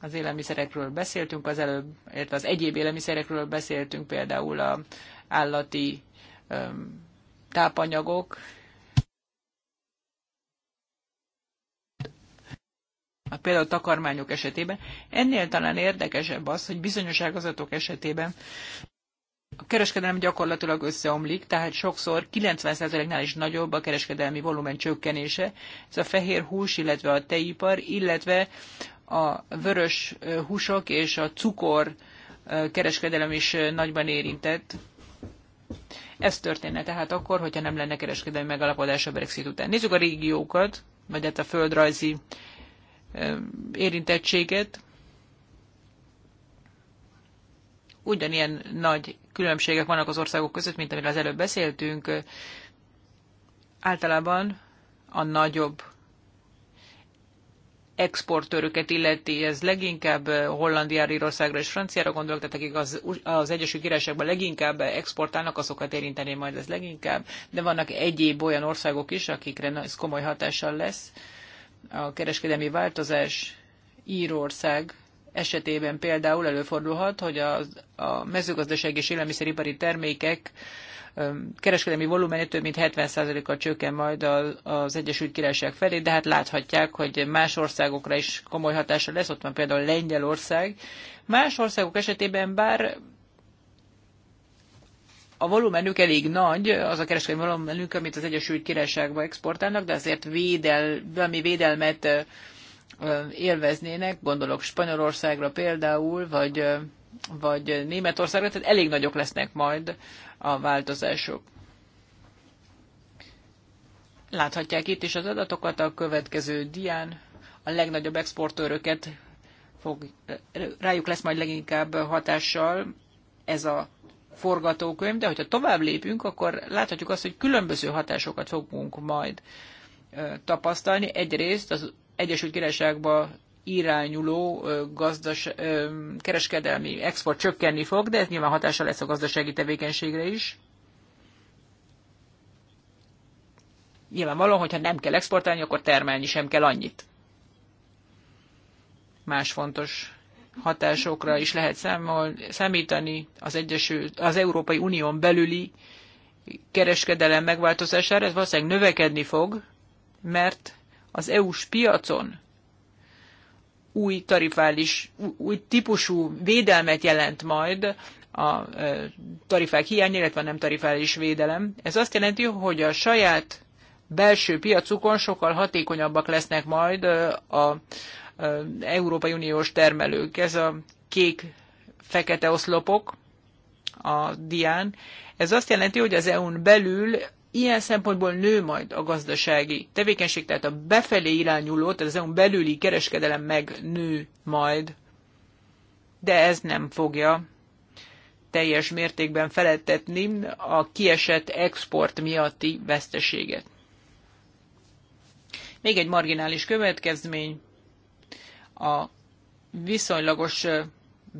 Az élelmiszerekről beszéltünk az előbb, illetve az egyéb élelmiszerekről beszéltünk, például a állati öm, tápanyagok, a például a takarmányok esetében. Ennél talán érdekesebb az, hogy bizonyos ágazatok esetében a kereskedelem gyakorlatilag összeomlik, tehát sokszor 90%-nál is nagyobb a kereskedelmi volumen csökkenése. Ez a fehér hús, illetve a tejipar, illetve a vörös húsok és a cukor kereskedelem is nagyban érintett. Ez történne tehát akkor, hogyha nem lenne kereskedelmi megalapodás a Brexit után. Nézzük a régiókat, vagy hát a földrajzi érintettséget. ugyanilyen nagy különbségek vannak az országok között, mint amiről az előbb beszéltünk. Általában a nagyobb exportőröket illeti, ez leginkább Hollandiára, Írországra és Franciára gondolok, tehát akik az, az Egyesült Királyságban leginkább exportálnak, azokat érinteni majd ez leginkább, de vannak egyéb olyan országok is, akikre ez komoly hatással lesz. A kereskedelmi változás Írország esetében például előfordulhat, hogy a, a mezőgazdaság és élelmiszeripari termékek kereskedelmi volumenje több mint 70%-kal csökken majd az Egyesült Királyság felé, de hát láthatják, hogy más országokra is komoly hatása lesz, ott van például Lengyelország. Más országok esetében bár a volumenük elég nagy, az a kereskedelmi volumenük, amit az Egyesült Királyságba exportálnak, de azért védel, valami védelmet élveznének, gondolok Spanyolországra például, vagy, vagy Németországra, tehát elég nagyok lesznek majd a változások. Láthatják itt is az adatokat a következő dián. A legnagyobb exportőröket fog, rájuk lesz majd leginkább hatással ez a forgatókönyv, de hogyha tovább lépünk, akkor láthatjuk azt, hogy különböző hatásokat fogunk majd tapasztalni. Egyrészt az Egyesült Királyságba irányuló gazdas, kereskedelmi export csökkenni fog, de ez nyilván hatása lesz a gazdasági tevékenységre is. Nyilvánvalóan, hogyha nem kell exportálni, akkor termelni sem kell annyit. Más fontos hatásokra is lehet számol, számítani az, Egyesült, az Európai Unión belüli kereskedelem megváltozására, ez valószínűleg növekedni fog, mert az EU-s piacon új tarifális, új típusú védelmet jelent majd a e, tarifák hiány, illetve a nem tarifális védelem. Ez azt jelenti, hogy a saját belső piacukon sokkal hatékonyabbak lesznek majd e, az e, Európai Uniós termelők. Ez a kék-fekete oszlopok a dián. Ez azt jelenti, hogy az EU-n belül ilyen szempontból nő majd a gazdasági tevékenység, tehát a befelé irányuló, tehát az EU belüli kereskedelem megnő majd, de ez nem fogja teljes mértékben felettetni a kiesett export miatti veszteséget. Még egy marginális következmény, a viszonylagos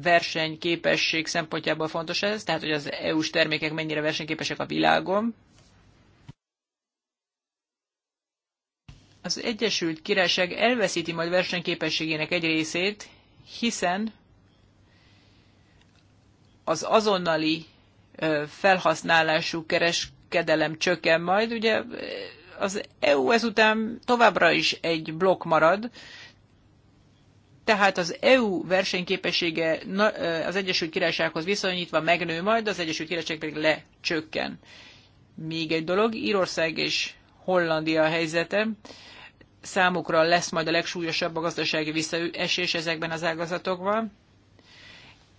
versenyképesség szempontjából fontos ez, tehát hogy az EU-s termékek mennyire versenyképesek a világon, az Egyesült Királyság elveszíti majd versenyképességének egy részét, hiszen az azonnali felhasználású kereskedelem csökken majd, ugye az EU ezután továbbra is egy blokk marad, tehát az EU versenyképessége az Egyesült Királysághoz viszonyítva megnő majd, az Egyesült Királyság pedig lecsökken. Még egy dolog, Írország és Hollandia helyzete számukra lesz majd a legsúlyosabb a gazdasági visszaesés ezekben az ágazatokban,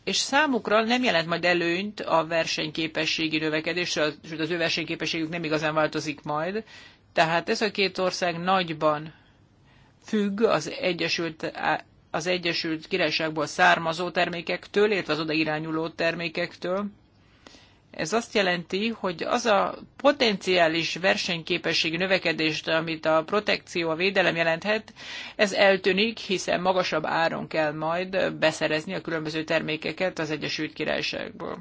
és számukra nem jelent majd előnyt a versenyképességi növekedésre, sőt az ő versenyképességük nem igazán változik majd. Tehát ez a két ország nagyban függ az Egyesült, az Egyesült Királyságból származó termékektől, illetve az oda irányuló termékektől. Ez azt jelenti, hogy az a potenciális versenyképesség növekedést, amit a protekció, a védelem jelenthet, ez eltűnik, hiszen magasabb áron kell majd beszerezni a különböző termékeket az Egyesült Királyságból.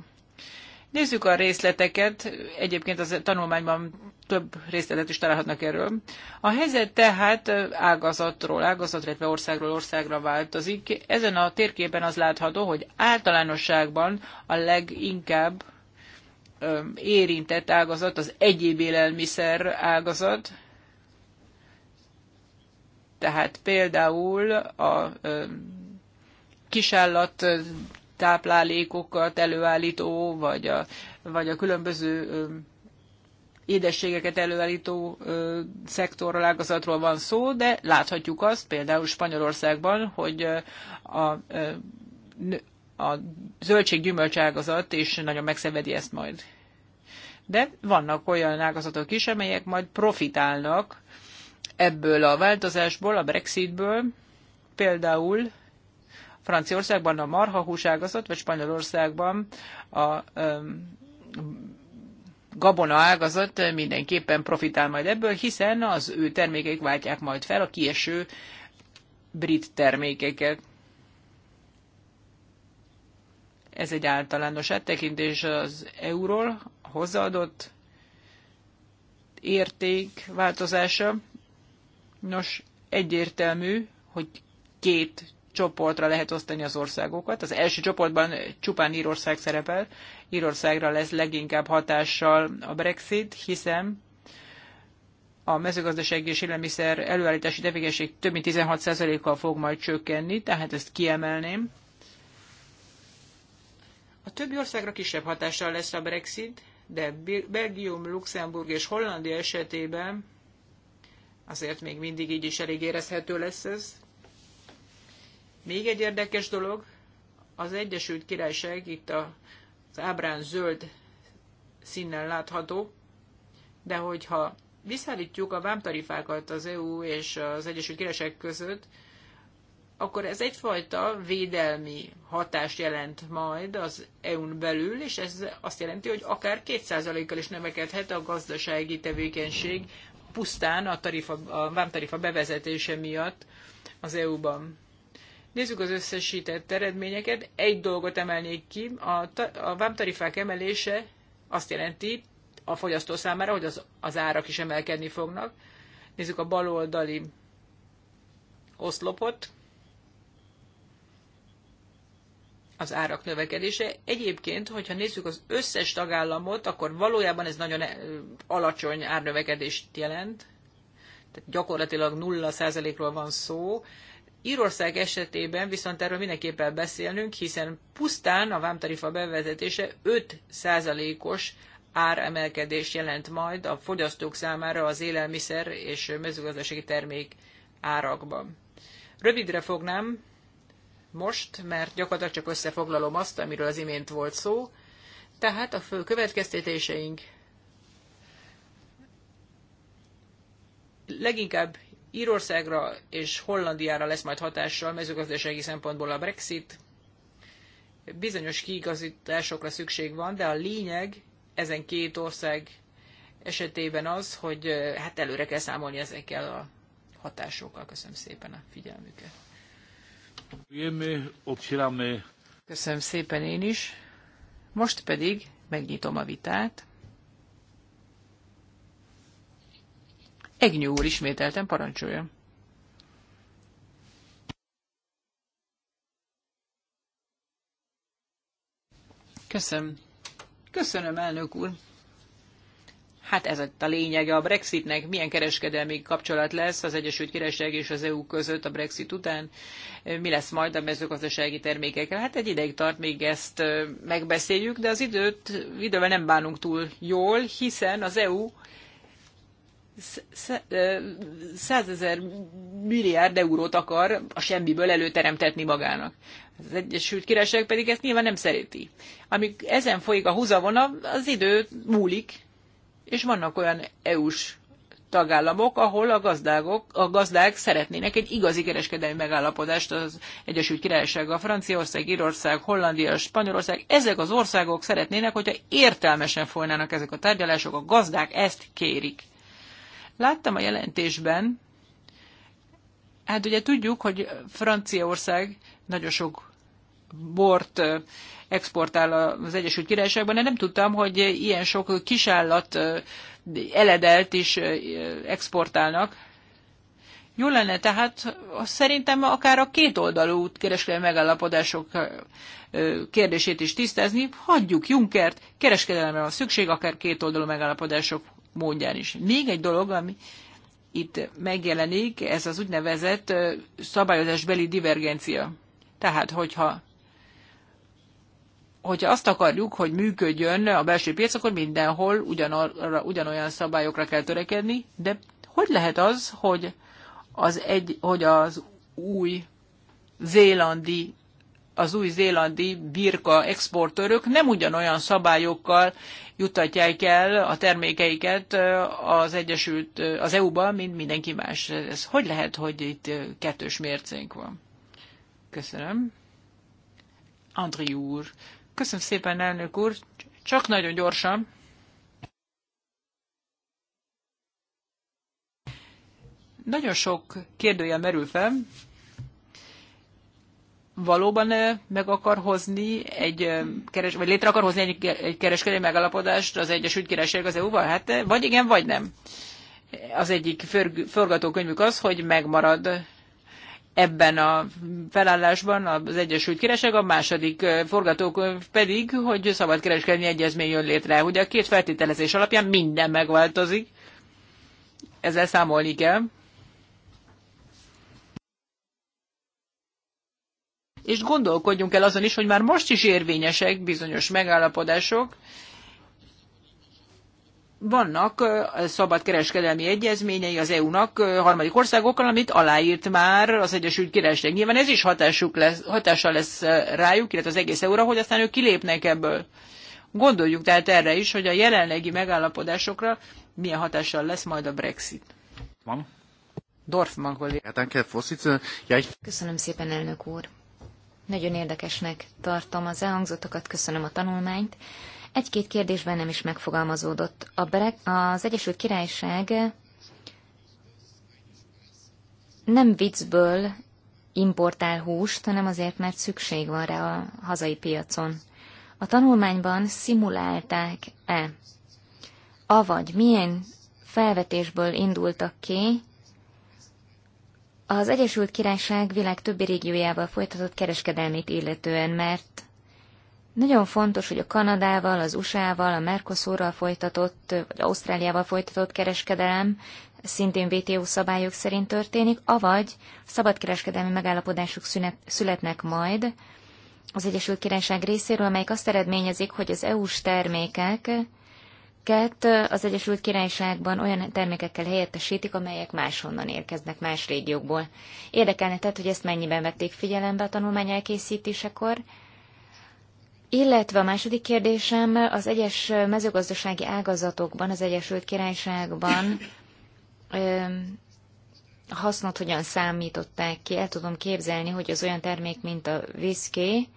Nézzük a részleteket, egyébként az tanulmányban több részletet is találhatnak erről. A helyzet tehát ágazatról, ágazatról, illetve országról országra változik. Ezen a térképen az látható, hogy általánosságban a leginkább érintett ágazat az egyéb élelmiszer ágazat, tehát például a kisállat táplálékokat előállító, vagy a, vagy a különböző édességeket előállító szektorral, ágazatról van szó, de láthatjuk azt például Spanyolországban, hogy a, a zöldség-gyümölcs ágazat, és nagyon megszenvedi ezt majd. De vannak olyan ágazatok is, amelyek majd profitálnak ebből a változásból, a Brexitből, például Franciaországban a marhahús ágazat, vagy Spanyolországban a um, gabona ágazat mindenképpen profitál majd ebből, hiszen az ő termékeik váltják majd fel a kieső brit termékeket. Ez egy általános áttekintés az euról, hozzáadott érték változása. Nos, egyértelmű, hogy két csoportra lehet osztani az országokat. Az első csoportban csupán Írország szerepel. Írországra lesz leginkább hatással a Brexit, hiszen a mezőgazdasági és élelmiszer előállítási tevékenység több mint 16%-kal fog majd csökkenni, tehát ezt kiemelném. A többi országra kisebb hatással lesz a Brexit, de Belgium, Luxemburg és Hollandia esetében azért még mindig így is elég érezhető lesz ez. Még egy érdekes dolog, az Egyesült Királyság itt a, az ábrán zöld színnel látható, de hogyha visszaállítjuk a vámtarifákat az EU és az Egyesült Királyság között, akkor ez egyfajta védelmi hatást jelent majd az EU-n belül, és ez azt jelenti, hogy akár 2%-kal is növekedhet a gazdasági tevékenység pusztán a, tarifa, a vámtarifa bevezetése miatt az EU-ban. Nézzük az összesített eredményeket. Egy dolgot emelnék ki, a, ta, a vámtarifák emelése azt jelenti a fogyasztó számára, hogy az, az árak is emelkedni fognak. Nézzük a baloldali oszlopot. az árak növekedése. Egyébként, hogyha nézzük az összes tagállamot, akkor valójában ez nagyon eh, alacsony árnövekedést jelent, tehát gyakorlatilag 0%-ról van szó. Írország esetében viszont erről mindenképpen beszélnünk, hiszen pusztán a vámtarifa bevezetése 5%-os áremelkedés jelent majd a fogyasztók számára az élelmiszer és mezőgazdasági termék árakban. Rövidre fognám, most, mert gyakorlatilag csak összefoglalom azt, amiről az imént volt szó. Tehát a fő következtetéseink leginkább Írországra és Hollandiára lesz majd hatással mezőgazdasági szempontból a Brexit. Bizonyos kiigazításokra szükség van, de a lényeg ezen két ország esetében az, hogy eh, hát előre kell számolni ezekkel a hatásokkal. Köszönöm szépen a figyelmüket. Köszönöm szépen én is. Most pedig megnyitom a vitát. Egnyú úr ismételten parancsolja. Köszönöm. Köszönöm, elnök úr. Hát ez a lényege a Brexitnek, milyen kereskedelmi kapcsolat lesz az Egyesült Királyság és az EU között a Brexit után, mi lesz majd a mezőgazdasági termékekkel. Hát egy ideig tart, még ezt megbeszéljük, de az időt idővel nem bánunk túl jól, hiszen az EU százezer milliárd eurót akar a semmiből előteremtetni magának. Az Egyesült Királyság pedig ezt nyilván nem szereti. Amíg ezen folyik a húzavona, az idő múlik, és vannak olyan EU-s tagállamok, ahol a, gazdágok, a gazdák szeretnének egy igazi kereskedelmi megállapodást az Egyesült Királysággal, Franciaország, Írország, Hollandia, Spanyolország. Ezek az országok szeretnének, hogyha értelmesen folynának ezek a tárgyalások, a gazdák ezt kérik. Láttam a jelentésben, hát ugye tudjuk, hogy Franciaország nagyon sok bort exportál az Egyesült Királyságban, de nem tudtam, hogy ilyen sok kisállat eledelt is exportálnak. Jó lenne, tehát szerintem akár a kétoldalú kereskedelmi megállapodások kérdését is tisztázni, hagyjuk Junkert, kereskedelemre van szükség, akár kétoldalú megállapodások módján is. Még egy dolog, ami itt megjelenik, ez az úgynevezett szabályozásbeli divergencia. Tehát, hogyha hogyha azt akarjuk, hogy működjön a belső piac, akkor mindenhol ugyanarra, ugyanolyan szabályokra kell törekedni, de hogy lehet az, hogy az, egy, hogy az új zélandi az új zélandi birka exportőrök nem ugyanolyan szabályokkal jutatják el a termékeiket az Egyesült, az EU-ba, mint mindenki más. Ez hogy lehet, hogy itt kettős mércénk van? Köszönöm. Andri úr Köszönöm szépen, elnök úr. Csak nagyon gyorsan. Nagyon sok kérdője merül fel. Valóban meg akar hozni egy, keres, vagy létre akar hozni egy, kereskedelmi megállapodást az Egyesült Királyság az EU-val? Hát vagy igen, vagy nem. Az egyik forgatókönyvük az, hogy megmarad ebben a felállásban az Egyesült Királyság, a második forgatókönyv pedig, hogy kereskedni egyezmény jön létre. Ugye a két feltételezés alapján minden megváltozik, ezzel számolni kell. És gondolkodjunk el azon is, hogy már most is érvényesek bizonyos megállapodások, vannak szabad kereskedelmi egyezményei az EU-nak harmadik országokkal, amit aláírt már az Egyesült Királyság. Nyilván ez is hatásuk lesz, hatással lesz rájuk, illetve az egész EU-ra, hogy aztán ők kilépnek ebből. Gondoljuk tehát erre is, hogy a jelenlegi megállapodásokra milyen hatással lesz majd a Brexit. Van? Dorfman kolléga. Köszönöm szépen, elnök úr. Nagyon érdekesnek tartom az elhangzottakat, köszönöm a tanulmányt. Egy-két kérdésben nem is megfogalmazódott. A Berek, az Egyesült Királyság nem viccből importál húst, hanem azért, mert szükség van rá a hazai piacon. A tanulmányban szimulálták-e? Avagy milyen felvetésből indultak ki, az Egyesült Királyság világ többi régiójával folytatott kereskedelmét illetően, mert nagyon fontos, hogy a Kanadával, az USA-val, a Mercosurral folytatott, vagy Ausztráliával folytatott kereskedelem szintén WTO szabályok szerint történik, avagy szabadkereskedelmi megállapodások szünet, születnek majd az Egyesült Királyság részéről, amelyik azt eredményezik, hogy az EU-s Kett az Egyesült Királyságban olyan termékekkel helyettesítik, amelyek máshonnan érkeznek, más régiókból. Érdekelne tett, hogy ezt mennyiben vették figyelembe a tanulmány elkészítésekor, illetve a második kérdésem az egyes mezőgazdasági ágazatokban, az Egyesült Királyságban hasznot hogyan számították ki. El tudom képzelni, hogy az olyan termék, mint a viszki,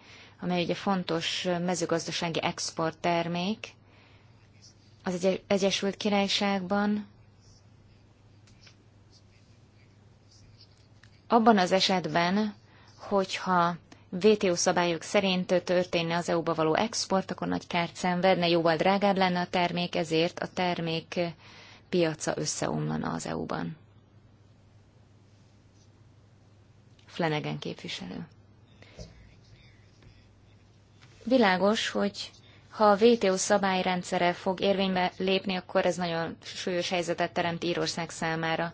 amely ugye fontos mezőgazdasági exporttermék az Egyesült Királyságban, abban az esetben, hogyha WTO szabályok szerint történne az EU-ba való export, akkor nagy kárt szenvedne, jóval drágább lenne a termék, ezért a termék piaca összeomlana az EU-ban. Flanagan képviselő. Világos, hogy ha a WTO szabályrendszere fog érvénybe lépni, akkor ez nagyon súlyos helyzetet teremt Írország számára.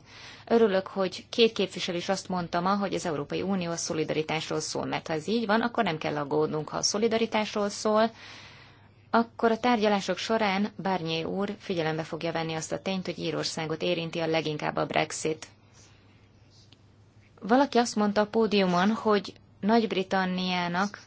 Örülök, hogy két képviselő is azt mondta ma, hogy az Európai Unió a szolidaritásról szól, mert ha ez így van, akkor nem kell aggódnunk. Ha a szolidaritásról szól, akkor a tárgyalások során Barnier úr figyelembe fogja venni azt a tényt, hogy Írországot érinti a leginkább a Brexit. Valaki azt mondta a pódiumon, hogy Nagy-Britanniának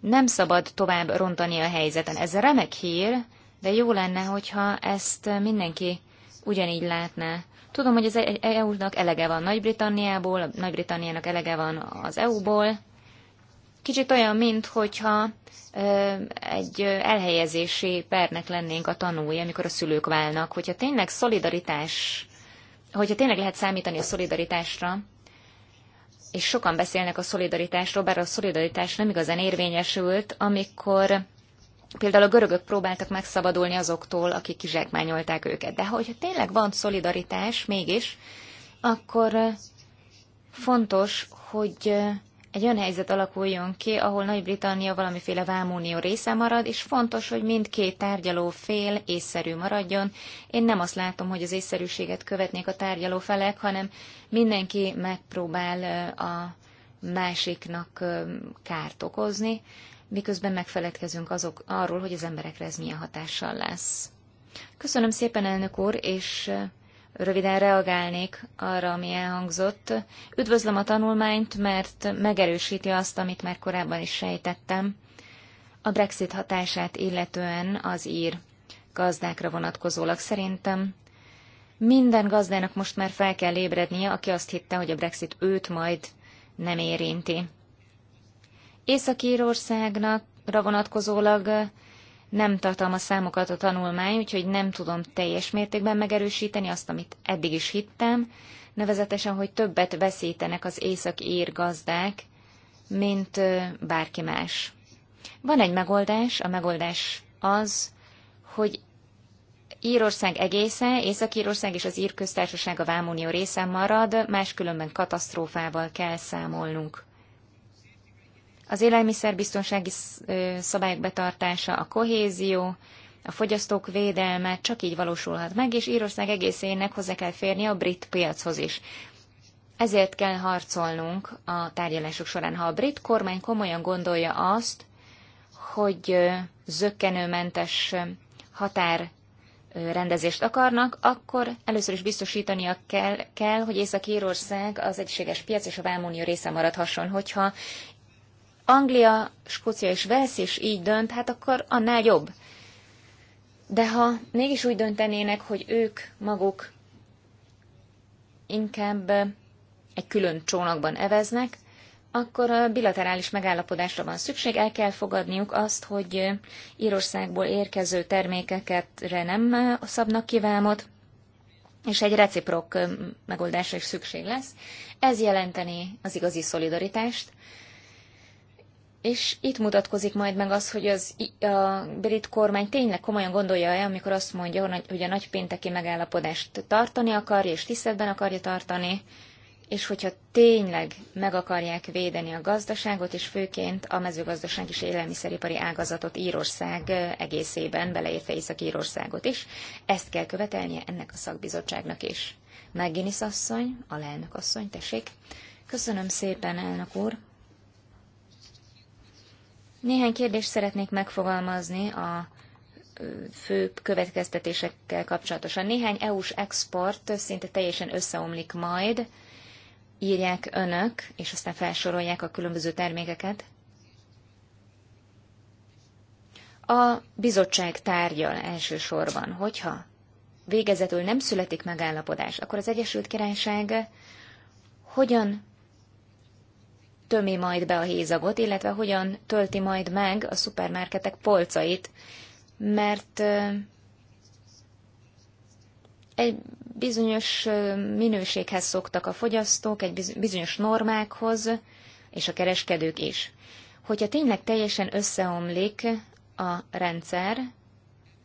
nem szabad tovább rontani a helyzeten. Ez remek hír, de jó lenne, hogyha ezt mindenki ugyanígy látná. Tudom, hogy az EU-nak e- e elege van Nagy-Britanniából, Nagy-Britanniának elege van az EU-ból. Kicsit olyan, mint hogyha egy elhelyezési pernek lennénk a tanúi, amikor a szülők válnak. Hogyha tényleg szolidaritás, hogyha tényleg lehet számítani a szolidaritásra, és sokan beszélnek a szolidaritásról, bár a szolidaritás nem igazán érvényesült, amikor Például a görögök próbáltak megszabadulni azoktól, akik kizsákmányolták őket. De hogyha tényleg van szolidaritás mégis, akkor fontos, hogy egy olyan helyzet alakuljon ki, ahol Nagy-Britannia valamiféle vámunió része marad, és fontos, hogy mindkét tárgyaló fél észszerű maradjon. Én nem azt látom, hogy az észszerűséget követnék a tárgyaló felek, hanem mindenki megpróbál a másiknak kárt okozni miközben megfeledkezünk azok arról, hogy az emberekre ez milyen hatással lesz. Köszönöm szépen, elnök úr, és röviden reagálnék arra, ami elhangzott. Üdvözlöm a tanulmányt, mert megerősíti azt, amit már korábban is sejtettem, a Brexit hatását illetően az ír gazdákra vonatkozólag szerintem. Minden gazdának most már fel kell ébrednie, aki azt hitte, hogy a Brexit őt majd nem érinti. Észak-Írországnak vonatkozólag nem tartalmaz számokat a tanulmány, úgyhogy nem tudom teljes mértékben megerősíteni azt, amit eddig is hittem, nevezetesen, hogy többet veszítenek az észak-ír gazdák, mint bárki más. Van egy megoldás, a megoldás az, hogy Írország egésze, Észak-Írország és az Ír köztársaság a Vámunió része marad, máskülönben katasztrófával kell számolnunk. Az élelmiszerbiztonsági szabályok betartása, a kohézió, a fogyasztók védelme csak így valósulhat meg, és Írország egészének hozzá kell férni a brit piachoz is. Ezért kell harcolnunk a tárgyalások során. Ha a brit kormány komolyan gondolja azt, hogy zöggenőmentes határ rendezést akarnak, akkor először is biztosítania kell, kell hogy Észak-Írország az egységes piac és a Vámunió része maradhasson. Hogyha Anglia, Skócia és Velsz is így dönt, hát akkor annál jobb. De ha mégis úgy döntenének, hogy ők maguk inkább egy külön csónakban eveznek, akkor bilaterális megállapodásra van szükség, el kell fogadniuk azt, hogy Írországból érkező termékeket nem szabnak kivámot, és egy reciprok megoldásra is szükség lesz. Ez jelenteni az igazi szolidaritást, és itt mutatkozik majd meg az, hogy az, a brit kormány tényleg komolyan gondolja-e, amikor azt mondja, hogy a nagypénteki megállapodást tartani akarja, és tiszteletben akarja tartani, és hogyha tényleg meg akarják védeni a gazdaságot, és főként a mezőgazdaság és élelmiszeripari ágazatot Írország egészében, beleértve Észak-Írországot is, ezt kell követelnie ennek a szakbizottságnak is. Megginis asszony, a lelnök asszony, tessék. Köszönöm szépen, elnök úr. Néhány kérdést szeretnék megfogalmazni a fő következtetésekkel kapcsolatosan. Néhány EU-s export szinte teljesen összeomlik majd, írják önök, és aztán felsorolják a különböző termékeket. A bizottság tárgyal elsősorban, hogyha végezetül nem születik megállapodás, akkor az Egyesült Királyság hogyan tömi majd be a hézagot, illetve hogyan tölti majd meg a szupermarketek polcait, mert egy bizonyos minőséghez szoktak a fogyasztók, egy bizonyos normákhoz, és a kereskedők is. Hogyha tényleg teljesen összeomlik a rendszer,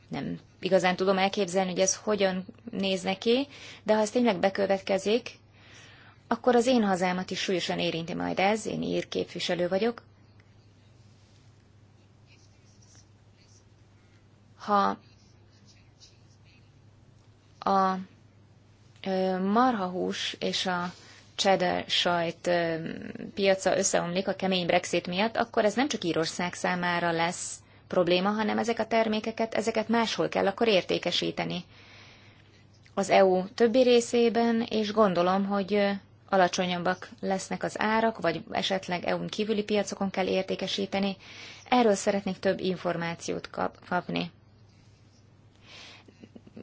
nem igazán tudom elképzelni, hogy ez hogyan néz neki, de ha ez tényleg bekövetkezik, akkor az én hazámat is súlyosan érinti majd ez, én ír képviselő vagyok. Ha a marhahús és a cheddar sajt piaca összeomlik a kemény Brexit miatt, akkor ez nem csak Írország számára lesz probléma, hanem ezek a termékeket, ezeket máshol kell akkor értékesíteni. Az EU többi részében, és gondolom, hogy alacsonyabbak lesznek az árak, vagy esetleg EU-n kívüli piacokon kell értékesíteni. Erről szeretnék több információt kap- kapni.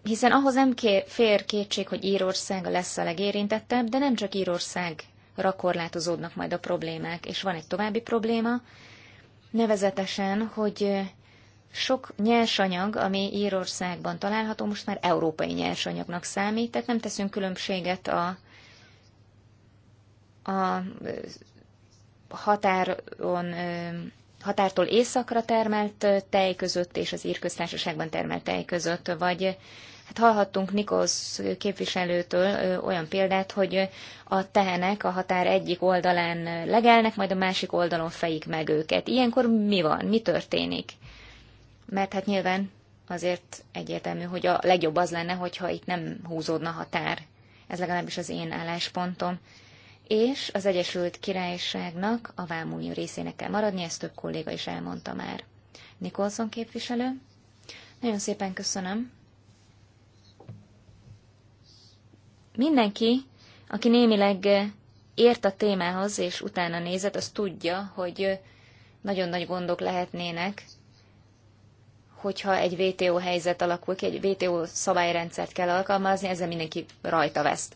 Hiszen ahhoz nem ké- fér kétség, hogy Írország lesz a legérintettebb, de nem csak Írország rakorlátozódnak majd a problémák. És van egy további probléma, nevezetesen, hogy sok nyersanyag, ami Írországban található, most már európai nyersanyagnak számít, tehát nem teszünk különbséget a a határon, határtól északra termelt tej között és az írköztársaságban termelt tej között, vagy hát hallhattunk Nikos képviselőtől olyan példát, hogy a tehenek a határ egyik oldalán legelnek, majd a másik oldalon fejik meg őket. Ilyenkor mi van? Mi történik? Mert hát nyilván azért egyértelmű, hogy a legjobb az lenne, hogyha itt nem húzódna határ. Ez legalábbis az én álláspontom és az Egyesült Királyságnak a vámúnyú részének kell maradni, ezt több kolléga is elmondta már. Nikolson képviselő, nagyon szépen köszönöm. Mindenki, aki némileg ért a témához, és utána nézett, az tudja, hogy nagyon nagy gondok lehetnének, hogyha egy VTO helyzet alakul ki, egy VTO szabályrendszert kell alkalmazni, ezzel mindenki rajta veszt.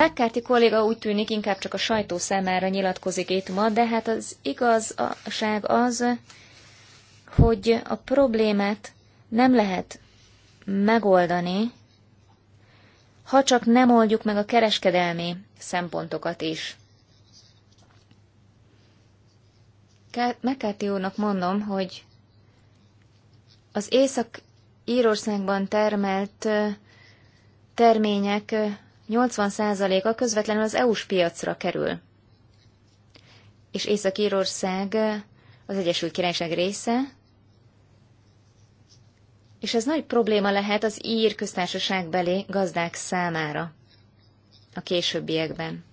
Megkárti kolléga úgy tűnik, inkább csak a sajtó számára nyilatkozik itt ma, de hát az igazság az, hogy a problémát nem lehet megoldani, ha csak nem oldjuk meg a kereskedelmi szempontokat is. Mekáti úrnak mondom, hogy az Észak-Írországban termelt termények 80%-a közvetlenül az EU-s piacra kerül. És Észak-Írország az Egyesült Királyság része, és ez nagy probléma lehet az ír köztársaság belé gazdák számára a későbbiekben.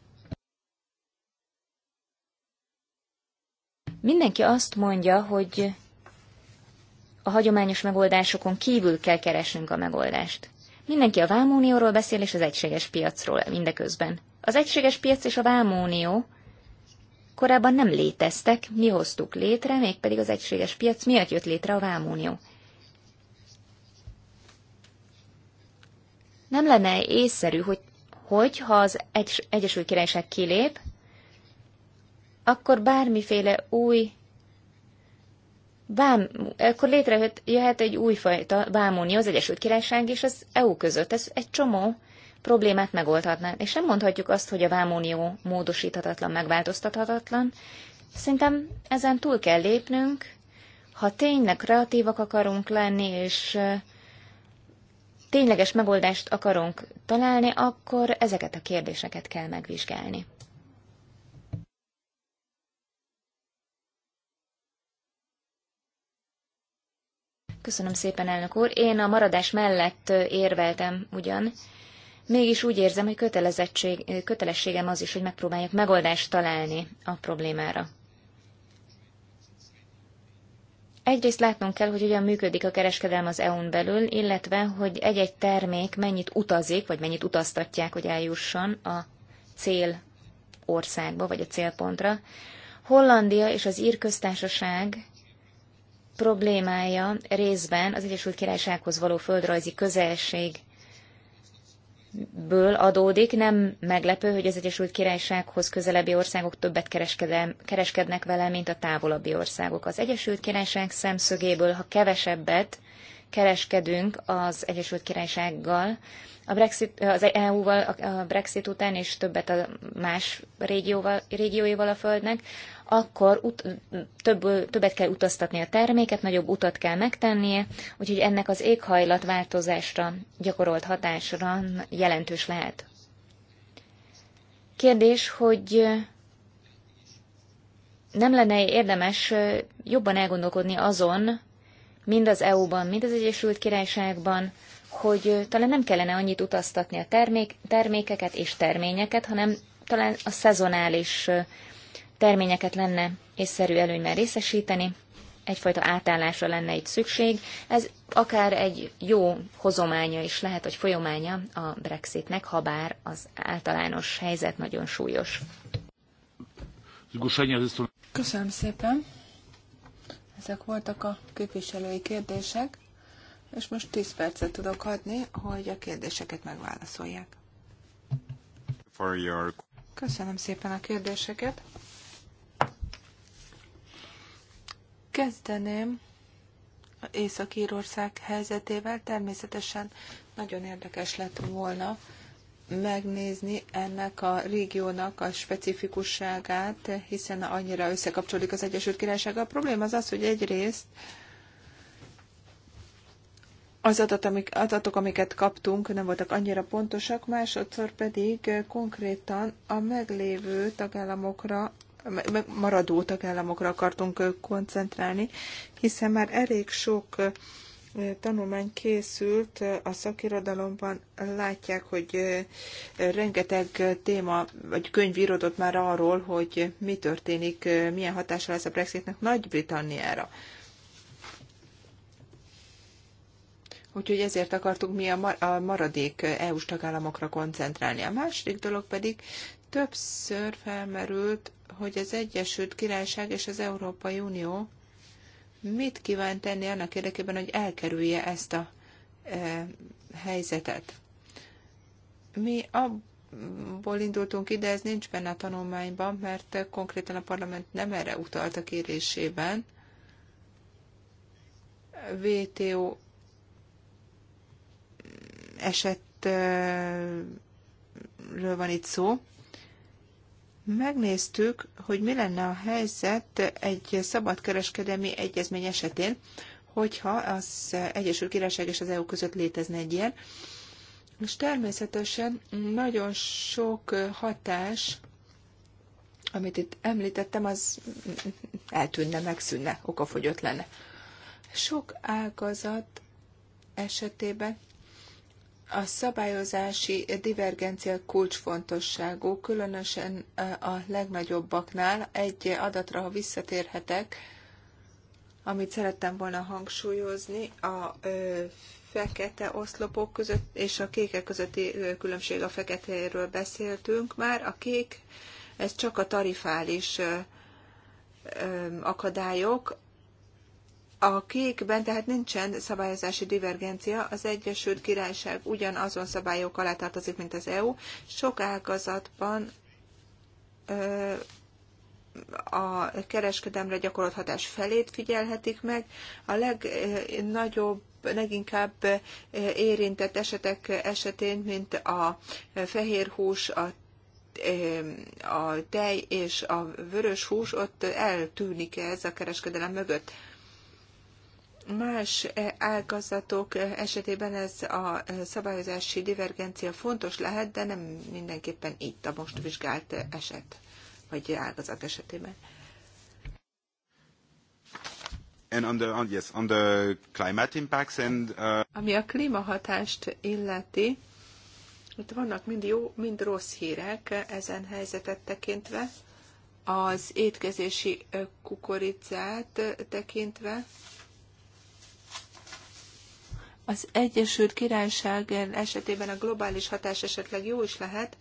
Mindenki azt mondja, hogy a hagyományos megoldásokon kívül kell keresnünk a megoldást. Mindenki a vámunióról beszél, és az egységes piacról mindeközben. Az egységes piac és a vámunió korábban nem léteztek, mi hoztuk létre, mégpedig az egységes piac miatt jött létre a vámunió. Nem lenne észszerű, hogy, hogy ha az egy, Egyesült Királyság kilép, akkor bármiféle új Bám, akkor létrejöhet egy újfajta vámunió az Egyesült Királyság és az EU között. Ez egy csomó problémát megoldhatná. És nem mondhatjuk azt, hogy a vámunió módosíthatatlan, megváltoztathatatlan. Szerintem ezen túl kell lépnünk, ha tényleg kreatívak akarunk lenni, és tényleges megoldást akarunk találni, akkor ezeket a kérdéseket kell megvizsgálni. Köszönöm szépen, elnök úr. Én a maradás mellett érveltem ugyan, mégis úgy érzem, hogy kötelezettség, kötelességem az is, hogy megpróbáljak megoldást találni a problémára. Egyrészt látnunk kell, hogy hogyan működik a kereskedelem az EU-n belül, illetve, hogy egy-egy termék mennyit utazik, vagy mennyit utaztatják, hogy eljusson a cél országba, vagy a célpontra. Hollandia és az Ír köztársaság problémája részben az Egyesült Királysághoz való földrajzi közelség ből adódik. Nem meglepő, hogy az Egyesült Királysághoz közelebbi országok többet kereskednek vele, mint a távolabbi országok. Az Egyesült Királyság szemszögéből, ha kevesebbet kereskedünk az Egyesült Királysággal, a Brexit, az EU-val a Brexit után, és többet a más régióval, régióival a Földnek, akkor ut- több, többet kell utaztatni a terméket, nagyobb utat kell megtennie, úgyhogy ennek az éghajlatváltozásra gyakorolt hatásra jelentős lehet. Kérdés, hogy nem lenne érdemes jobban elgondolkodni azon, mind az EU-ban, mind az Egyesült Királyságban, hogy talán nem kellene annyit utaztatni a termék, termékeket és terményeket, hanem talán a szezonális terményeket lenne észszerű előnyben részesíteni, egyfajta átállásra lenne itt szükség. Ez akár egy jó hozománya is lehet, hogy folyománya a Brexitnek, ha bár az általános helyzet nagyon súlyos. Köszönöm szépen. Ezek voltak a képviselői kérdések, és most 10 percet tudok adni, hogy a kérdéseket megválaszolják. Köszönöm szépen a kérdéseket. Kezdeném Észak-Írország helyzetével. Természetesen nagyon érdekes lett volna megnézni ennek a régiónak a specifikusságát, hiszen annyira összekapcsolódik az Egyesült Királyság. A probléma az az, hogy egyrészt az adat, amik, adatok, amiket kaptunk, nem voltak annyira pontosak, másodszor pedig konkrétan a meglévő tagállamokra maradó tagállamokra akartunk koncentrálni, hiszen már elég sok tanulmány készült a szakirodalomban, látják, hogy rengeteg téma vagy könyv írodott már arról, hogy mi történik, milyen hatása lesz a Brexitnek Nagy-Britanniára. Úgyhogy ezért akartuk mi a maradék EU-s tagállamokra koncentrálni. A második dolog pedig többször felmerült hogy az Egyesült Királyság és az Európai Unió mit kíván tenni annak érdekében, hogy elkerülje ezt a e, helyzetet. Mi abból indultunk ide, ez nincs benne a tanulmányban, mert konkrétan a parlament nem erre utalt a kérésében. VTO esetről van itt szó megnéztük, hogy mi lenne a helyzet egy szabadkereskedelmi egyezmény esetén, hogyha az Egyesült Királyság és az EU között létezne egy ilyen. És természetesen nagyon sok hatás, amit itt említettem, az eltűnne, megszűnne, okafogyott lenne. Sok ágazat esetében a szabályozási divergencia kulcsfontosságú, különösen a legnagyobbaknál. Egy adatra, ha visszatérhetek, amit szerettem volna hangsúlyozni, a fekete oszlopok között és a kékek közötti különbség a feketéről beszéltünk már. A kék, ez csak a tarifális akadályok, a kékben tehát nincsen szabályozási divergencia, az Egyesült Királyság ugyanazon szabályok alá tartozik, mint az EU. Sok ágazatban ö, a kereskedemre gyakorolt hatás felét figyelhetik meg. A legnagyobb leginkább érintett esetek esetén, mint a fehér hús, a a tej és a vörös hús, ott eltűnik ez a kereskedelem mögött. Más eh, ágazatok eh, esetében ez a eh, szabályozási divergencia fontos lehet, de nem mindenképpen itt a most vizsgált eset, vagy ágazat esetében. And on the, on, yes, on the climate impacts and, uh... Ami a klímahatást illeti, itt vannak mind jó, mind rossz hírek ezen helyzetet tekintve, az étkezési kukoricát tekintve, az Egyesült Királyság esetében a globális hatás esetleg jó is lehet.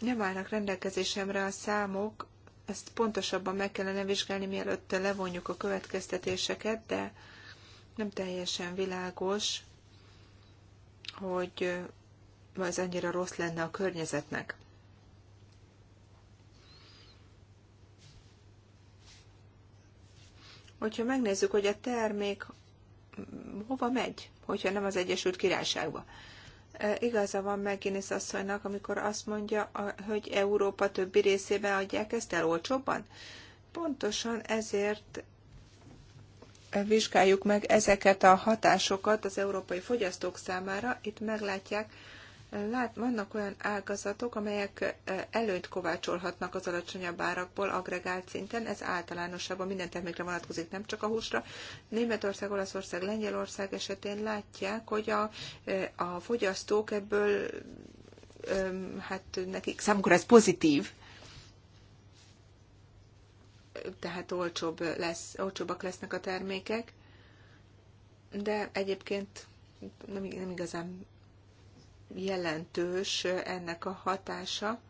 Nem állnak rendelkezésemre a számok, ezt pontosabban meg kellene vizsgálni, mielőtt levonjuk a következtetéseket, de nem teljesen világos, hogy ez annyira rossz lenne a környezetnek. hogyha megnézzük, hogy a termék hova megy, hogyha nem az Egyesült Királyságba. E, igaza van McGuinness asszonynak, amikor azt mondja, hogy Európa többi részében adják ezt el olcsóbban. Pontosan ezért vizsgáljuk meg ezeket a hatásokat az európai fogyasztók számára. Itt meglátják, Lát, vannak olyan ágazatok, amelyek előnyt kovácsolhatnak az alacsonyabb árakból agregált szinten, ez általánosabban minden termékre vonatkozik, nem csak a húsra. Németország, Olaszország, Lengyelország esetén látják, hogy a, a fogyasztók ebből, hát nekik számukra ez pozitív, tehát olcsóbb lesz, olcsóbbak lesznek a termékek, de egyébként nem, nem igazán jelentős ennek a hatása,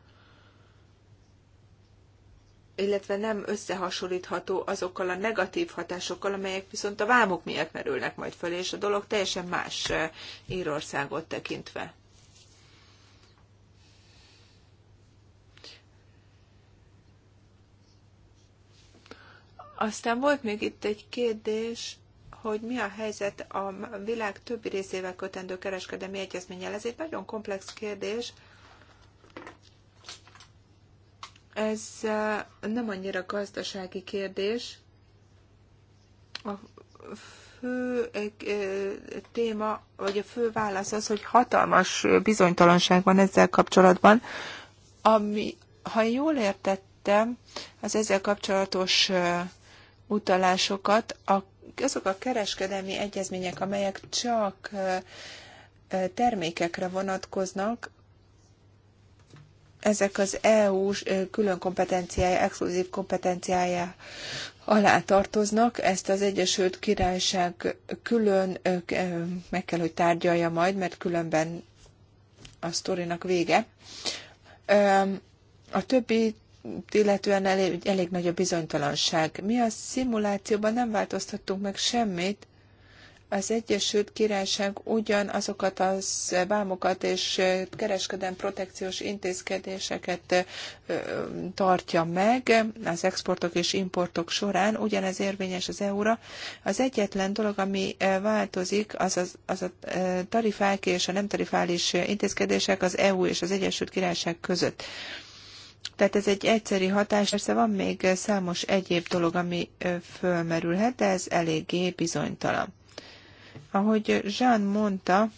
illetve nem összehasonlítható azokkal a negatív hatásokkal, amelyek viszont a vámok miatt merülnek majd föl, és a dolog teljesen más eh, Írországot tekintve. Aztán volt még itt egy kérdés hogy mi a helyzet a világ többi részével kötendő kereskedelmi egyezménnyel. Ez egy nagyon komplex kérdés. Ez nem annyira gazdasági kérdés. A fő téma, vagy a fő válasz az, hogy hatalmas bizonytalanság van ezzel kapcsolatban, ami, ha jól értettem, az ezzel kapcsolatos utalásokat, a azok a kereskedelmi egyezmények, amelyek csak termékekre vonatkoznak, ezek az EU-s külön kompetenciája, exkluzív kompetenciája alá tartoznak. Ezt az Egyesült Királyság külön meg kell, hogy tárgyalja majd, mert különben a sztorinak vége. A többi illetően elég, elég nagy a bizonytalanság. Mi a szimulációban nem változtattunk meg semmit, az Egyesült Királyság ugyanazokat az vámokat és kereskedelmi protekciós intézkedéseket tartja meg az exportok és importok során, ugyanez érvényes az EU-ra. Az egyetlen dolog, ami változik, az, az, az a tarifák és a nem tarifális intézkedések az EU és az Egyesült Királyság között. Tehát ez egy egyszeri hatás, persze van még számos egyéb dolog, ami fölmerülhet, de ez eléggé bizonytalan. Ahogy Jean mondta,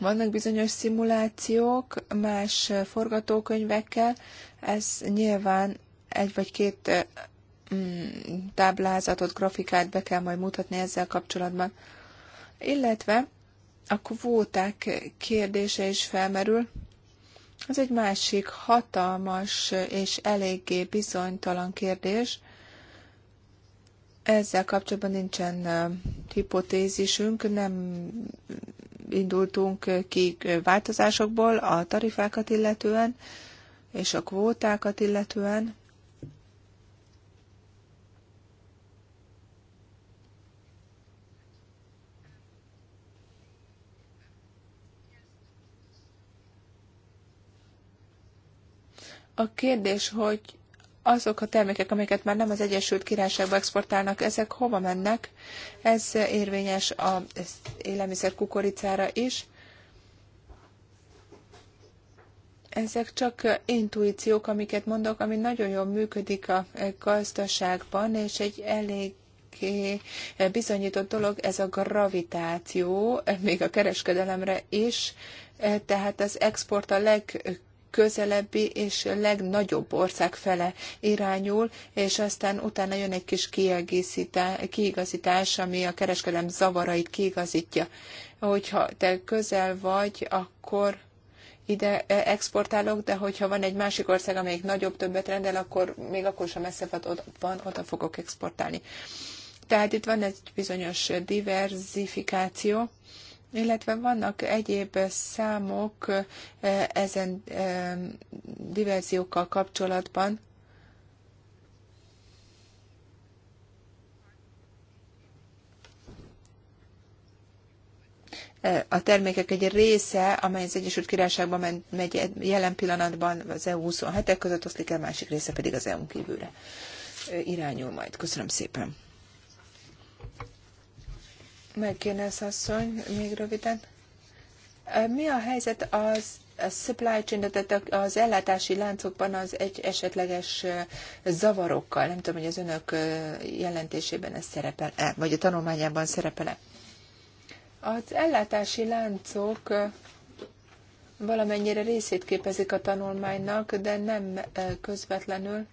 vannak bizonyos szimulációk más forgatókönyvekkel, ez nyilván egy vagy két mm, táblázatot, grafikát be kell majd mutatni ezzel kapcsolatban. Illetve a kvóták kérdése is felmerül. Ez egy másik hatalmas és eléggé bizonytalan kérdés. Ezzel kapcsolatban nincsen hipotézisünk, nem indultunk ki változásokból a tarifákat illetően és a kvótákat illetően. A kérdés, hogy azok a termékek, amiket már nem az Egyesült Királyságba exportálnak, ezek hova mennek? Ez érvényes az élelmiszer kukoricára is. Ezek csak intuíciók, amiket mondok, ami nagyon jól működik a gazdaságban, és egy elég bizonyított dolog ez a gravitáció, még a kereskedelemre is, tehát az export a leg legközelebbi és legnagyobb ország fele irányul, és aztán utána jön egy kis kiigazítás, ami a kereskedelem zavarait kiigazítja. Hogyha te közel vagy, akkor ide e, exportálok, de hogyha van egy másik ország, amelyik nagyobb többet rendel, akkor még akkor sem messze van, oda fogok exportálni. Tehát itt van egy bizonyos diverzifikáció, illetve vannak egyéb számok eh, ezen eh, diverziókkal kapcsolatban. Eh, a termékek egy része, amely az Egyesült Királyságban megy jelen pillanatban az EU 27-ek között oszlik el, másik része pedig az EU-n kívülre irányul majd. Köszönöm szépen! McGuinness asszony, még röviden. Mi a helyzet az a supply chain, tehát az ellátási láncokban az egy esetleges zavarokkal? Nem tudom, hogy az önök jelentésében ez szerepel-e, vagy a tanulmányában szerepel-e. Az ellátási láncok valamennyire részét képezik a tanulmánynak, de nem közvetlenül.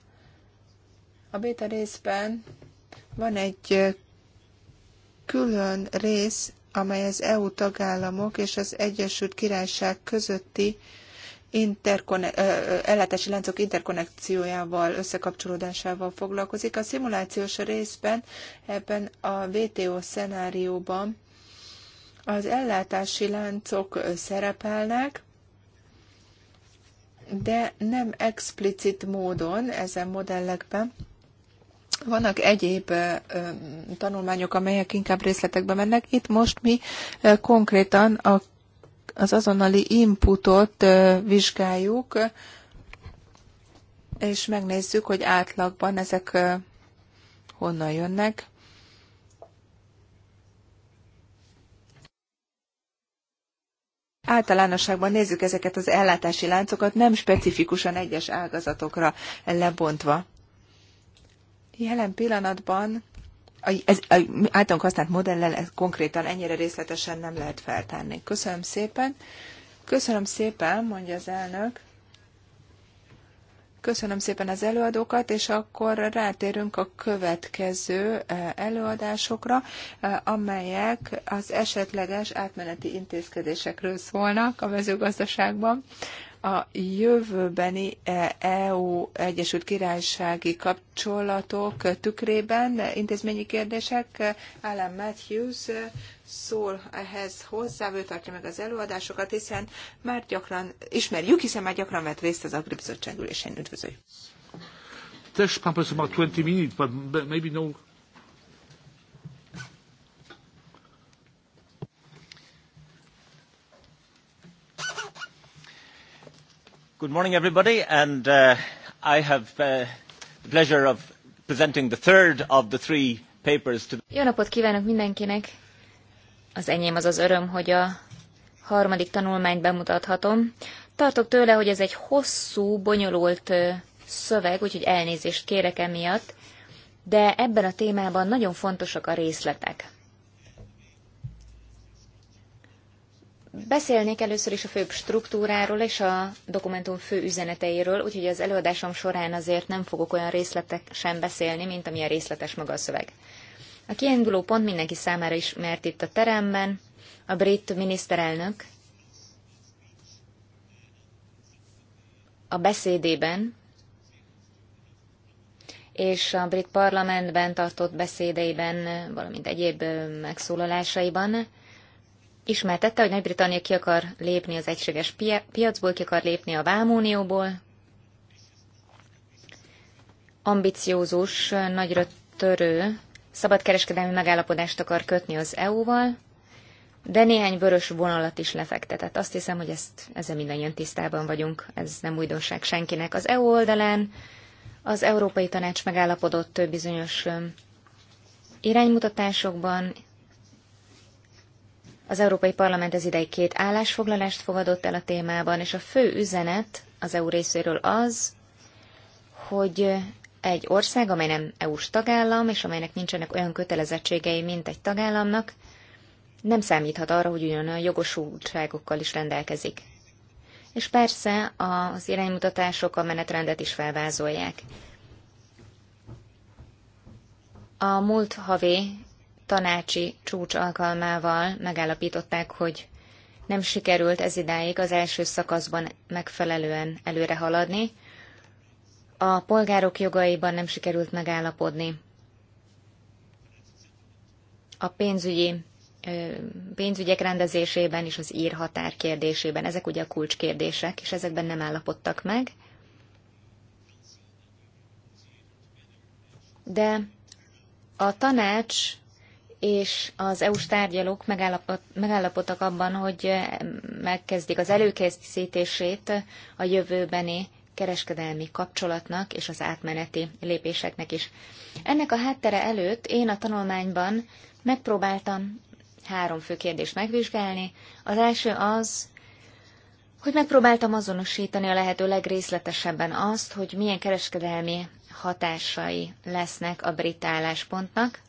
A béta részben van egy külön rész, amely az EU tagállamok és az Egyesült Királyság közötti interkone- ellátási láncok interkonnekciójával, összekapcsolódásával foglalkozik. A szimulációs részben ebben a WTO szenárióban az ellátási láncok szerepelnek, de nem explicit módon ezen modellekben. Vannak egyéb tanulmányok, amelyek inkább részletekbe mennek. Itt most mi konkrétan a, az azonnali inputot vizsgáljuk, és megnézzük, hogy átlagban ezek honnan jönnek. Általánosságban nézzük ezeket az ellátási láncokat, nem specifikusan egyes ágazatokra lebontva. Jelen pillanatban a, általunk használt modellel ez konkrétan ennyire részletesen nem lehet feltárni. Köszönöm szépen. Köszönöm szépen, mondja az elnök. Köszönöm szépen az előadókat, és akkor rátérünk a következő eh, előadásokra, eh, amelyek az esetleges átmeneti intézkedésekről szólnak a mezőgazdaságban a jövőbeni EU-Egyesült e Királysági kapcsolatok tükrében intézményi kérdések. Alan Matthews szól ehhez hozzá, ő tartja meg az előadásokat, hiszen már gyakran ismerjük, hiszen már gyakran vett részt az Agribizottság ülésén. Üdvözöljük! ma 20 minutes, but maybe no Good morning, everybody, and uh, I have uh, the pleasure of presenting the third of the three papers to... Jó napot kívánok mindenkinek! Az enyém az az öröm, hogy a harmadik tanulmányt bemutathatom. Tartok tőle, hogy ez egy hosszú, bonyolult szöveg, úgyhogy elnézést kérek emiatt, de ebben a témában nagyon fontosak a részletek. Beszélnék először is a főbb struktúráról és a dokumentum fő üzeneteiről, úgyhogy az előadásom során azért nem fogok olyan részletek sem beszélni, mint amilyen részletes maga a szöveg. A kiinduló pont mindenki számára ismert itt a teremben, a brit miniszterelnök a beszédében és a brit parlamentben tartott beszédeiben, valamint egyéb megszólalásaiban ismertette, hogy Nagy-Britannia ki akar lépni az egységes piacból, ki akar lépni a vámunióból. Ambiciózus, nagyra törő, szabadkereskedelmi megállapodást akar kötni az EU-val, de néhány vörös vonalat is lefektetett. Azt hiszem, hogy ezt, ezzel mindannyian tisztában vagyunk, ez nem újdonság senkinek. Az EU oldalán az Európai Tanács megállapodott bizonyos iránymutatásokban, az Európai Parlament az idei két állásfoglalást fogadott el a témában, és a fő üzenet az EU részéről az, hogy egy ország, amely nem EU-s tagállam, és amelynek nincsenek olyan kötelezettségei, mint egy tagállamnak, nem számíthat arra, hogy ugyanolyan jogosultságokkal is rendelkezik. És persze az iránymutatások a menetrendet is felvázolják. A múlt havi tanácsi csúcs alkalmával megállapították, hogy nem sikerült ez idáig az első szakaszban megfelelően előre haladni, a polgárok jogaiban nem sikerült megállapodni. A pénzügyi pénzügyek rendezésében és az ír határ kérdésében. Ezek ugye a kulcskérdések, és ezekben nem állapodtak meg. De a tanács és az EU-s tárgyalók megállapodtak abban, hogy eh, megkezdik az előkészítését a jövőbeni kereskedelmi kapcsolatnak és az átmeneti lépéseknek is. Ennek a háttere előtt én a tanulmányban megpróbáltam három fő kérdést megvizsgálni. Az első az, hogy megpróbáltam azonosítani a lehető legrészletesebben azt, hogy milyen kereskedelmi hatásai lesznek a brit álláspontnak,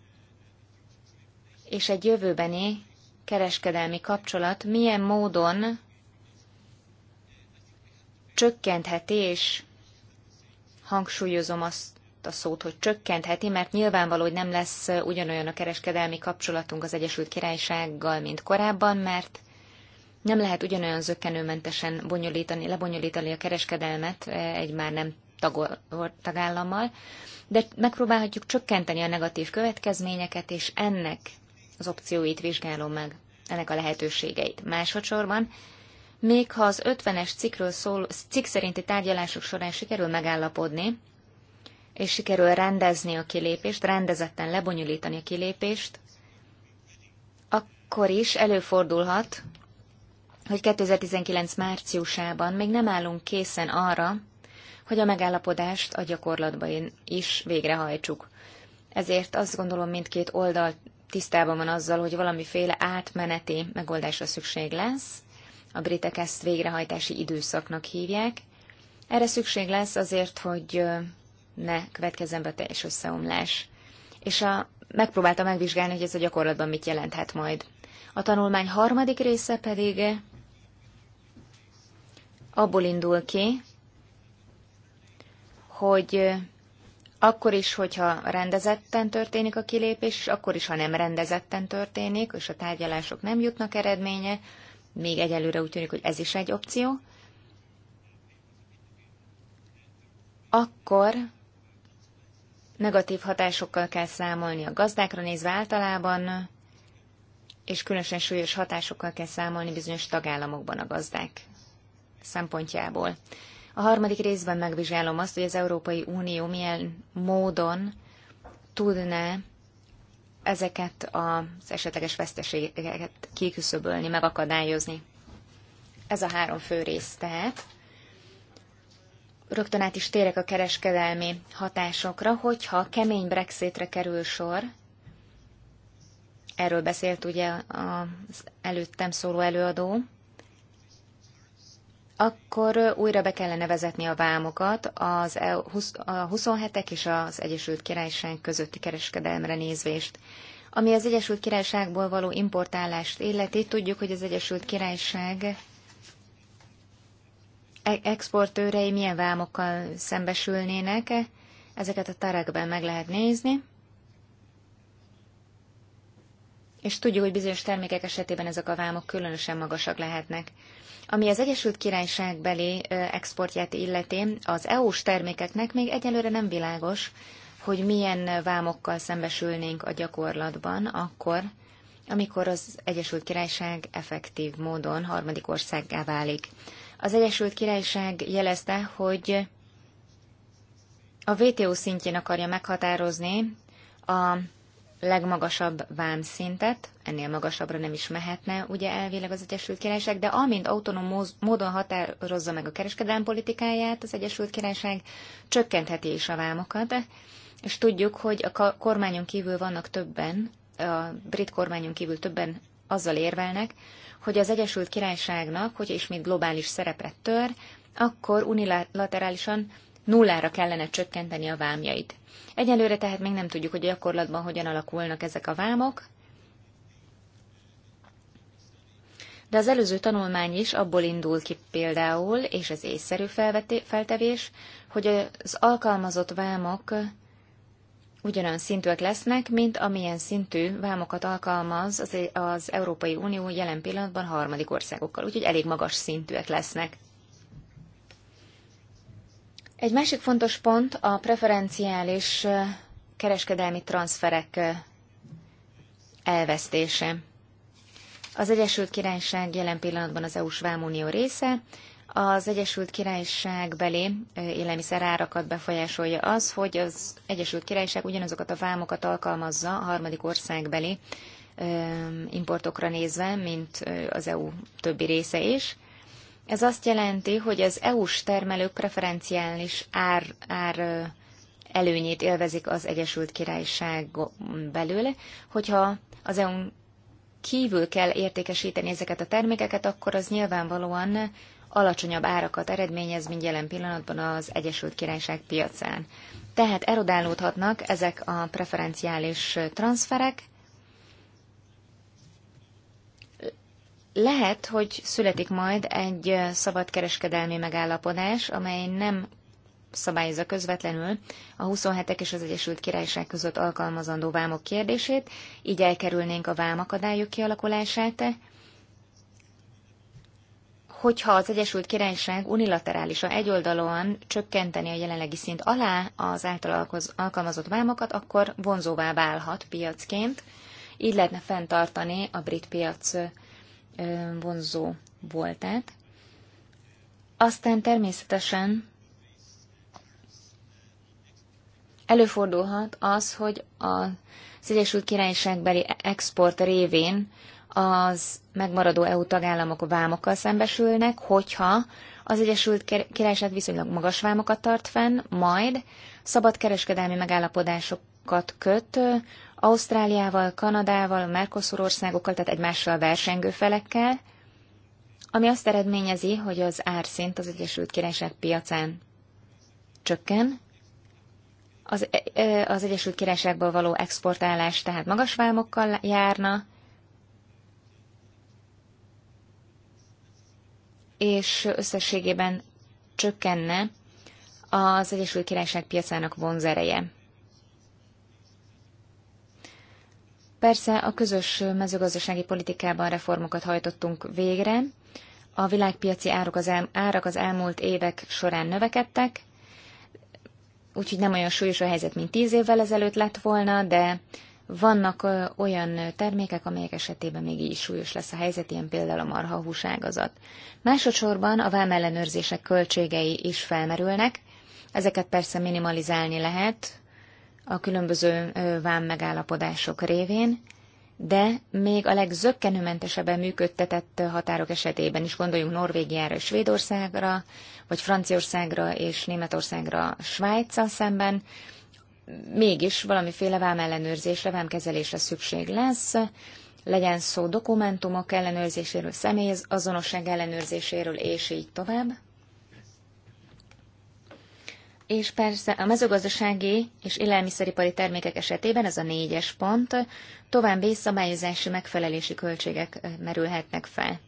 és egy jövőbeni kereskedelmi kapcsolat milyen módon csökkentheti, és hangsúlyozom azt a szót, hogy csökkentheti, mert nyilvánvaló, hogy nem lesz ugyanolyan a kereskedelmi kapcsolatunk az Egyesült Királysággal, mint korábban, mert nem lehet ugyanolyan zökkenőmentesen bonyolítani, lebonyolítani a kereskedelmet eh, egy már nem tagol, tagállammal, de megpróbálhatjuk csökkenteni a negatív következményeket, és ennek az opcióit vizsgálom meg, ennek a lehetőségeit. Másodszorban, még ha az 50-es cikkről szól, cikk szerinti tárgyalások során sikerül megállapodni, és sikerül rendezni a kilépést, rendezetten lebonyolítani a kilépést, akkor is előfordulhat, hogy 2019 márciusában még nem állunk készen arra, hogy a megállapodást a gyakorlatban is végrehajtsuk. Ezért azt gondolom, mindkét oldal tisztában van azzal, hogy valamiféle átmeneti megoldásra szükség lesz. A britek ezt végrehajtási időszaknak hívják. Erre szükség lesz azért, hogy ne következzen be teljes összeomlás. És a, megpróbálta megvizsgálni, hogy ez a gyakorlatban mit jelenthet majd. A tanulmány harmadik része pedig abból indul ki, hogy akkor is, hogyha rendezetten történik a kilépés, és akkor is, ha nem rendezetten történik, és a tárgyalások nem jutnak eredménye, még egyelőre úgy tűnik, hogy ez is egy opció, akkor negatív hatásokkal kell számolni a gazdákra nézve általában, és különösen súlyos hatásokkal kell számolni bizonyos tagállamokban a gazdák szempontjából. A harmadik részben megvizsgálom azt, hogy az Európai Unió milyen módon tudne ezeket az esetleges veszteségeket kiküszöbölni, megakadályozni. Ez a három fő rész tehát. Rögtön át is térek a kereskedelmi hatásokra, hogyha kemény Brexitre kerül sor, erről beszélt ugye az előttem szóló előadó, akkor újra be kellene vezetni a vámokat az e- a 27-ek és az Egyesült Királyság közötti kereskedelmre nézvést. Ami az Egyesült Királyságból való importálást illeti, tudjuk, hogy az Egyesült Királyság e- exportőrei milyen vámokkal szembesülnének, ezeket a tarekben meg lehet nézni. És tudjuk, hogy bizonyos termékek esetében ezek a vámok különösen magasak lehetnek. Ami az Egyesült Királyság beli exportját illeti, az EU-s termékeknek még egyelőre nem világos, hogy milyen vámokkal szembesülnénk a gyakorlatban akkor, amikor az Egyesült Királyság effektív módon harmadik országgá válik. Az Egyesült Királyság jelezte, hogy a WTO szintjén akarja meghatározni a legmagasabb vámszintet, ennél magasabbra nem is mehetne ugye elvileg az Egyesült Királyság, de amint autonóm módon határozza meg a kereskedelmi politikáját, az Egyesült Királyság csökkentheti is a vámokat, és tudjuk, hogy a kormányon kívül vannak többen, a brit kormányon kívül többen azzal érvelnek, hogy az Egyesült Királyságnak, hogy ismét globális szerepet tör, akkor unilaterálisan nullára kellene csökkenteni a vámjait. Egyelőre tehát még nem tudjuk, hogy a gyakorlatban hogyan alakulnak ezek a vámok, de az előző tanulmány is abból indul ki például, és ez észszerű feltevés, hogy az alkalmazott vámok ugyanolyan szintűek lesznek, mint amilyen szintű vámokat alkalmaz az, az Európai Unió jelen pillanatban harmadik országokkal, úgyhogy elég magas szintűek lesznek. Egy másik fontos pont a preferenciális kereskedelmi transferek elvesztése. Az Egyesült Királyság jelen pillanatban az EU-s vámunió része, az Egyesült Királyság belé élelmiszerárakat befolyásolja az, hogy az Egyesült Királyság ugyanazokat a vámokat alkalmazza a harmadik ország belé importokra nézve, mint az EU többi része is. Ez azt jelenti, hogy az EU-s termelők preferenciális ár, ár előnyét élvezik az Egyesült Királyság belőle, hogyha az EU-n kívül kell értékesíteni ezeket a termékeket, akkor az nyilvánvalóan alacsonyabb árakat eredményez, mint jelen pillanatban az Egyesült Királyság piacán. Tehát erodálódhatnak ezek a preferenciális transferek, Lehet, hogy születik majd egy szabadkereskedelmi megállapodás, amely nem szabályozza közvetlenül a 27-ek és az Egyesült Királyság között alkalmazandó vámok kérdését, így elkerülnénk a vámakadályok kialakulását, hogyha az Egyesült Királyság unilaterálisan, egyoldalúan csökkenteni a jelenlegi szint alá az által alkalmazott vámokat, akkor vonzóvá válhat piacként. Így lehetne fenntartani a brit piac vonzó voltát. Aztán természetesen előfordulhat az, hogy az Egyesült Királyságbeli export révén az megmaradó EU tagállamok vámokkal szembesülnek, hogyha az Egyesült Királyság viszonylag magas vámokat tart fenn, majd szabadkereskedelmi megállapodásokat köt Ausztráliával, Kanadával, Mercosur országokkal, tehát egymással versengő felekkel, ami azt eredményezi, hogy az árszint az Egyesült Királyság piacán csökken, az, e, e, az Egyesült Királyságból való exportálás tehát magas vámokkal járna, és összességében csökkenne az Egyesült Királyság piacának vonzereje. Persze a közös mezőgazdasági politikában reformokat hajtottunk végre, a világpiaci árak az, el, árak az elmúlt évek során növekedtek, úgyhogy nem olyan súlyos a helyzet, mint tíz évvel ezelőtt lett volna, de vannak olyan termékek, amelyek esetében még így súlyos lesz a helyzet, ilyen például a marha húságazat. Másodszorban a vámellenőrzések költségei is felmerülnek, ezeket persze minimalizálni lehet, a különböző vám megállapodások révén, de még a legzökkenőmentesebben működtetett határok esetében is gondoljunk Norvégiára és Svédországra, vagy Franciaországra és Németországra Svájca szemben, mégis valamiféle vámellenőrzésre, vámkezelésre szükség lesz, legyen szó dokumentumok ellenőrzéséről, személy azonosság ellenőrzéséről, és így tovább. És persze a mezőgazdasági és élelmiszeripari termékek esetében ez a négyes pont, további szabályozási megfelelési költségek merülhetnek fel.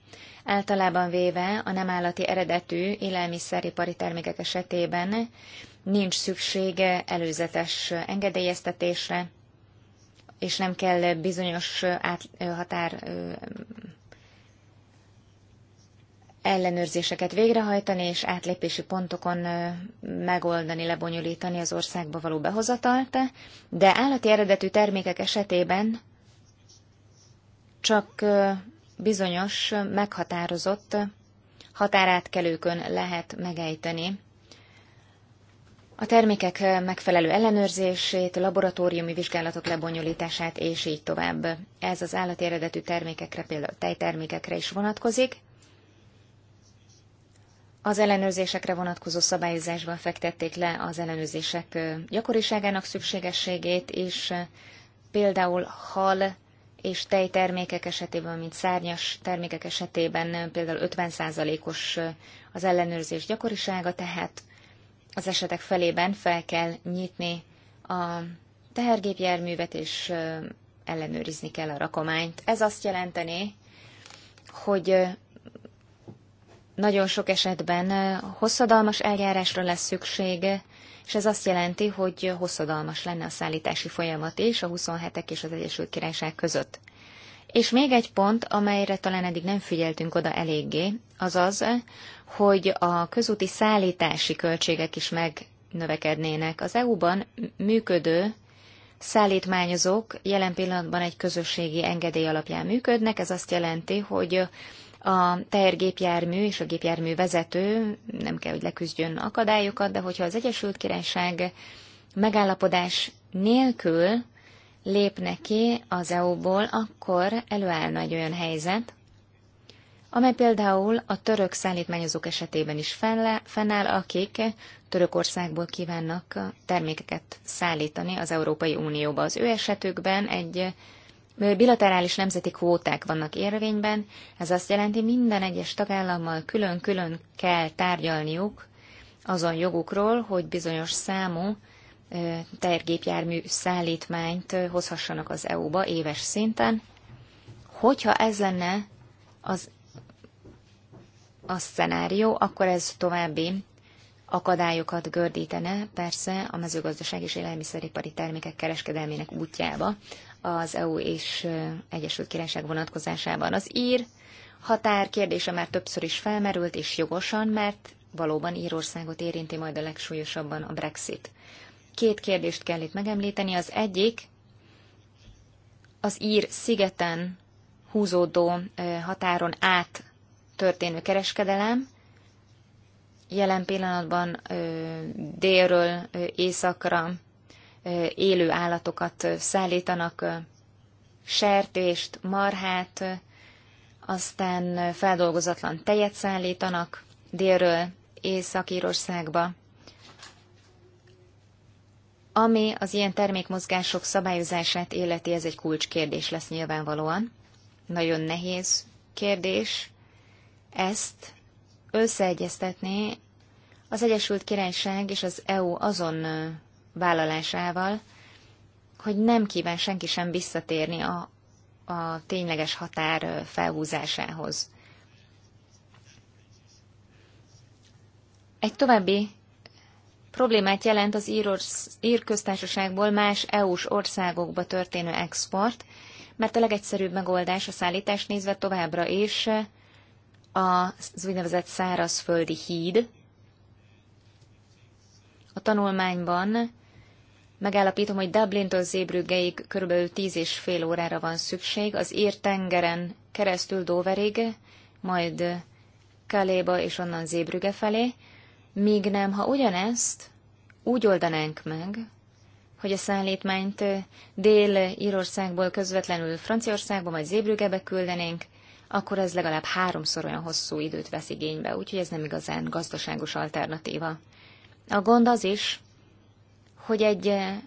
Általában véve a nem állati eredetű élelmiszeripari termékek esetében nincs szüksége előzetes engedélyeztetésre, és nem kell bizonyos áthatár határ ellenőrzéseket végrehajtani, és átlépési pontokon megoldani, lebonyolítani az országba való behozatalt, de állati eredetű termékek esetében csak bizonyos, meghatározott határátkelőkön lehet megejteni a termékek megfelelő ellenőrzését, laboratóriumi vizsgálatok lebonyolítását, és így tovább. Ez az állati eredetű termékekre, például tejtermékekre is vonatkozik az ellenőrzésekre vonatkozó szabályozásban fektették le az ellenőrzések gyakoriságának szükségességét, és például hal és tejtermékek esetében, mint szárnyas termékek esetében például 50%-os az ellenőrzés gyakorisága, tehát az esetek felében fel kell nyitni a tehergépjárművet, és ellenőrizni kell a rakományt. Ez azt jelenteni, hogy nagyon sok esetben hosszadalmas eljárásra lesz szükség, és ez azt jelenti, hogy hosszadalmas lenne a szállítási folyamat és a 27-ek és az Egyesült Királyság között. És még egy pont, amelyre talán eddig nem figyeltünk oda eléggé, az az, hogy a közúti szállítási költségek is megnövekednének. Az EU-ban működő szállítmányozók jelen pillanatban egy közösségi engedély alapján működnek, ez azt jelenti, hogy a tehergépjármű és a gépjármű vezető nem kell, hogy leküzdjön akadályokat, de hogyha az Egyesült Királyság megállapodás nélkül lépne ki az EU-ból, akkor előállna egy olyan helyzet, amely például a török szállítmányozók esetében is fennáll, akik Törökországból kívánnak termékeket szállítani az Európai Unióba. Az ő esetükben egy bilaterális nemzeti kvóták vannak érvényben, ez azt jelenti, minden egyes tagállammal külön-külön kell tárgyalniuk azon jogukról, hogy bizonyos számú tergépjármű szállítmányt hozhassanak az EU-ba éves szinten. Hogyha ez lenne az a szenárió, akkor ez további akadályokat gördítene persze a mezőgazdaság és élelmiszeripari termékek kereskedelmének útjába, az EU és Egyesült Királyság vonatkozásában. Az ír határ kérdése már többször is felmerült, és jogosan, mert valóban Írországot érinti majd a legsúlyosabban a Brexit. Két kérdést kell itt megemlíteni. Az egyik az ír szigeten húzódó határon át történő kereskedelem. Jelen pillanatban délről északra élő állatokat szállítanak, sertést, marhát, aztán feldolgozatlan tejet szállítanak délről Észak-Írországba. Ami az ilyen termékmozgások szabályozását illeti, ez egy kulcskérdés lesz nyilvánvalóan. Nagyon nehéz kérdés ezt összeegyeztetni az Egyesült Királyság és az EU azon vállalásával, hogy nem kíván senki sem visszatérni a, a tényleges határ felhúzásához. Egy további problémát jelent az ír köztársaságból más EU-s országokba történő export, mert a legegyszerűbb megoldás a szállítás nézve továbbra is az úgynevezett szárazföldi híd. A tanulmányban Megállapítom, hogy Dublintól Zébrüggeig körülbelül tíz és fél órára van szükség, az ír tengeren keresztül Doverig, majd Kaléba és onnan Zébrüge felé, míg nem, ha ugyanezt úgy oldanánk meg, hogy a szállítmányt Dél-Írországból közvetlenül Franciaországba majd Zébrügebe küldenénk, akkor ez legalább háromszor olyan hosszú időt vesz igénybe, úgyhogy ez nem igazán gazdaságos alternatíva. A gond az is, hogy egy eh,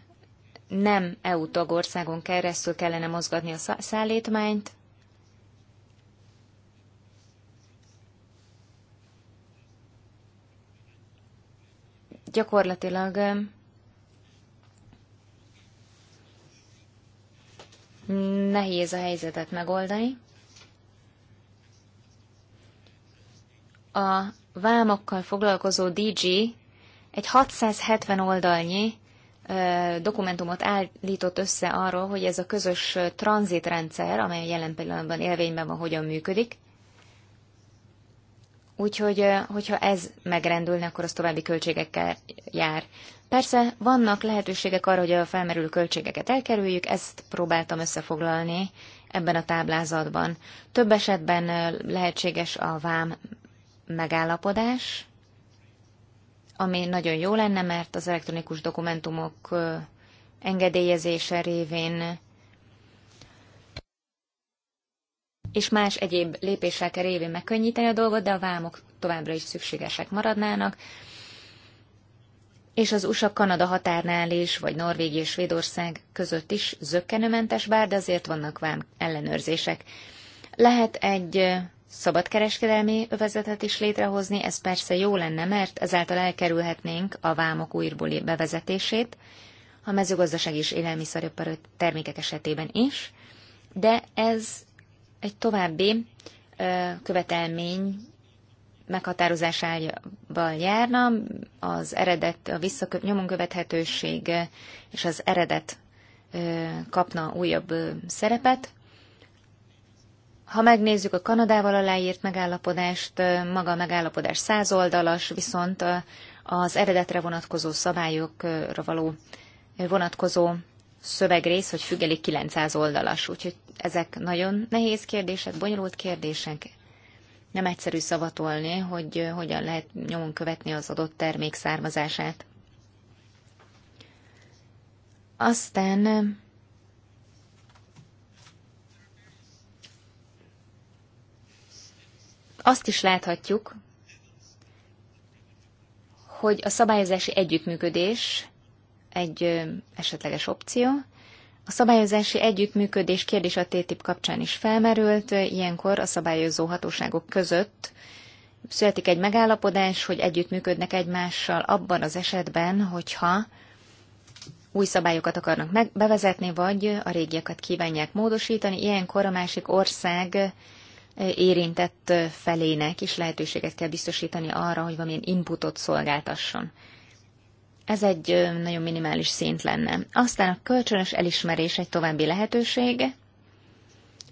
nem EU tagországon keresztül kellene mozgatni a szállítmányt, gyakorlatilag eh, nehéz a helyzetet megoldani. A vámokkal foglalkozó DG egy 670 oldalnyi dokumentumot állított össze arról, hogy ez a közös tranzitrendszer, amely jelen pillanatban élvényben van, hogyan működik. Úgyhogy, hogyha ez megrendülne, akkor az további költségekkel jár. Persze vannak lehetőségek arra, hogy a felmerülő költségeket elkerüljük, ezt próbáltam összefoglalni ebben a táblázatban. Több esetben lehetséges a vám megállapodás, ami nagyon jó lenne, mert az elektronikus dokumentumok engedélyezése révén és más egyéb lépések révén megkönnyíteni a dolgot, de a vámok továbbra is szükségesek maradnának. És az USA-Kanada határnál is, vagy Norvégia és Svédország között is zöggenőmentes, bár de azért vannak vám ellenőrzések. Lehet egy szabadkereskedelmi övezetet is létrehozni, ez persze jó lenne, mert ezáltal elkerülhetnénk a vámok újból bevezetését, a mezőgazdaság és élelmiszeripari termékek esetében is, de ez egy további követelmény meghatározásával járna, az eredet, a visszakö, nyomon követhetőség és az eredet kapna újabb szerepet, ha megnézzük a Kanadával aláírt megállapodást, maga a megállapodás százoldalas, viszont az eredetre vonatkozó szabályokra való vonatkozó szövegrész, hogy függeli 900 oldalas, úgyhogy ezek nagyon nehéz kérdések, bonyolult kérdések. Nem egyszerű szavatolni, hogy hogyan lehet nyomon követni az adott termék származását. Aztán azt is láthatjuk, hogy a szabályozási együttműködés egy esetleges opció. A szabályozási együttműködés kérdés a TTIP kapcsán is felmerült, ilyenkor a szabályozó hatóságok között születik egy megállapodás, hogy együttműködnek egymással abban az esetben, hogyha új szabályokat akarnak bevezetni, vagy a régieket kívánják módosítani, ilyenkor a másik ország érintett felének is lehetőséget kell biztosítani arra, hogy valamilyen inputot szolgáltasson. Ez egy nagyon minimális szint lenne. Aztán a kölcsönös elismerés egy további lehetőség.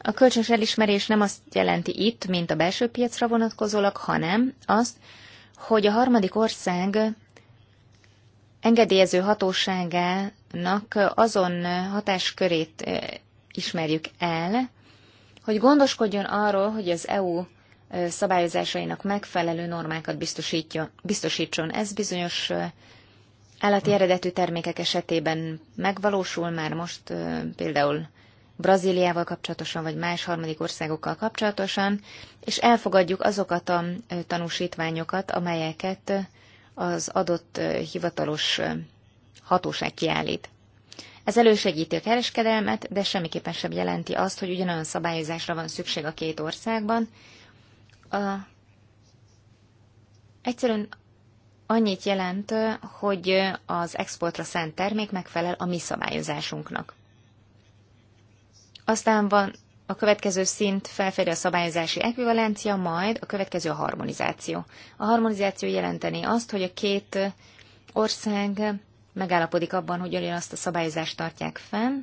A kölcsönös elismerés nem azt jelenti itt, mint a belső piacra vonatkozólag, hanem azt, hogy a harmadik ország engedélyező hatóságának azon hatáskörét ismerjük el, hogy gondoskodjon arról, hogy az EU szabályozásainak megfelelő normákat biztosítson. Ez bizonyos állati eredetű termékek esetében megvalósul már most például Brazíliával kapcsolatosan, vagy más harmadik országokkal kapcsolatosan, és elfogadjuk azokat a tanúsítványokat, amelyeket az adott hivatalos hatóság kiállít. Ez elősegíti a kereskedelmet, de semmiképpen sem jelenti azt, hogy ugyanolyan szabályozásra van szükség a két országban. A... Egyszerűen annyit jelent, hogy az exportra szánt termék megfelel a mi szabályozásunknak. Aztán van a következő szint felfedi a szabályozási ekvivalencia, majd a következő a harmonizáció. A harmonizáció jelenteni azt, hogy a két ország megállapodik abban, hogy azt a szabályozást tartják fenn.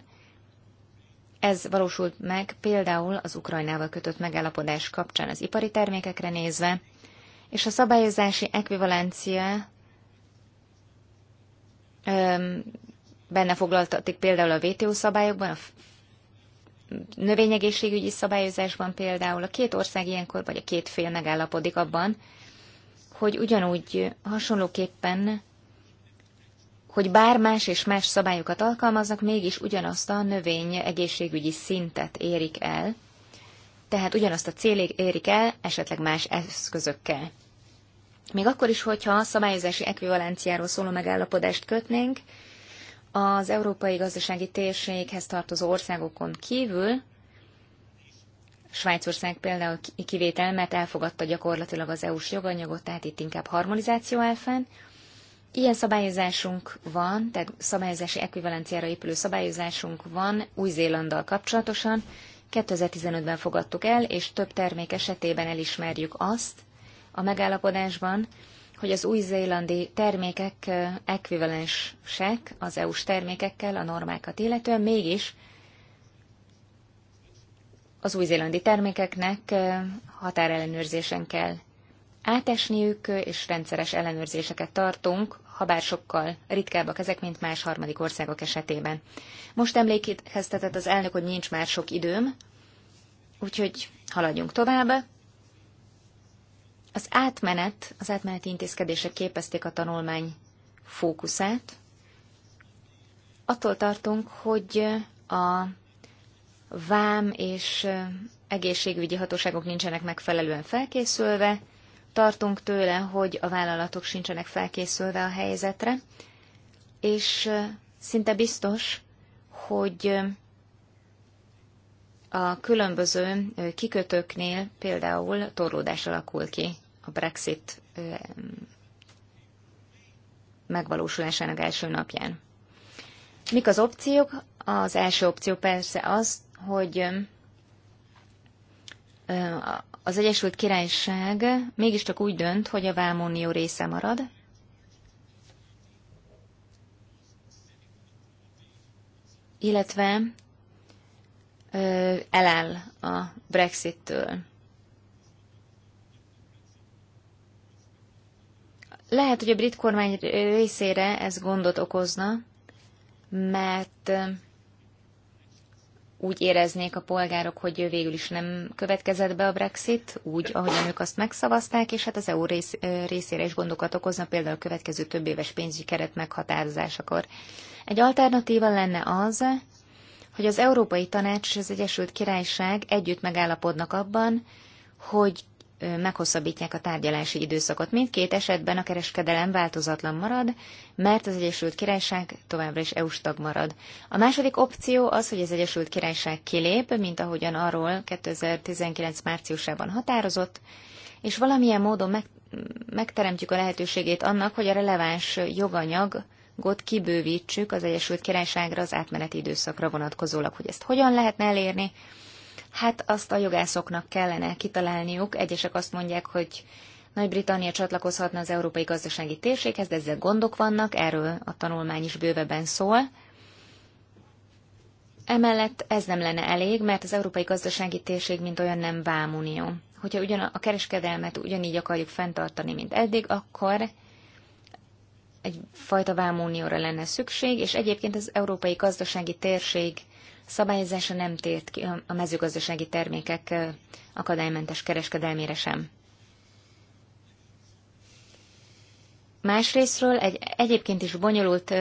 Ez valósult meg például az Ukrajnával kötött megállapodás kapcsán az ipari termékekre nézve, és a szabályozási ekvivalencia benne foglaltatik például a WTO szabályokban, a növényegészségügyi szabályozásban például a két ország ilyenkor, vagy a két fél megállapodik abban, hogy ugyanúgy hasonlóképpen hogy bár más és más szabályokat alkalmaznak, mégis ugyanazt a növény egészségügyi szintet érik el, tehát ugyanazt a célig érik el, esetleg más eszközökkel. Még akkor is, hogyha a szabályozási ekvivalenciáról szóló megállapodást kötnénk, az európai gazdasági térséghez tartozó országokon kívül, Svájcország például kivétel, mert elfogadta gyakorlatilag az EU-s joganyagot, tehát itt inkább harmonizáció áll fenn, Ilyen szabályozásunk van, tehát szabályozási ekvivalenciára épülő szabályozásunk van Új-Zélanddal kapcsolatosan. 2015-ben fogadtuk el, és több termék esetében elismerjük azt a megállapodásban, hogy az új-zélandi termékek ekvivalensek az EU-s termékekkel, a normákat illetően, mégis az új-zélandi termékeknek határellenőrzésen kell átesniük, és rendszeres ellenőrzéseket tartunk habár sokkal ritkábbak ezek, mint más harmadik országok esetében. Most emlékeztetett az elnök, hogy nincs már sok időm, úgyhogy haladjunk tovább. Az átmenet, az átmeneti intézkedések képezték a tanulmány fókuszát. Attól tartunk, hogy a vám és egészségügyi hatóságok nincsenek megfelelően felkészülve, tartunk tőle, hogy a vállalatok sincsenek felkészülve a helyzetre, és szinte biztos, hogy a különböző kikötőknél például torlódás alakul ki a Brexit megvalósulásának első napján. Mik az opciók? Az első opció persze az, hogy az Egyesült Királyság mégiscsak úgy dönt, hogy a Vámonió része marad, illetve eláll a Brexit-től. Lehet, hogy a brit kormány részére ez gondot okozna, mert úgy éreznék a polgárok, hogy végül is nem következett be a Brexit, úgy, ahogyan ők azt megszavazták, és hát az EU rész, részére is gondokat okozna például a következő több éves pénzügyi keret meghatározásakor. Egy alternatíva lenne az, hogy az Európai Tanács és az Egyesült Királyság együtt megállapodnak abban, hogy meghosszabbítják a tárgyalási időszakot. Mindkét esetben a kereskedelem változatlan marad, mert az Egyesült Királyság továbbra is EU-s tag marad. A második opció az, hogy az Egyesült Királyság kilép, mint ahogyan arról 2019 márciusában határozott, és valamilyen módon meg, megteremtjük a lehetőségét annak, hogy a releváns joganyagot kibővítsük az Egyesült Királyságra az átmeneti időszakra vonatkozólag, hogy ezt hogyan lehetne elérni, Hát azt a jogászoknak kellene kitalálniuk. Egyesek azt mondják, hogy Nagy-Britannia csatlakozhatna az Európai Gazdasági Térséghez, de ezzel gondok vannak, erről a tanulmány is bővebben szól. Emellett ez nem lenne elég, mert az Európai Gazdasági Térség mint olyan nem vámunió. Hogyha ugyan a kereskedelmet ugyanígy akarjuk fenntartani, mint eddig, akkor egyfajta vámunióra lenne szükség, és egyébként az Európai Gazdasági Térség szabályozása nem tért ki a mezőgazdasági termékek akadálymentes kereskedelmére sem. Másrésztről egy egyébként is bonyolult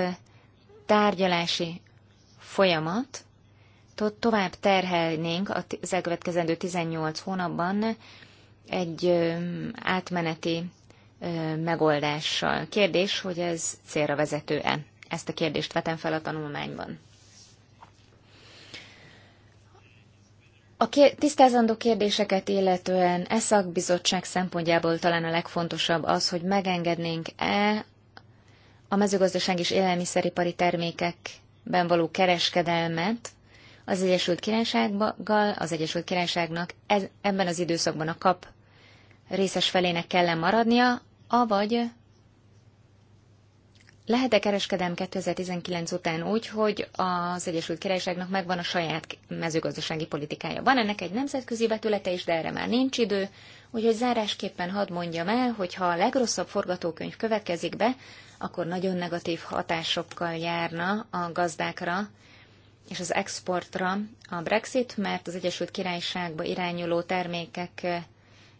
tárgyalási folyamat, tovább terhelnénk az elkövetkezendő 18 hónapban egy átmeneti megoldással. Kérdés, hogy ez célra vezető-e? Ezt a kérdést vetem fel a tanulmányban. A kér- tisztázandó kérdéseket illetően e szakbizottság szempontjából talán a legfontosabb az, hogy megengednénk-e a mezőgazdaság és élelmiszeripari termékekben való kereskedelmet az Egyesült Királysággal, az Egyesült Királyságnak ez, ebben az időszakban a kap részes felének kell maradnia, avagy lehet-e kereskedem 2019 után úgy, hogy az Egyesült Királyságnak megvan a saját mezőgazdasági politikája? Van ennek egy nemzetközi vetülete is, de erre már nincs idő, úgyhogy zárásképpen hadd mondjam el, hogy ha a legrosszabb forgatókönyv következik be, akkor nagyon negatív hatásokkal járna a gazdákra és az exportra a Brexit, mert az Egyesült Királyságba irányuló termékek eh,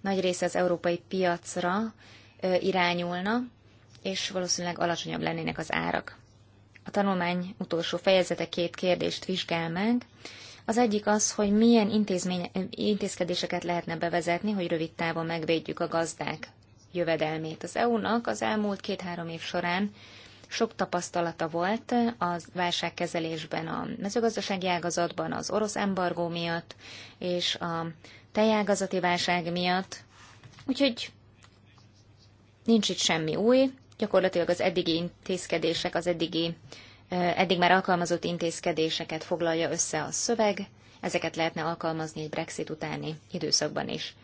nagy része az európai piacra eh, irányulna, és valószínűleg alacsonyabb lennének az árak. A tanulmány utolsó fejezete két kérdést vizsgál meg. Az egyik az, hogy milyen intézkedéseket lehetne bevezetni, hogy rövid távon megvédjük a gazdák jövedelmét. Az EU-nak az elmúlt két-három év során sok tapasztalata volt a válságkezelésben, a mezőgazdasági ágazatban, az orosz embargó miatt és a tejágazati válság miatt. Úgyhogy nincs itt semmi új, gyakorlatilag az eddigi intézkedések, az eddigi, eddig már alkalmazott intézkedéseket foglalja össze a szöveg, ezeket lehetne alkalmazni egy Brexit utáni időszakban is.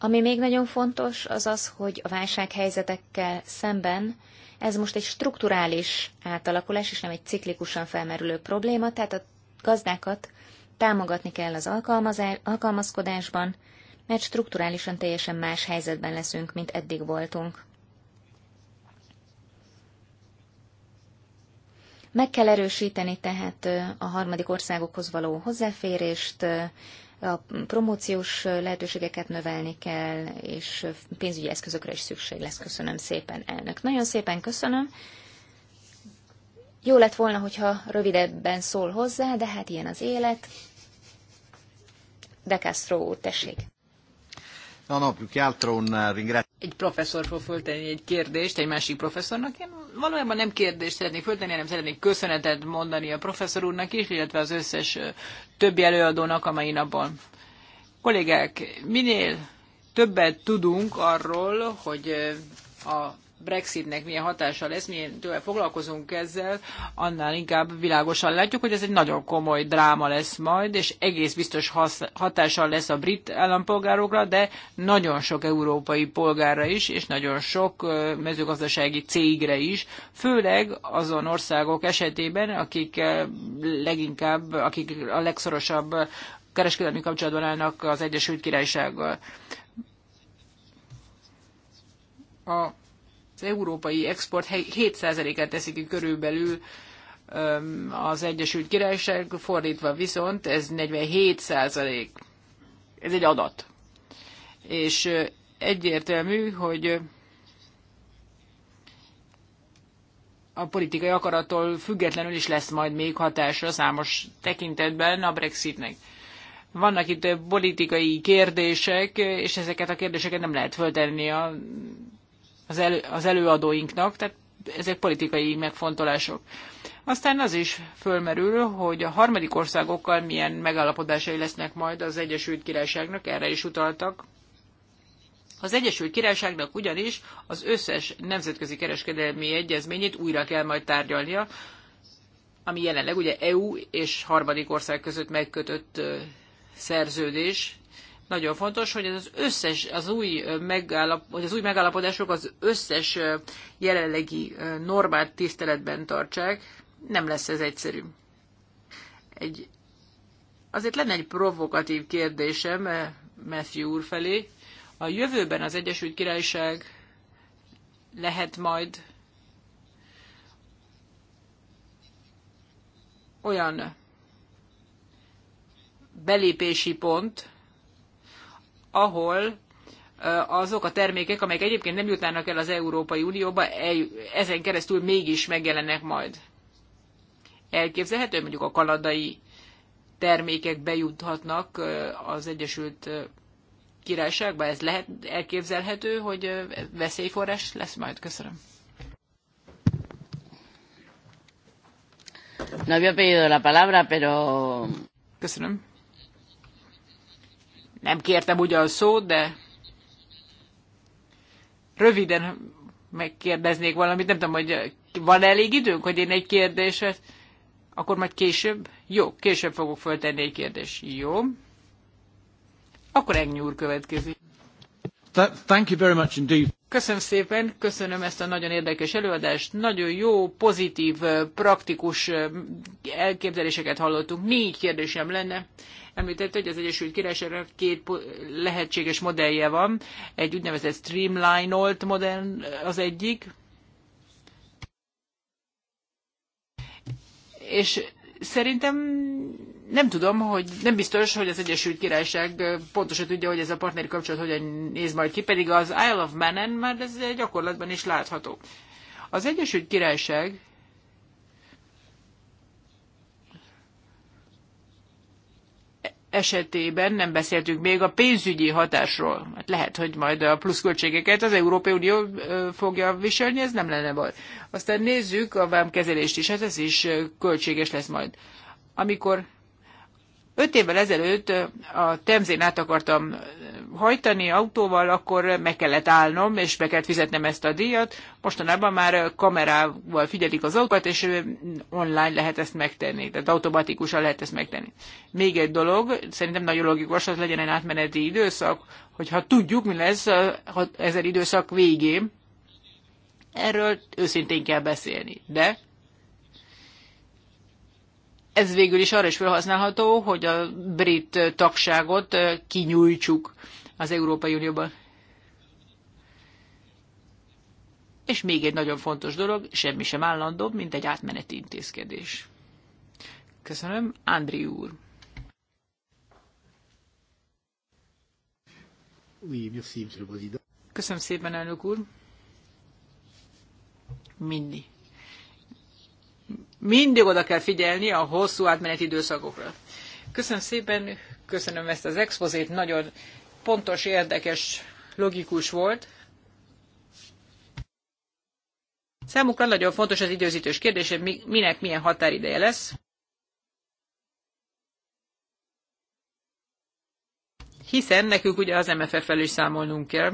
Ami még nagyon fontos, az az, hogy a válsághelyzetekkel szemben ez most egy strukturális átalakulás, és nem egy ciklikusan felmerülő probléma, tehát a gazdákat támogatni kell az alkalmazkodásban, mert strukturálisan teljesen más helyzetben leszünk, mint eddig voltunk. Meg kell erősíteni tehát a harmadik országokhoz való hozzáférést, a promóciós lehetőségeket növelni kell, és pénzügyi eszközökre is szükség lesz. Köszönöm szépen, elnök. Nagyon szépen köszönöm. Jó lett volna, hogyha rövidebben szól hozzá, de hát ilyen az élet. De Castro úr, tessék. No, no, più che altro un Egy professzor fog föltenni egy kérdést egy másik professzornak, én valójában nem kérdést szeretnék föltenni, hanem szeretnék köszönetet mondani a professzor úrnak is, illetve az összes többi előadónak a mai napon. Kollégák, minél többet tudunk arról, hogy a Brexitnek milyen hatása lesz, milyen tőle foglalkozunk ezzel, annál inkább világosan látjuk, hogy ez egy nagyon komoly dráma lesz majd, és egész biztos hatása lesz a brit állampolgárokra, de nagyon sok európai polgárra is, és nagyon sok mezőgazdasági cégre is, főleg azon országok esetében, akik leginkább, akik a legszorosabb kereskedelmi kapcsolatban állnak az Egyesült Királysággal. A az európai export 7%-át teszik ki körülbelül az Egyesült Királyság, fordítva viszont ez 47%. Ez egy adat. És egyértelmű, hogy a politikai akarattól függetlenül is lesz majd még hatása számos tekintetben a Brexitnek. Vannak itt politikai kérdések, és ezeket a kérdéseket nem lehet föltenni a az, elő, az előadóinknak, tehát ezek politikai megfontolások. Aztán az is fölmerül, hogy a harmadik országokkal milyen megállapodásai lesznek majd az Egyesült Királyságnak, erre is utaltak. Az Egyesült Királyságnak ugyanis az összes nemzetközi kereskedelmi egyezményét újra kell majd tárgyalnia, ami jelenleg ugye EU és harmadik ország között megkötött szerződés, nagyon fontos, hogy az összes, az új, megállap, hogy az új megállapodások az összes jelenlegi normát tiszteletben tartsák. Nem lesz ez egyszerű. Egy, azért lenne egy provokatív kérdésem Matthew úr felé. A jövőben az Egyesült Királyság lehet majd olyan belépési pont, ahol azok a termékek, amelyek egyébként nem jutnának el az Európai Unióba, ezen keresztül mégis megjelennek majd. Elképzelhető, hogy mondjuk a kanadai termékek bejuthatnak az Egyesült Királyságba, ez lehet elképzelhető, hogy veszélyforrás lesz majd. Köszönöm. No había pedido la palabra, pero... Köszönöm. Nem kértem ugyan szót, de röviden megkérdeznék valamit. Nem tudom, hogy van elég időnk, hogy én egy kérdéset, akkor majd később? Jó, később fogok föltenni egy kérdést. Jó. Akkor Egnyúr következik. Köszönöm szépen, köszönöm ezt a nagyon érdekes előadást. Nagyon jó, pozitív, praktikus elképzeléseket hallottunk. Négy kérdésem lenne. Említett, hogy az Egyesült Királyságnak két lehetséges modellje van. Egy úgynevezett streamlined modell az egyik. És szerintem nem tudom, hogy nem biztos, hogy az Egyesült Királyság pontosan tudja, hogy ez a partneri kapcsolat hogyan néz majd ki, pedig az Isle of Man-en már ez gyakorlatban is látható. Az Egyesült Királyság esetében nem beszéltünk még a pénzügyi hatásról. Hát lehet, hogy majd a pluszköltségeket az Európai Unió fogja viselni, ez nem lenne baj. Aztán nézzük a vámkezelést is, hát ez is költséges lesz majd. Amikor Öt évvel ezelőtt a Temzén át akartam hajtani autóval, akkor meg kellett állnom, és be kellett fizetnem ezt a díjat. Mostanában már kamerával figyelik az autókat, és online lehet ezt megtenni, tehát automatikusan lehet ezt megtenni. Még egy dolog, szerintem nagyon logikus, az legyen egy átmeneti időszak, hogyha tudjuk, mi lesz ha ezer időszak végén, erről őszintén kell beszélni. De ez végül is arra is felhasználható, hogy a brit tagságot kinyújtsuk az Európai Unióban. És még egy nagyon fontos dolog, semmi sem állandóbb, mint egy átmeneti intézkedés. Köszönöm, Andri úr. Köszönöm szépen, elnök úr. Mindig mindig oda kell figyelni a hosszú átmeneti időszakokra. Köszönöm szépen, köszönöm ezt az expozét, nagyon pontos, érdekes, logikus volt. Számukra nagyon fontos az időzítős kérdés, hogy minek milyen határideje lesz. Hiszen nekünk ugye az MFF-el is számolnunk kell.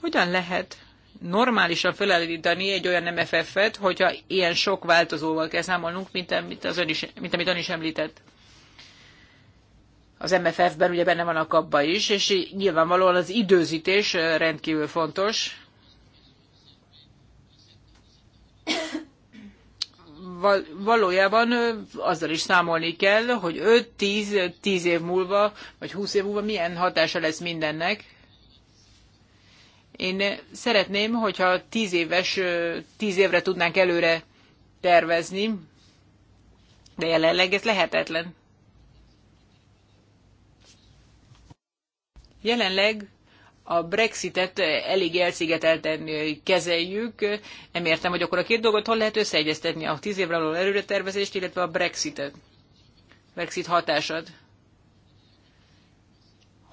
Hogyan lehet normálisan felállítani egy olyan MFF-et, hogyha ilyen sok változóval kell számolnunk, mint amit, az ön is, mint amit ön is említett. Az MFF-ben ugye benne van a kapba is, és nyilvánvalóan az időzítés rendkívül fontos. Val, valójában azzal is számolni kell, hogy 5-10 10 év múlva, vagy 20 év múlva milyen hatása lesz mindennek, én szeretném, hogyha tíz éves, tíz évre tudnánk előre tervezni, de jelenleg ez lehetetlen. Jelenleg a Brexitet elég elszigetelten kezeljük. Nem értem, hogy akkor a két dolgot hol lehet összeegyeztetni, a tíz évre való előre tervezést, illetve a Brexitet. Brexit hatását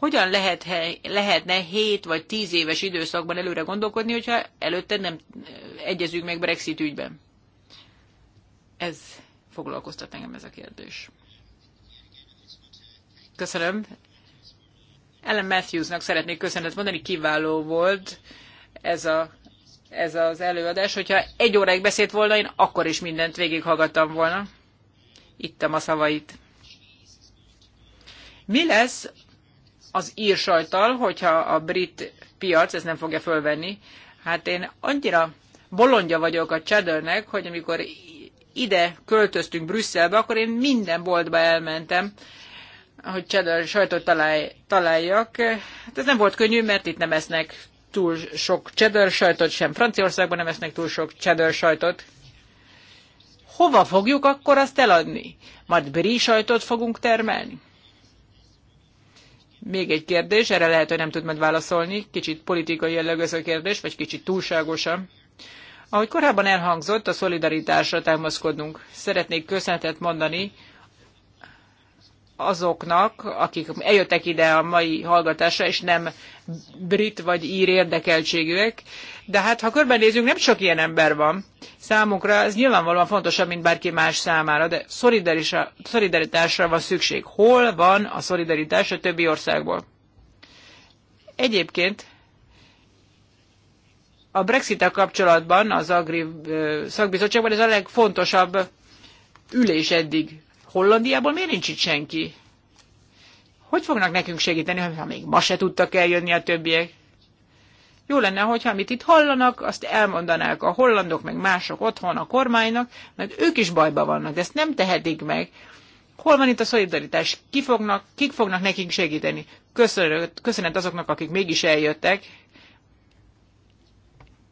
hogyan lehet, lehetne 7 vagy 10 éves időszakban előre gondolkodni, hogyha előtte nem eh, egyezünk meg Brexit ügyben? Ez foglalkoztat engem ez a kérdés. Köszönöm. Ellen Matthewsnak szeretnék köszönetet mondani, kiváló volt ez, a, ez az előadás. Hogyha egy óráig beszélt volna, én akkor is mindent végighallgattam volna. Ittem a szavait. Mi lesz az ír sajtal, hogyha a brit piac ezt nem fogja fölvenni. Hát én annyira bolondja vagyok a cheddarnek, hogy amikor ide költöztünk Brüsszelbe, akkor én minden boltba elmentem, hogy cheddar sajtot találj, találjak. Hát ez nem volt könnyű, mert itt nem esznek túl sok cheddar sajtot, sem Franciaországban nem esznek túl sok cheddar sajtot. Hova fogjuk akkor azt eladni? Majd brie sajtot fogunk termelni? Még egy kérdés, erre lehet, hogy nem tud majd válaszolni, kicsit politikai jellegű ez a kérdés, vagy kicsit túlságosan. Ahogy korábban elhangzott, a szolidaritásra támaszkodunk. Szeretnék köszönetet mondani azoknak, akik eljöttek ide a mai hallgatásra, és nem brit vagy ír érdekeltségűek. De hát, ha körbenézünk, nem sok ilyen ember van. Számunkra ez nyilvánvalóan fontosabb, mint bárki más számára, de szolidaritásra van szükség. Hol van a szolidaritás a többi országból? Egyébként a brexit kapcsolatban az Agri szakbizottságban ez a legfontosabb ülés eddig Hollandiából miért nincs itt senki? Hogy fognak nekünk segíteni, ha még ma se tudtak eljönni a többiek? Jó lenne, hogyha amit itt hallanak, azt elmondanák a hollandok, meg mások otthon a kormánynak, mert ők is bajban vannak, de ezt nem tehetik meg. Hol van itt a szolidaritás? Ki fognak, kik fognak nekik segíteni? Köszönet, köszönet azoknak, akik mégis eljöttek.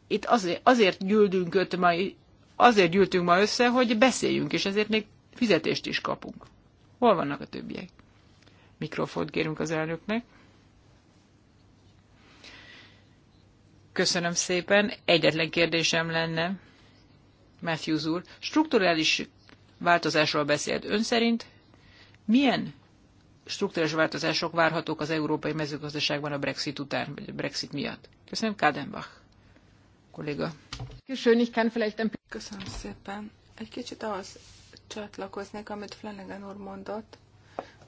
Itt azért, azért gyűltünk ma, azért gyűltünk ma össze, hogy beszéljünk, és ezért még fizetést is kapunk. Hol vannak a többiek? Mikrofont kérünk az elnöknek. Köszönöm szépen. Egyetlen kérdésem lenne, Matthews úr. Strukturális változásról beszélt. Ön szerint milyen strukturális változások várhatók az európai mezőgazdaságban a Brexit után, vagy a Brexit miatt? Köszönöm, Kádenbach kolléga. Köszönöm szépen. Egy kicsit ahhoz csatlakoznék, amit Flanagan úr mondott.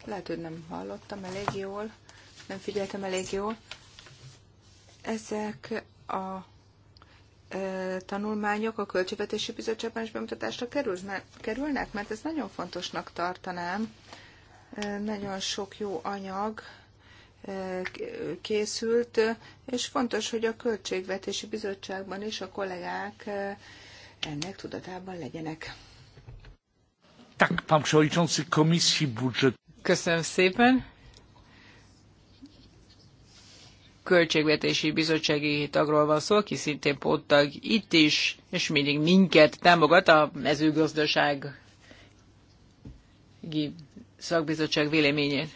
Lehet, hogy nem hallottam elég jól, nem figyeltem elég jól. Ezek a e, tanulmányok a Költségvetési Bizottságban is bemutatásra kerülnek, mert ez nagyon fontosnak tartanám. E, nagyon sok jó anyag e, készült, és fontos, hogy a Költségvetési Bizottságban is a kollégák e, ennek tudatában legyenek. Köszönöm szépen. Költségvetési bizottsági tagról van szó, aki szintén póttag itt is, és mindig minket támogat a mezőgazdaság szakbizottság véleményét.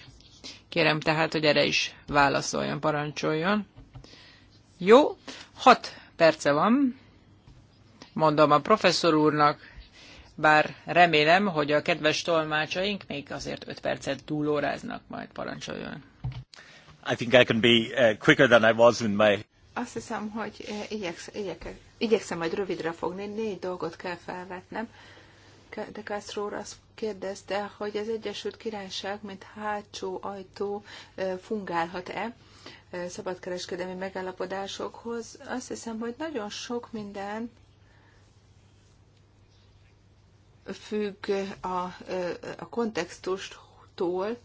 Kérem tehát, hogy erre is válaszoljon, parancsoljon. Jó, hat perce van. Mondom a professzor úrnak, bár remélem, hogy a kedves tolmácsaink még azért 5 percet túlóráznak, majd parancsoljon. I think I can be eh, quicker than I was in my... Azt hiszem, hogy eh, igyeksz, igyek, igyekszem majd rövidre fogni, négy dolgot kell felvetnem. De Castro úr azt kérdezte, hogy az Egyesült Királyság, mint hátsó ajtó eh, fungálhat-e szabadkereskedelmi megállapodásokhoz. Azt hiszem, hogy nagyon sok minden függ a, a kontextustól,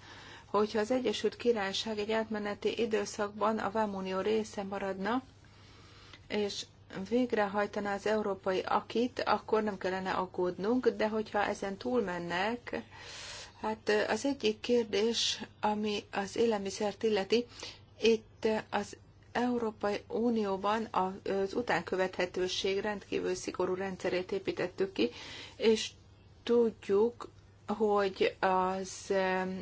hogyha az Egyesült Királyság egy átmeneti időszakban a Vámunió része maradna, és végrehajtaná az európai akit, akkor nem kellene aggódnunk, de hogyha ezen túlmennek, hát az egyik kérdés, ami az élelmiszert illeti, itt az Európai Unióban az utánkövethetőség rendkívül szigorú rendszerét építettük ki, és Tudjuk, hogy az,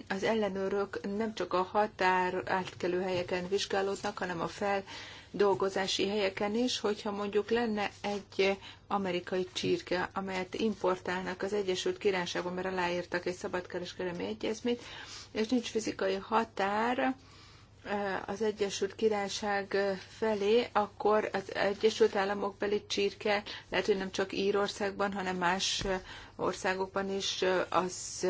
az ellenőrök nem csak a határ átkelő helyeken vizsgálódnak, hanem a feldolgozási helyeken is, hogyha mondjuk lenne egy amerikai csirke, amelyet importálnak az Egyesült Királyságban, mert aláírtak egy szabadkereskedelmi egyezményt, és nincs fizikai határ, Eh, az Egyesült Királyság eh, felé, akkor az Egyesült Államok beli csirke, lehet, hogy nem csak Írországban, hanem más eh, országokban is az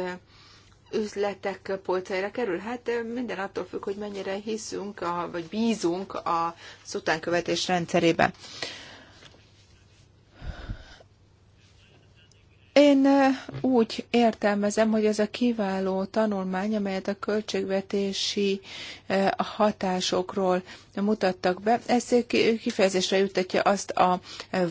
üzletek polcaira kerül. Hát minden attól függ, hogy mennyire hiszünk, a, vagy bízunk a szutánkövetés rendszerébe. Én úgy értelmezem, hogy ez a kiváló tanulmány, amelyet a költségvetési hatásokról mutattak be, ez kifejezésre jutatja azt a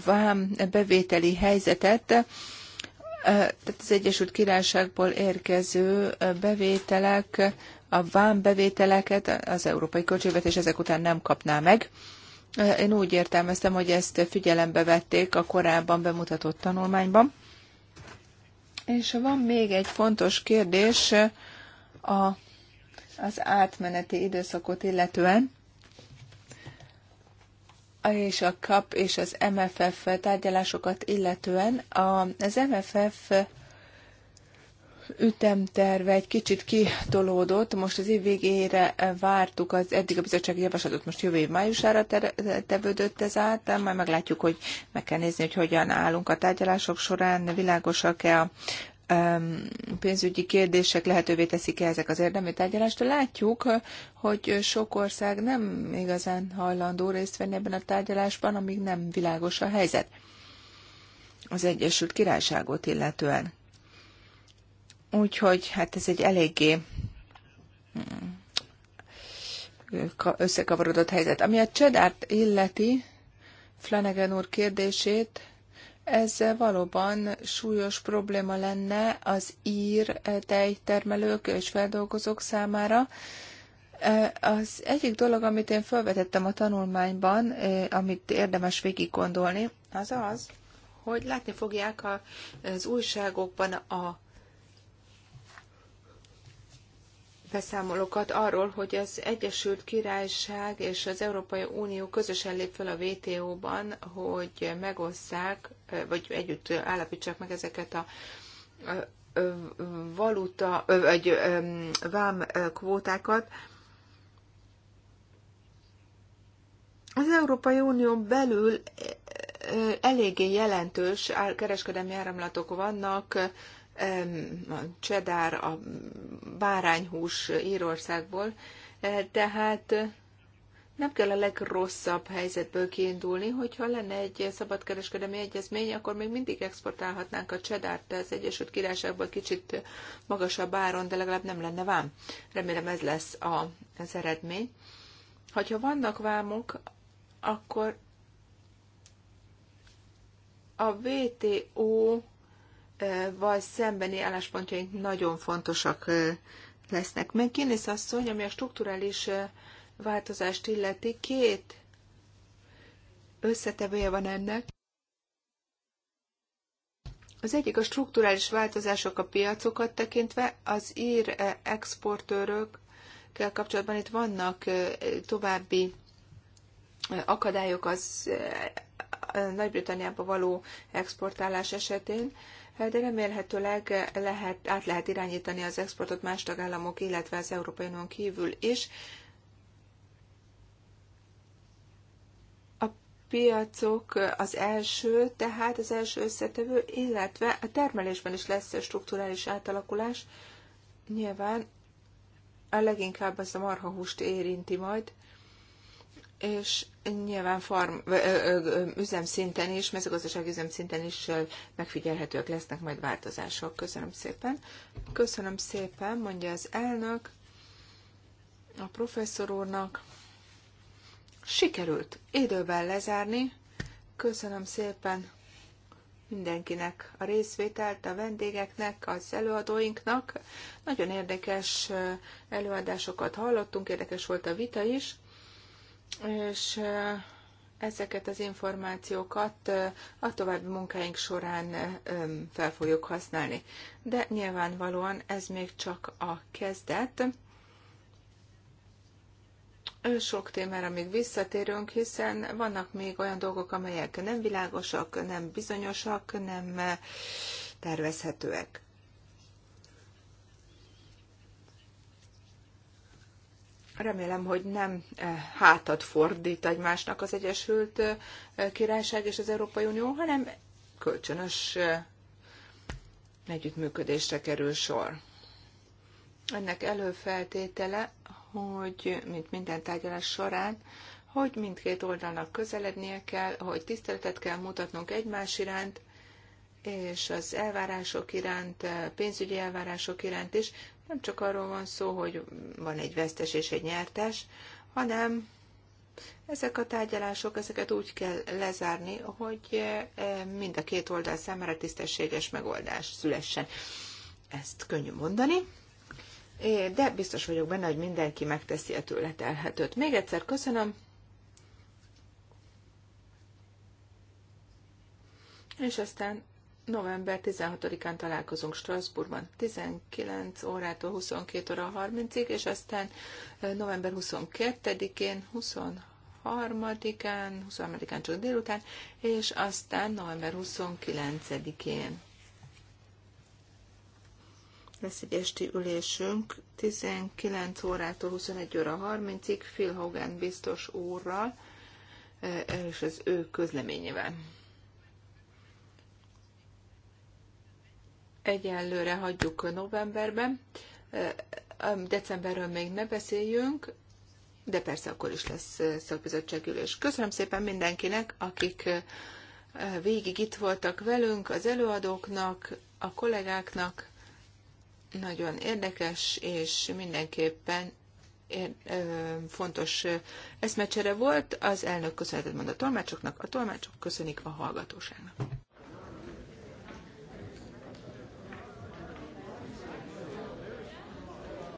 vám bevételi helyzetet, tehát az Egyesült Királyságból érkező bevételek, a vám bevételeket az európai költségvetés ezek után nem kapná meg. Én úgy értelmeztem, hogy ezt figyelembe vették a korábban bemutatott tanulmányban. És van még egy fontos kérdés a, az átmeneti időszakot illetően és a KAP és az MFF tárgyalásokat illetően a az MFF ütemterve egy kicsit kitolódott, most az év végére vártuk az eddig a bizottsági javaslatot, most jövő év májusára tevődött ez át, majd meglátjuk, hogy meg kell nézni, hogy hogyan állunk a tárgyalások során, világosak-e a pénzügyi kérdések lehetővé teszik-e ezek az érdemi tárgyalást. Látjuk, hogy sok ország nem igazán hajlandó részt venni ebben a tárgyalásban, amíg nem világos a helyzet az Egyesült Királyságot illetően. Úgyhogy hát ez egy eléggé mm, összekavarodott helyzet. Ami a csedárt illeti, Flanagan úr kérdését, ez valóban súlyos probléma lenne az ír tejtermelők és feldolgozók számára. E, az egyik dolog, amit én felvetettem a tanulmányban, e, amit érdemes végig gondolni, az az, hogy látni fogják az újságokban a beszámolókat arról, hogy az Egyesült Királyság és az Európai Unió közösen lép fel a WTO-ban, hogy megosszák, vagy együtt állapítsák meg ezeket a valuta, vagy vám kvótákat. Az Európai Unión belül eléggé jelentős kereskedelmi áramlatok vannak, a csedár, a bárányhús Írországból, tehát eh, eh, nem kell a legrosszabb helyzetből kiindulni, hogyha lenne egy szabadkereskedelmi egyezmény, akkor még mindig exportálhatnánk a csedárt az Egyesült Királyságból kicsit magasabb áron, de legalább nem lenne vám. Remélem ez lesz a, az eredmény. Hogyha vannak vámok, akkor a WTO vagy szembeni álláspontjaink nagyon fontosak lesznek. Meg Guinness asszony, ami a strukturális változást illeti, két összetevője van ennek. Az egyik a strukturális változások a piacokat tekintve, az ír exportőrökkel kapcsolatban itt vannak további akadályok az Nagy-Britanniába való exportálás esetén de remélhetőleg lehet, át lehet irányítani az exportot más tagállamok, illetve az Európai Unión kívül is. A piacok az első, tehát az első összetevő, illetve a termelésben is lesz strukturális átalakulás. Nyilván a leginkább az a marhahúst érinti majd, és nyilván farm, ö, ö, ö, üzemszinten is, mezőgazdasági üzemszinten is megfigyelhetőek lesznek majd változások. Köszönöm szépen. Köszönöm szépen, mondja az elnök a professzor úrnak. Sikerült időben lezárni. Köszönöm szépen mindenkinek a részvételt, a vendégeknek, az előadóinknak. Nagyon érdekes előadásokat hallottunk, érdekes volt a vita is és eh, ezeket az információkat eh, a további munkáink során eh, fel fogjuk használni. De nyilvánvalóan ez még csak a kezdet. Sok témára még visszatérünk, hiszen vannak még olyan dolgok, amelyek nem világosak, nem bizonyosak, nem tervezhetőek. Remélem, hogy nem eh, hátat fordít egymásnak az Egyesült eh, Királyság és az Európai Unió, hanem kölcsönös eh, együttműködésre kerül sor. Ennek előfeltétele, hogy mint minden tárgyalás során, hogy mindkét oldalnak közelednie kell, hogy tiszteletet kell mutatnunk egymás iránt, és az elvárások iránt, pénzügyi elvárások iránt is, nem csak arról van szó, hogy van egy vesztes és egy nyertes, hanem ezek a tárgyalások, ezeket úgy kell lezárni, hogy eh, mind a két oldal számára tisztességes megoldás szülessen. Ezt könnyű mondani, eh, de biztos vagyok benne, hogy mindenki megteszi a tőle telhetőt. Még egyszer köszönöm, és aztán november 16-án találkozunk Strasbourgban 19 órától 22 óra 30-ig, és aztán november 22-én, 23-án, 23-án csak délután, és aztán november 29-én. Lesz egy esti ülésünk 19 órától 21 óra 30-ig Phil Hogan biztos úrral, és az ő közleményével. Egyelőre hagyjuk novemberben. Decemberről még ne beszéljünk, de persze akkor is lesz szakbizottságülés. Köszönöm szépen mindenkinek, akik végig itt voltak velünk, az előadóknak, a kollégáknak. Nagyon érdekes, és mindenképpen fontos eszmecsere volt. Az elnök köszönetet mond a tolmácsoknak, a tolmácsok köszönik a hallgatóságnak.